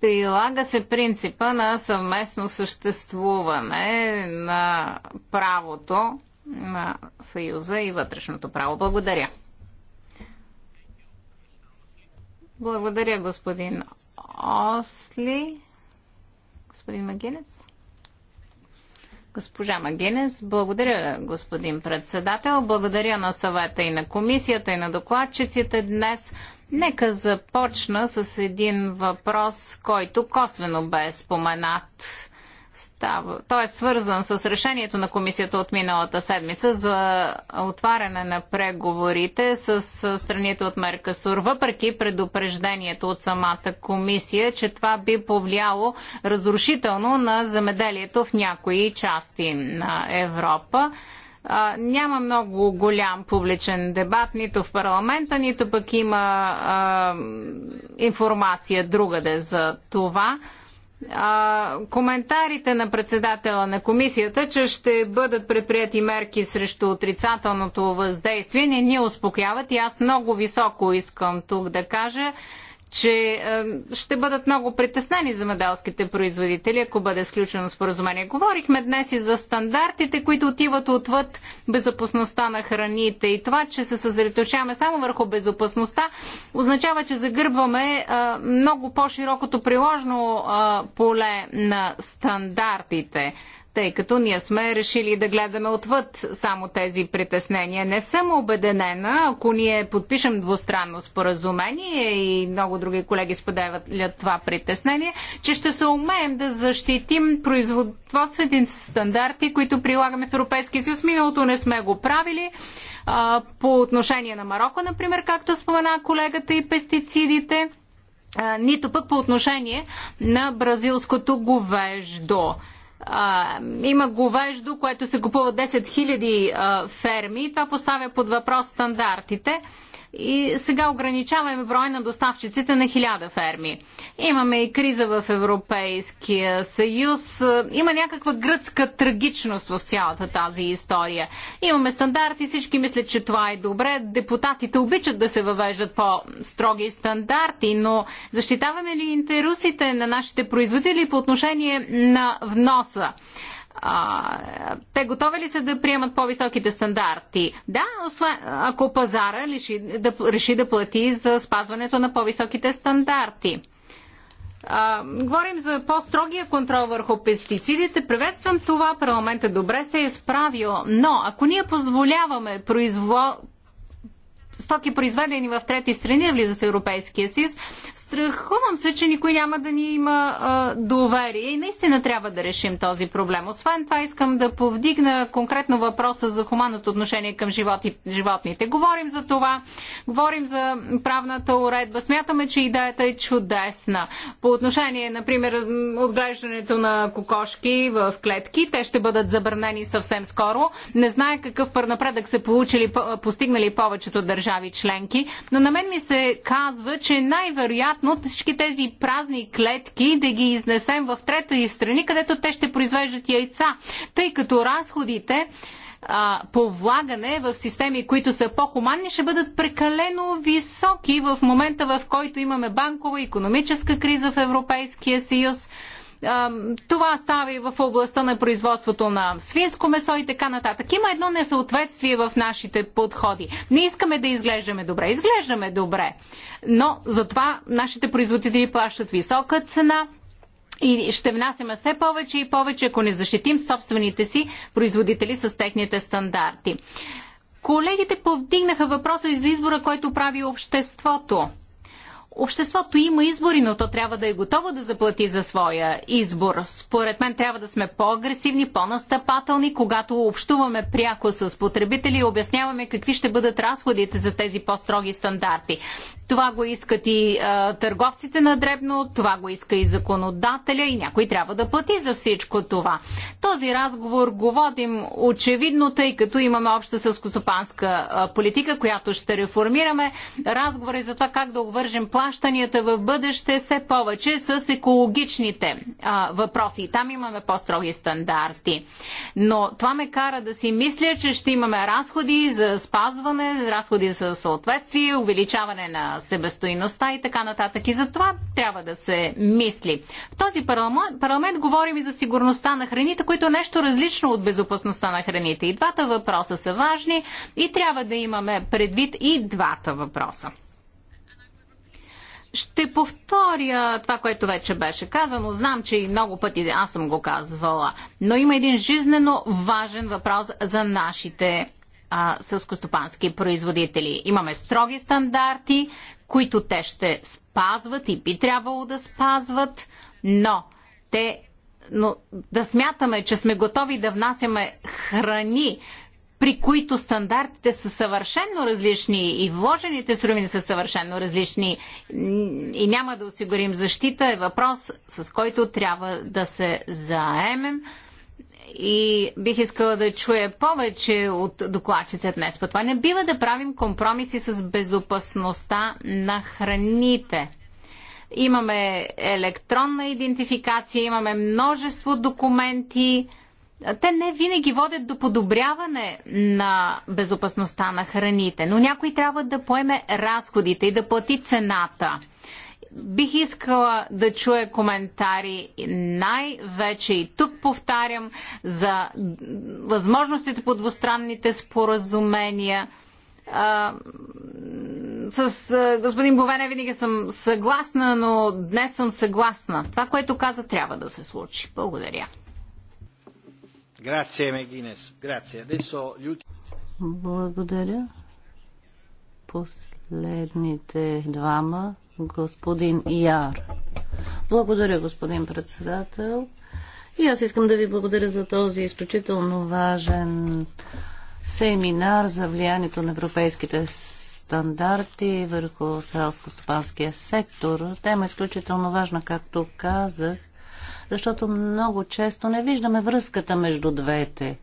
прилага се принципа на съвместно съществуване на правото на Съюза и вътрешното право. Благодаря. Благодаря, господин Осли. Господин Магенец. Госпожа Магенец, благодаря, господин председател. Благодаря на съвета и на комисията и на докладчиците днес. Нека започна с един въпрос, който косвено бе споменат става, той е свързан с решението на комисията от миналата седмица за отваряне на преговорите с страните от Меркасур, въпреки предупреждението от самата комисия, че това би повлияло разрушително на замеделието в някои части на Европа. А, няма много голям публичен дебат нито в парламента, нито пък има а, информация другаде за това а, коментарите на председателя на комисията, че ще бъдат предприяти мерки срещу отрицателното въздействие, не ни успокояват и аз много високо искам тук да кажа, че ще бъдат много притеснени земеделските производители, ако бъде сключено споразумение. Говорихме днес и за стандартите, които отиват отвъд безопасността на храните и това, че се съзреточаваме само върху безопасността, означава, че загърбваме е, много по-широкото приложно е, поле на стандартите тъй като ние сме решили да гледаме отвъд само тези притеснения. Не съм обеденена, ако ние подпишем двустранно споразумение и много други колеги споделят това притеснение, че ще се умеем да защитим производствените стандарти, които прилагаме в Европейския съюз. Миналото не сме го правили. по отношение на Марокко, например, както спомена колегата и пестицидите нито пък по отношение на бразилското говеждо а, има говеждо, което се купува 10 000 а, ферми. Това поставя под въпрос стандартите и сега ограничаваме броя на доставчиците на хиляда ферми. Имаме и криза в Европейския съюз. Има някаква гръцка трагичност в цялата тази история. Имаме стандарти, всички мислят, че това е добре. Депутатите обичат да се въвеждат по-строги стандарти, но защитаваме ли интересите на нашите производители по отношение на вноса? А, те готови ли са да приемат по-високите стандарти? Да, освен, ако пазара реши да, реши да плати за спазването на по-високите стандарти. А, говорим за по-строгия контрол върху пестицидите. Приветствам това. Парламентът добре се е справил. Но ако ние позволяваме произвол стоки, произведени в трети страни, влизат в Европейския съюз. Страхувам се, че никой няма да ни има а, доверие и наистина трябва да решим този проблем. Освен това, искам да повдигна конкретно въпроса за хуманното отношение към животи, животните. Говорим за това, говорим за правната уредба. Смятаме, че идеята е чудесна. По отношение, например, отглеждането на кокошки в клетки, те ще бъдат забранени съвсем скоро. Не знае какъв пърнапредък са получили, постигнали повечето държави държави членки, но на мен ми се казва, че най-вероятно всички тези празни клетки да ги изнесем в трета и страни, където те ще произвеждат яйца, тъй като разходите по влагане в системи, които са по-хуманни, ще бъдат прекалено високи в момента, в който имаме банкова, економическа криза в Европейския съюз това става и в областта на производството на свинско месо и така нататък. Има едно несъответствие в нашите подходи. Не искаме да изглеждаме добре. Изглеждаме добре. Но затова нашите производители плащат висока цена, и ще внасяме все повече и повече, ако не защитим собствените си производители с техните стандарти. Колегите повдигнаха въпроса и за избора, който прави обществото обществото има избори, но то трябва да е готово да заплати за своя избор. Според мен трябва да сме по-агресивни, по-настъпателни, когато общуваме пряко с потребители и обясняваме какви ще бъдат разходите за тези по-строги стандарти. Това го искат и а, търговците на дребно, това го иска и законодателя и някой трябва да плати за всичко това. Този разговор го водим очевидно, тъй като имаме обща селскостопанска политика, която ще реформираме. Разговор е за това как да обвържем план плащанията в бъдеще все повече с екологичните а, въпроси. Там имаме по-строги стандарти. Но това ме кара да си мисля, че ще имаме разходи за спазване, разходи за съответствие, увеличаване на себестойността и така нататък. И за това трябва да се мисли. В този парламент, парламент говорим и за сигурността на храните, които е нещо различно от безопасността на храните. И двата въпроса са важни и трябва да имаме предвид и двата въпроса. Ще повторя това, което вече беше казано. Знам, че и много пъти аз съм го казвала. Но има един жизнено важен въпрос за нашите а, сълскостопански производители. Имаме строги стандарти, които те ще спазват и би трябвало да спазват, но те но да смятаме, че сме готови да внасяме храни, при които стандартите са съвършенно различни и вложените суровини са съвършенно различни и няма да осигурим защита, е въпрос, с който трябва да се заемем. И бих искала да чуя повече от докладчица днес по това. Не бива да правим компромиси с безопасността на храните имаме електронна идентификация, имаме множество документи, те не винаги водят до подобряване на безопасността на храните, но някой трябва да поеме разходите и да плати цената. Бих искала да чуя коментари най-вече и тук повтарям за възможностите по двустранните споразумения. А, с а, господин Бовене винаги съм съгласна, но днес съм съгласна. Това, което каза, трябва да се случи. Благодаря. Благодаря. Последните двама, господин Яр. Благодаря, господин председател. И аз искам да ви благодаря за този изключително важен семинар за влиянието на европейските стандарти върху селско-стопанския сектор. Тема е изключително важна, както казах защото много често не виждаме връзката между двете.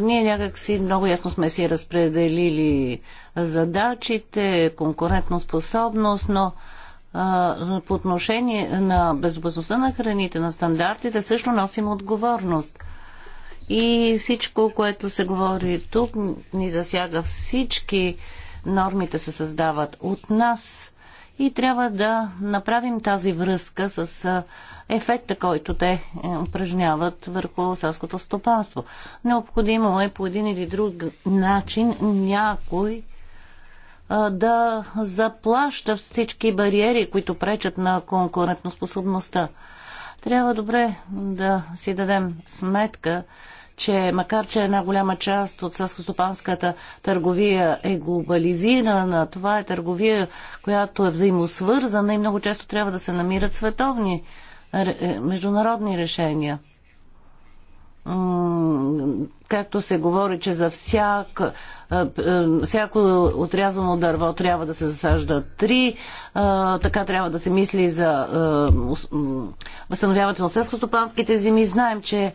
Ние някакси много ясно сме си разпределили задачите, способност, но по отношение на безопасността на храните, на стандартите, също носим отговорност. И всичко, което се говори тук, ни засяга всички. Нормите се създават от нас и трябва да направим тази връзка с ефекта, който те е, упражняват върху селското стопанство. Необходимо е по един или друг начин някой да заплаща всички бариери, които пречат на конкурентоспособността. Трябва добре да си дадем сметка, че макар, че една голяма част от селскостопанската търговия е глобализирана, това е търговия, която е взаимосвързана и много често трябва да се намират световни е, международни решения както се говори, че за всяк, всяко отрязано дърво трябва да се засажда три, така трябва да се мисли за възстановяването на селскостопанските земи. Знаем, че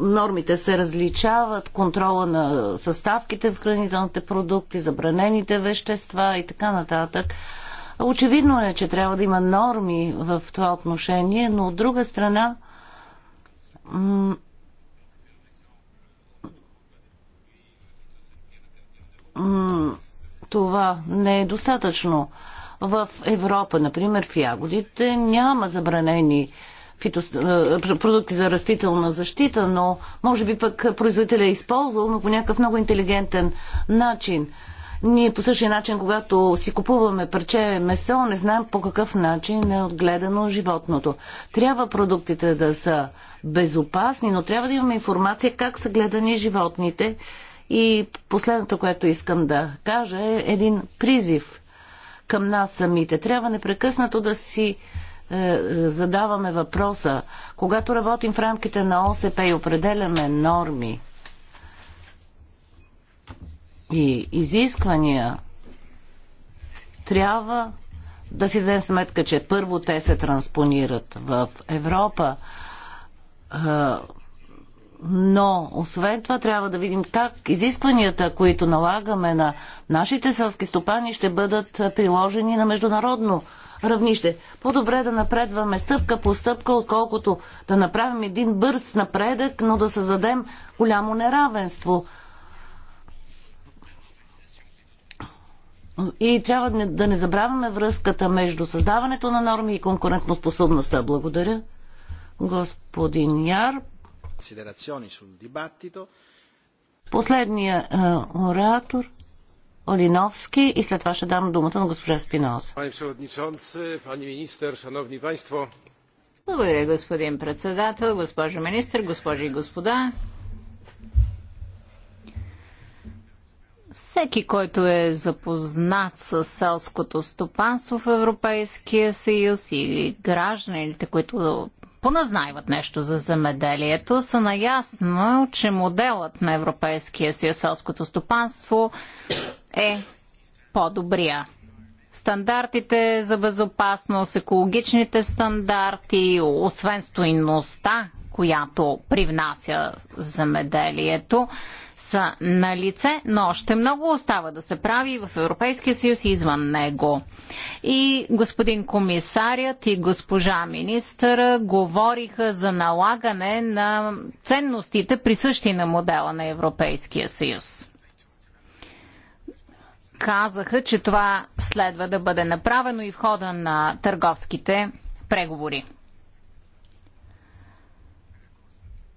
нормите се различават, контрола на съставките в хранителните продукти, забранените вещества и така нататък. Очевидно е, че трябва да има норми в това отношение, но от друга страна това не е достатъчно. В Европа, например, в ягодите няма забранени фитос... Е, продукти за растителна защита, но може би пък производителя е използвал, но по някакъв много интелигентен начин. Ние по същия начин, когато си купуваме парче месо, не знаем по какъв начин е отгледано животното. Трябва продуктите да са безопасни, но трябва да имаме информация как са гледани животните. И последното, което искам да кажа е един призив към нас самите. Трябва непрекъснато да си е, задаваме въпроса, когато работим в рамките на ОСП и определяме норми и изисквания, трябва да си дадем сметка, че първо те се транспонират в Европа, но, освен това, трябва да видим как изискванията, които налагаме на нашите селски стопани, ще бъдат приложени на международно равнище. По-добре да напредваме стъпка по стъпка, отколкото да направим един бърз напредък, но да създадем голямо неравенство. И трябва да не забравяме връзката между създаването на норми и конкурентоспособността. Благодаря господин Яр. Последния оратор Олиновски и след това ще дам думата на госпожа Спиноза. Благодаря, господин председател, госпожо министр, госпожи и господа. Всеки, който е запознат с селското стопанство в Европейския съюз и гражданите, които поназнайват нещо за земеделието, са наясно, че моделът на Европейския съюз селското стопанство е по-добрия. Стандартите за безопасност, екологичните стандарти, освен стоиността, която привнася замеделието, са на лице, но още много остава да се прави в Европейския съюз и извън него. И господин комисарят и госпожа министър говориха за налагане на ценностите присъщи на модела на Европейския съюз казаха, че това следва да бъде направено и в хода на търговските преговори.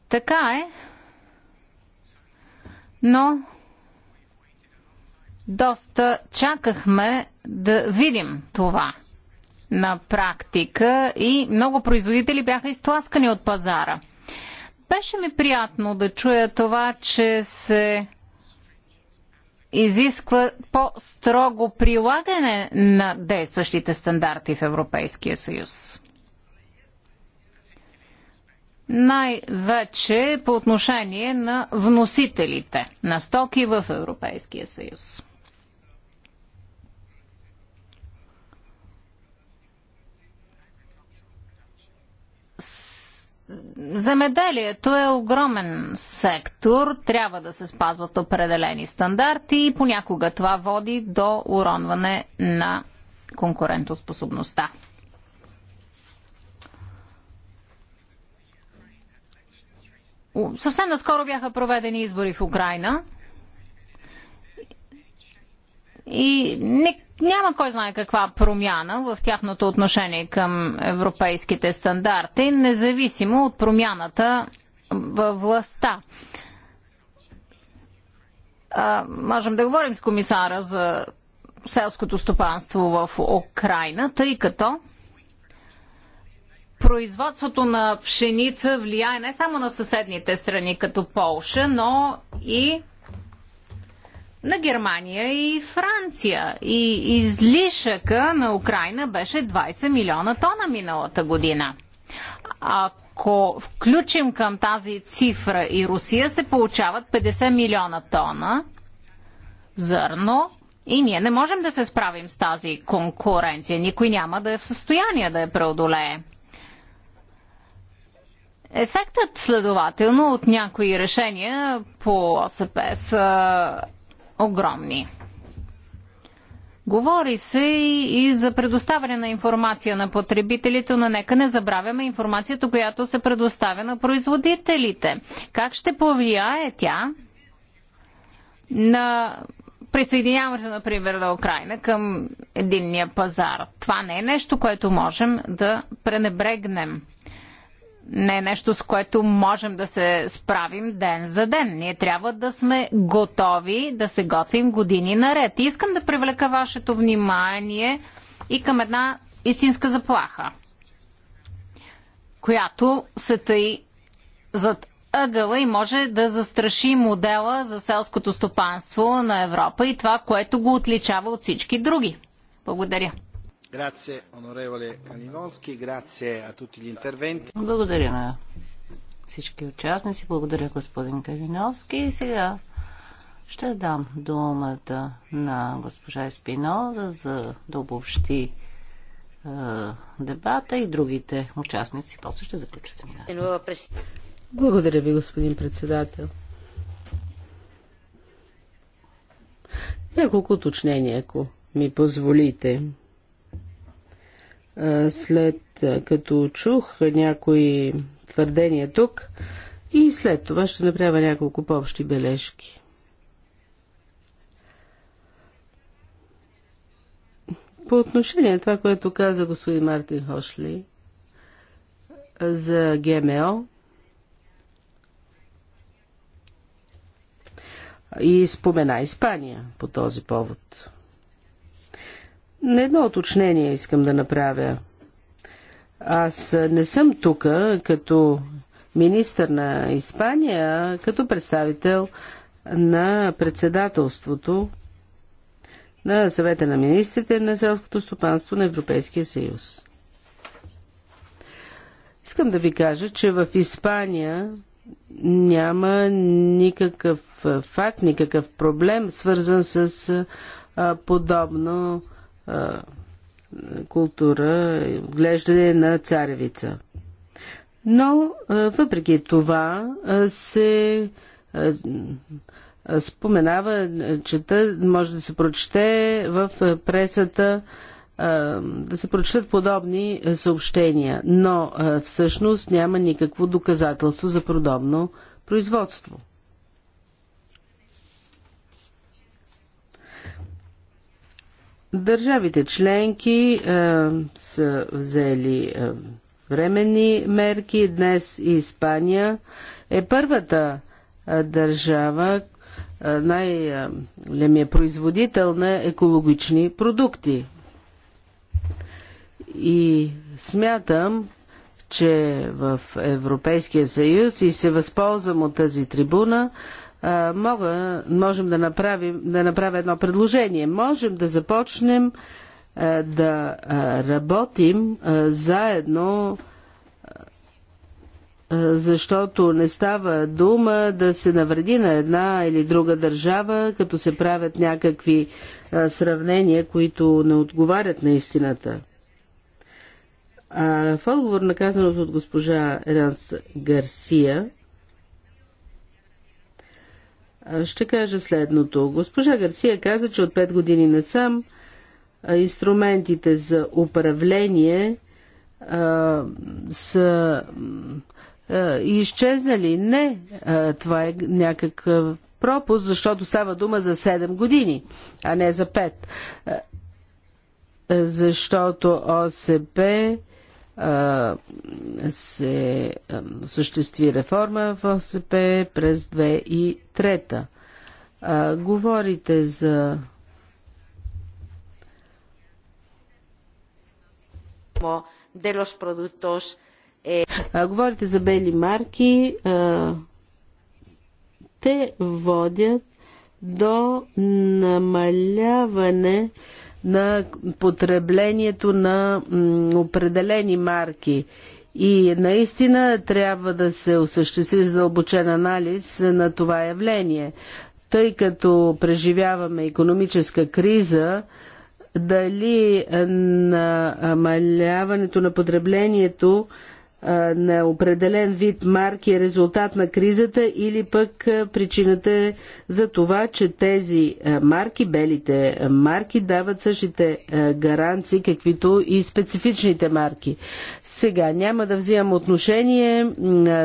Така е, но доста чакахме да видим това на практика и много производители бяха изтласкани от пазара. Беше ми приятно да чуя това, че се изисква по-строго прилагане на действащите стандарти в Европейския съюз най-вече по отношение на вносителите на стоки в Европейския съюз. Земеделието е огромен сектор, трябва да се спазват определени стандарти и понякога това води до уронване на конкурентоспособността. съвсем наскоро бяха проведени избори в Украина. И не, няма кой знае каква промяна в тяхното отношение към европейските стандарти, независимо от промяната във властта. А, можем да говорим с комисара за селското стопанство в Украина, тъй като производството на пшеница влияе не само на съседните страни като Полша, но и на Германия и Франция. И излишъка на Украина беше 20 милиона тона миналата година. Ако включим към тази цифра и Русия, се получават 50 милиона тона зърно и ние не можем да се справим с тази конкуренция. Никой няма да е в състояние да я преодолее. Ефектът, следователно, от някои решения по ОСП са огромни. Говори се и за предоставяне на информация на потребителите, но нека не забравяме информацията, която се предоставя на производителите. Как ще повлияе тя на присъединяването, например, на Украина към единния пазар? Това не е нещо, което можем да пренебрегнем не е нещо, с което можем да се справим ден за ден. Ние трябва да сме готови да се готвим години наред. И искам да привлека вашето внимание и към една истинска заплаха, която се тъй зад ъгъла и може да застраши модела за селското стопанство на Европа и това, което го отличава от всички други. Благодаря. Grazie, onorevole grazie a tutti gli interventi. Благодаря на всички участници. Благодаря, господин Калиновски. И сега ще дам думата на госпожа Еспиноза за да обобщи е, дебата и другите участници. После ще заключат семинар. Благодаря ви, господин председател. Няколко уточнения, ако ми позволите след като чух някои твърдения тук и след това ще направя няколко по-общи бележки. По отношение на това, което каза господин Мартин Хошли за ГМО и спомена Испания по този повод. На едно оточнение искам да направя. Аз не съм тук като министър на Испания, като представител на председателството на съвета на министрите на селското стопанство на Европейския съюз. Искам да ви кажа, че в Испания няма никакъв факт, никакъв проблем, свързан с подобно култура, отглеждане на царевица. Но въпреки това се споменава, чета, може да се прочете в пресата, да се прочетат подобни съобщения, но всъщност няма никакво доказателство за подобно производство. Държавите членки е, са взели е, временни мерки. Днес Испания е първата е, държава, е, най-големия производител на екологични продукти. И смятам, че в Европейския съюз и се възползвам от тази трибуна, мога, можем да, направим, да направя едно предложение. Можем да започнем да работим заедно, защото не става дума да се навреди на една или друга държава, като се правят някакви сравнения, които не отговарят на истината. А в отговор на казаното от госпожа Еранс Гарсия, ще кажа следното. Госпожа Гарсия каза, че от 5 години насам инструментите за управление а, са а, изчезнали. Не, а, това е някакъв пропуск, защото става дума за 7 години, а не за 5. А, защото ОСП се съществи реформа в ОСП през 2003. Говорите за eh, говорите за бели марки. А, те водят до намаляване а, на потреблението на определени марки. И наистина трябва да се осъществи задълбочен анализ на това явление. Тъй като преживяваме економическа криза, дали намаляването на потреблението на определен вид марки е резултат на кризата или пък причината е за това, че тези марки, белите марки, дават същите гаранции, каквито и специфичните марки. Сега няма да взимам отношение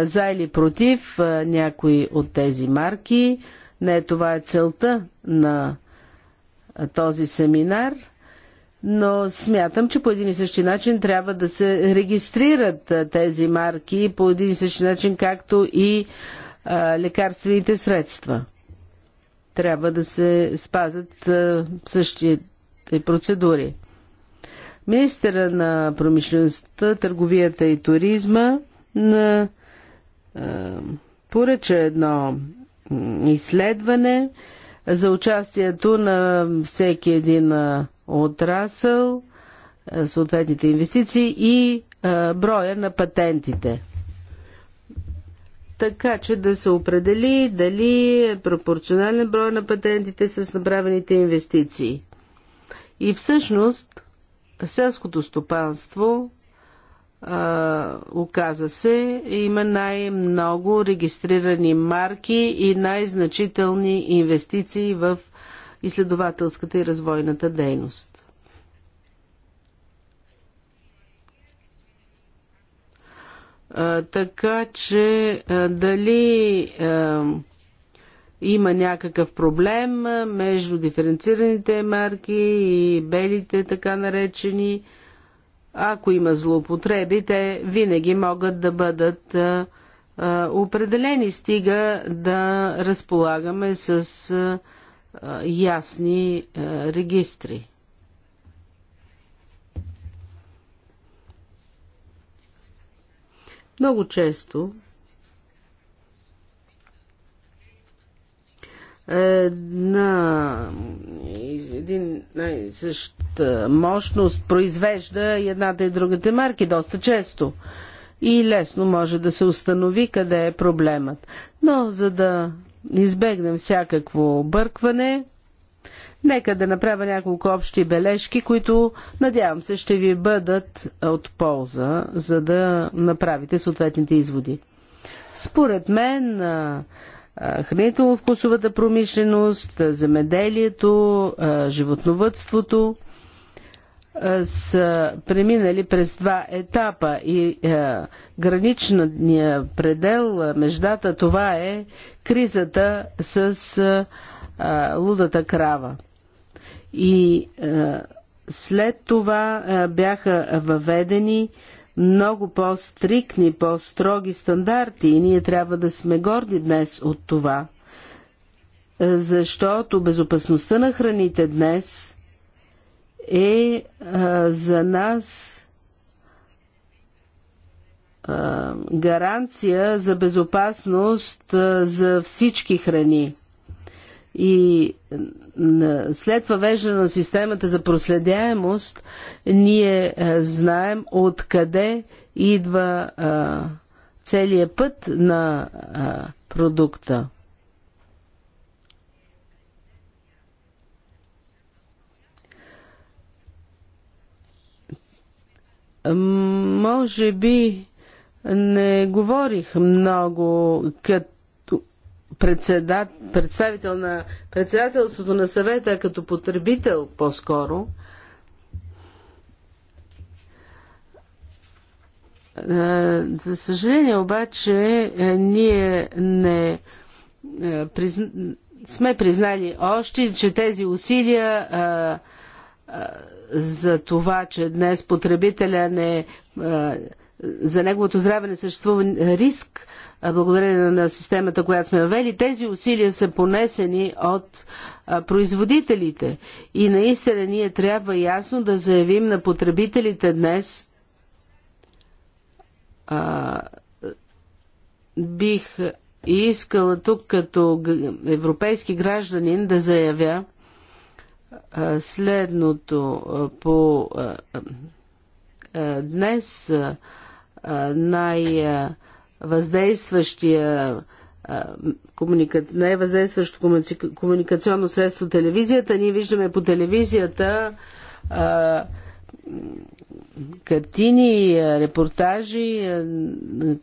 за или против някои от тези марки. Не това е целта на този семинар – но смятам, че по един и същи начин трябва да се регистрират тези марки по един и същи начин, както и а, лекарствените средства. Трябва да се спазят а, същите процедури. Министъра на промишлеността, търговията и туризма на, а, поръча едно изследване за участието на всеки един отрасъл, е, съответните инвестиции и е, броя на патентите. Така че да се определи дали е пропорционален брой на патентите с направените инвестиции. И всъщност селското стопанство а, е, оказа се, има най-много регистрирани марки и най-значителни инвестиции в изследователската и развойната дейност. така че дали има някакъв проблем между диференцираните марки и белите, така наречени. Ако има злоупотреби, те винаги могат да бъдат определени, стига да разполагаме с ясни регистри. Много често на един, най- същата мощност произвежда едната и другата марки доста често. И лесно може да се установи къде е проблемът. Но за да избегнем всякакво объркване. Нека да направя няколко общи бележки, които надявам се ще ви бъдат от полза, за да направите съответните изводи. Според мен хранително-вкусовата промишленост, земеделието, животновътството – са преминали през два етапа и е, граничният предел, междата, това е кризата с е, лудата крава. И е, след това е, бяха въведени много по-стрикни, по-строги стандарти и ние трябва да сме горди днес от това. Защото безопасността на храните днес е а, за нас а, гаранция за безопасност а, за всички храни. И след въвеждане на системата за проследяемост, ние знаем откъде идва целият път на продукта. Може би не говорих много като председат, представител на председателството на съвета, като потребител по-скоро. За съжаление обаче ние не призна... сме признали още, че тези усилия за това, че днес потребителя не. Е, за неговото здраве не съществува риск, благодарение на системата, която сме въвели, тези усилия са понесени от производителите. И наистина ние трябва ясно да заявим на потребителите днес, а, бих искала тук като европейски гражданин да заявя, следното по днес най-въздействащия комуника... най-въздействащо комуника... комуникационно средство телевизията. Ние виждаме по телевизията а, картини, репортажи,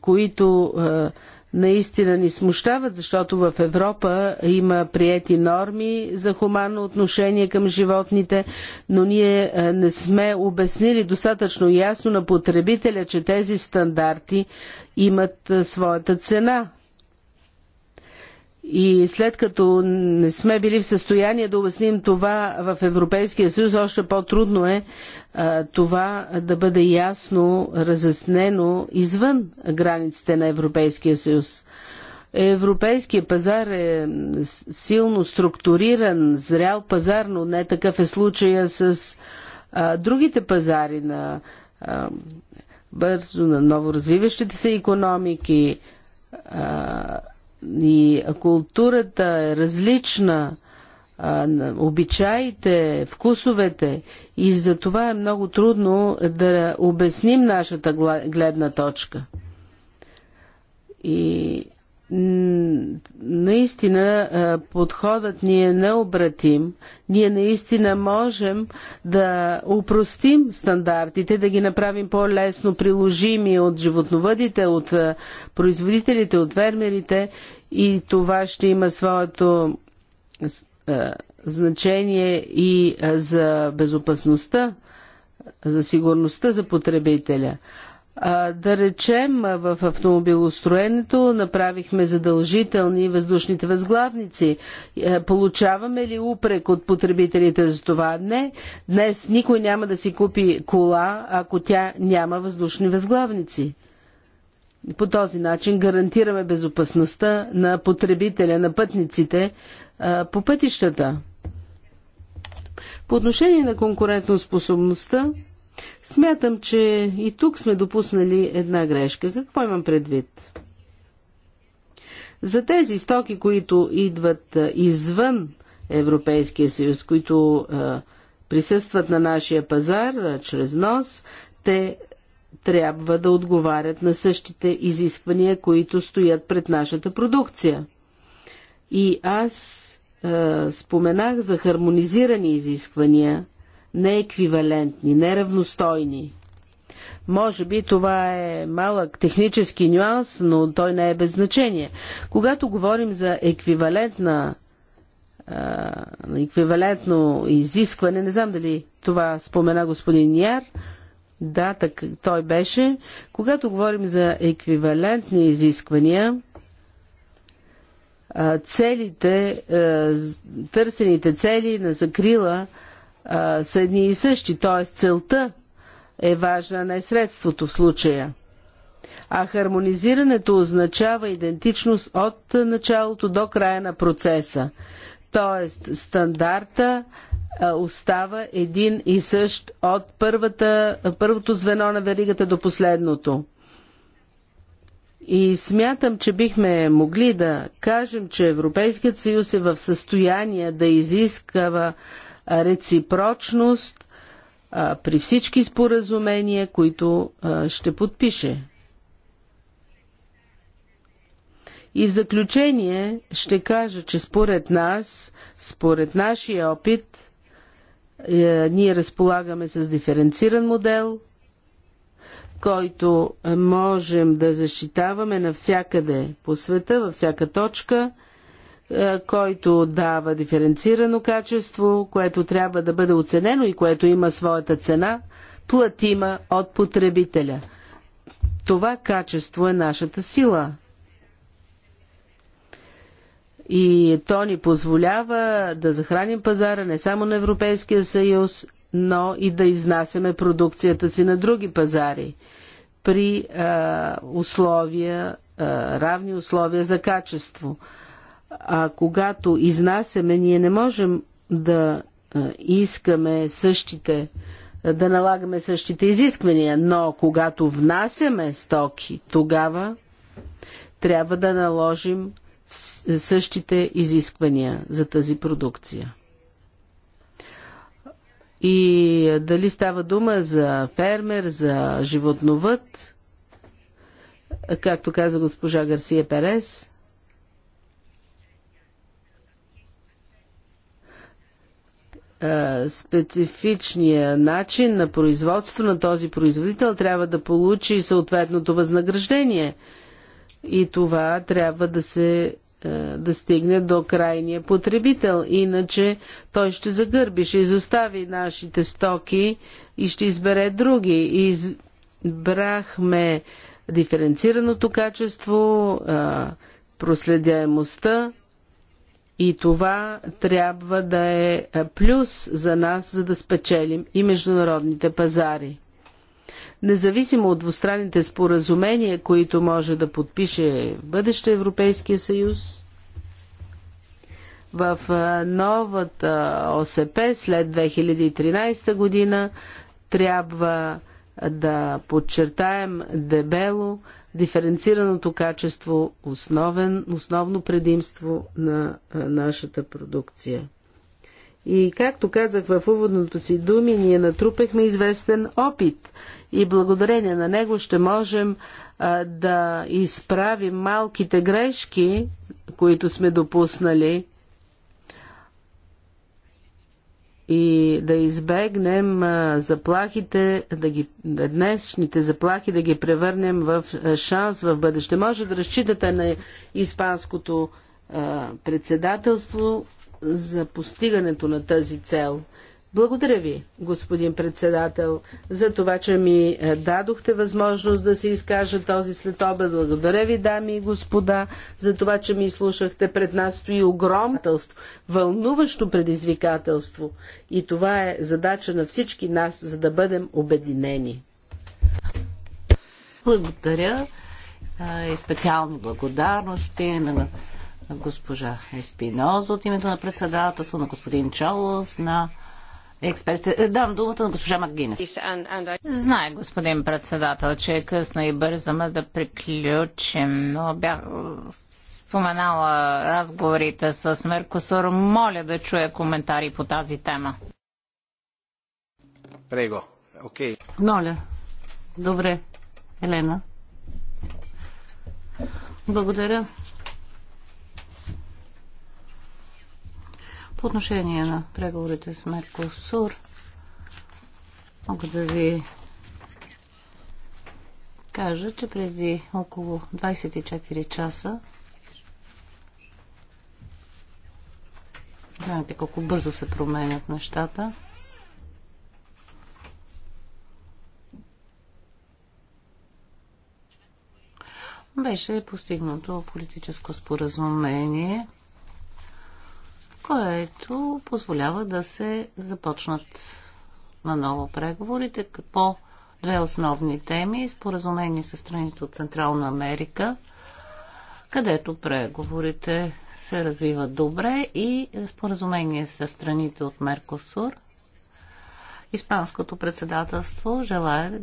които а, наистина ни смущават, защото в Европа има приети норми за хуманно отношение към животните, но ние е, не сме обяснили достатъчно ясно на потребителя, че тези стандарти имат е, своята цена. И след като не сме били в състояние да обясним това в Европейския съюз, още по-трудно е това да бъде ясно разяснено извън границите на Европейския съюз. Европейския пазар е силно структуриран, зрял пазар, но не такъв е случая с а, другите пазари на а, бързо, на ново развиващите се економики. А, и културата е различна обичаите, вкусовете и за това е много трудно да обясним нашата гледна точка. И наистина подходът ни е необратим. Ние наистина можем да упростим стандартите, да ги направим по-лесно приложими от животновъдите, от производителите, от фермерите и това ще има своето е, значение и е, за безопасността, за сигурността за потребителя. Да речем, е, в автомобилостроенето направихме задължителни въздушните възглавници. Получаваме ли упрек от потребителите за това? Не. Днес никой няма да си купи кола, ако тя няма въздушни възглавници. По този начин гарантираме безопасността на потребителя, на пътниците по пътищата. По отношение на конкурентоспособността, смятам, че и тук сме допуснали една грешка. Какво имам предвид? За тези стоки, които идват извън Европейския съюз, които присъстват на нашия пазар чрез нос, те трябва да отговарят на същите изисквания, които стоят пред нашата продукция. И аз е, споменах за хармонизирани изисквания, не не неравностойни. Може би това е малък технически нюанс, но той не е без значение. Когато говорим за еквивалентна е, еквивалентно изискване, не знам дали това спомена господин Яр, да, так, той беше. Когато говорим за еквивалентни изисквания, целите, търсените цели на закрила са едни и същи, т.е. целта е важна, не средството в случая. А хармонизирането означава идентичност от началото до края на процеса. Тоест, стандарта остава един и същ от първата, първото звено на веригата до последното. И смятам, че бихме могли да кажем, че Европейският съюз е в състояние да изискава реципрочност а, при всички споразумения, които а, ще подпише. И в заключение ще кажа, че според нас, според нашия опит, е, ние разполагаме с диференциран модел – който е, можем да защитаваме навсякъде по света, във всяка точка, е, който дава диференцирано качество, което трябва да бъде оценено и което има своята цена, платима от потребителя. Това качество е нашата сила. И то ни позволява да захраним пазара не само на Европейския съюз, но и да изнасяме продукцията си на други пазари – при а, е, условия, а, е, равни условия за качество. А когато изнасяме, ние не можем да е, искаме същите, да налагаме същите изисквания, но когато внасяме стоки, тогава трябва да наложим същите изисквания за тази продукция. И дали става дума за фермер, за животновът, както каза госпожа Гарсия Перес. специфичния начин на производство на този производител трябва да получи съответното възнаграждение. И това трябва да се е, да стигне до крайния потребител. Иначе той ще загърби, ще изостави нашите стоки и ще избере други. Избрахме диференцираното качество, е, проследяемостта и това трябва да е плюс за нас, за да спечелим и международните пазари. Независимо от двустранните споразумения, които може да подпише бъдеще Европейския съюз, в новата ОСП след 2013 година трябва да подчертаем дебело диференцираното качество основен, основно предимство на нашата продукция. И както казах в уводното си думи, ние натрупахме известен опит и благодарение на него ще можем а, да изправим малките грешки, които сме допуснали и да избегнем а, заплахите, да ги, днешните заплахи да ги превърнем в а, шанс в бъдеще. Може да разчитате на испанското председателство за постигането на тази цел. Благодаря ви, господин председател, за това, че ми е, дадохте възможност да се изкажа този след обед. Благодаря ви, дами и господа, за това, че ми слушахте. Пред нас стои огромно вълнуващо предизвикателство. И това е задача на всички нас, за да бъдем обединени. Благодаря и специални благодарности на госпожа Еспиноза от името на председателство, на господин Чолос, на Експерт. Е, Дам думата на госпожа Макгинес. Знае, господин председател, че е късно и бързаме да приключим, но бях споменала разговорите с Меркосур. Моля да чуя коментари по тази тема. Прего. Окей. Okay. Моля. Добре. Елена. Благодаря. По отношение на преговорите с Меркосур, мога да ви кажа, че преди около 24 часа Знаете колко бързо се променят нещата. Беше постигнато политическо споразумение – което позволява да се започнат на ново преговорите по две основни теми споразумение с страните от Централна Америка, където преговорите се развиват добре и споразумение с страните от Меркосур. Испанското председателство желая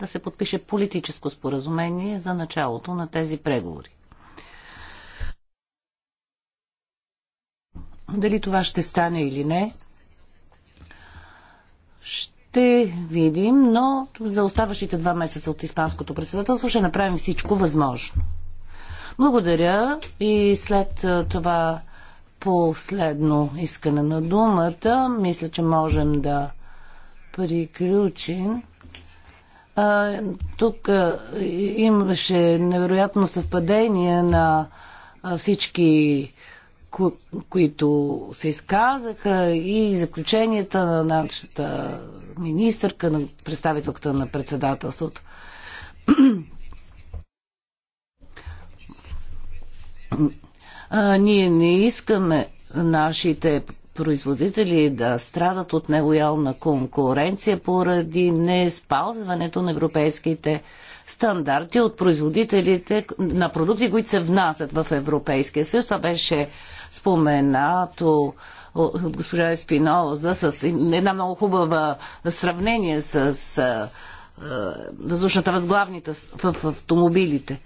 да се подпише политическо споразумение за началото на тези преговори. Дали това ще стане или не, ще видим, но за оставащите два месеца от Испанското председателство ще направим всичко възможно. Благодаря и след това последно искане на думата, мисля, че можем да приключим. А, тук а, имаше невероятно съвпадение на а, всички които се изказаха и заключенията на нашата министърка, на представителката на председателството. а, ние не искаме нашите производители да страдат от нелоялна конкуренция поради не спазването на европейските стандарти от производителите на продукти, които се внасят в Европейския съюз. Това беше споменато от госпожа Еспиноза с една много хубава сравнение с въздушната възглавница в автомобилите.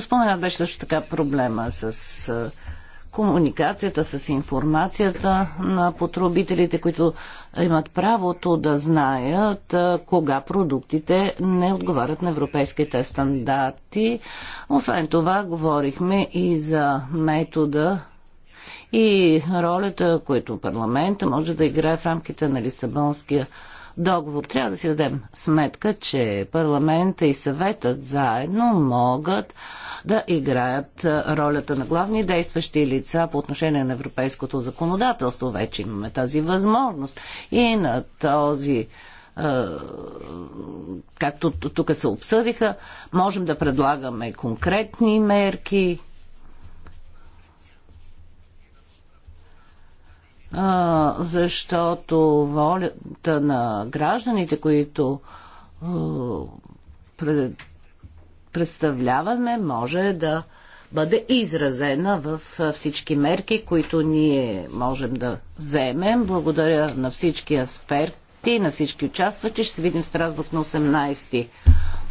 Споменат беше също така проблема с комуникацията, с информацията на потребителите, които имат правото да знаят кога продуктите не отговарят на европейските стандарти. Освен това, говорихме и за метода и ролята, която парламента може да играе в рамките на Лисабонския договор. Трябва да си дадем сметка, че парламента и съветът заедно могат да играят ролята на главни действащи лица по отношение на европейското законодателство. Вече имаме тази възможност. И на този както тук се обсъдиха, можем да предлагаме конкретни мерки. Защото волята на гражданите, които пред представляваме може да бъде изразена в всички мерки, които ние можем да вземем. Благодаря на всички асперти, на всички участващи. Ще се видим в Страсбург на 18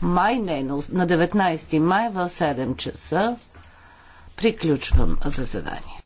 май, не, на 19 май в 7 часа. Приключвам заседанието.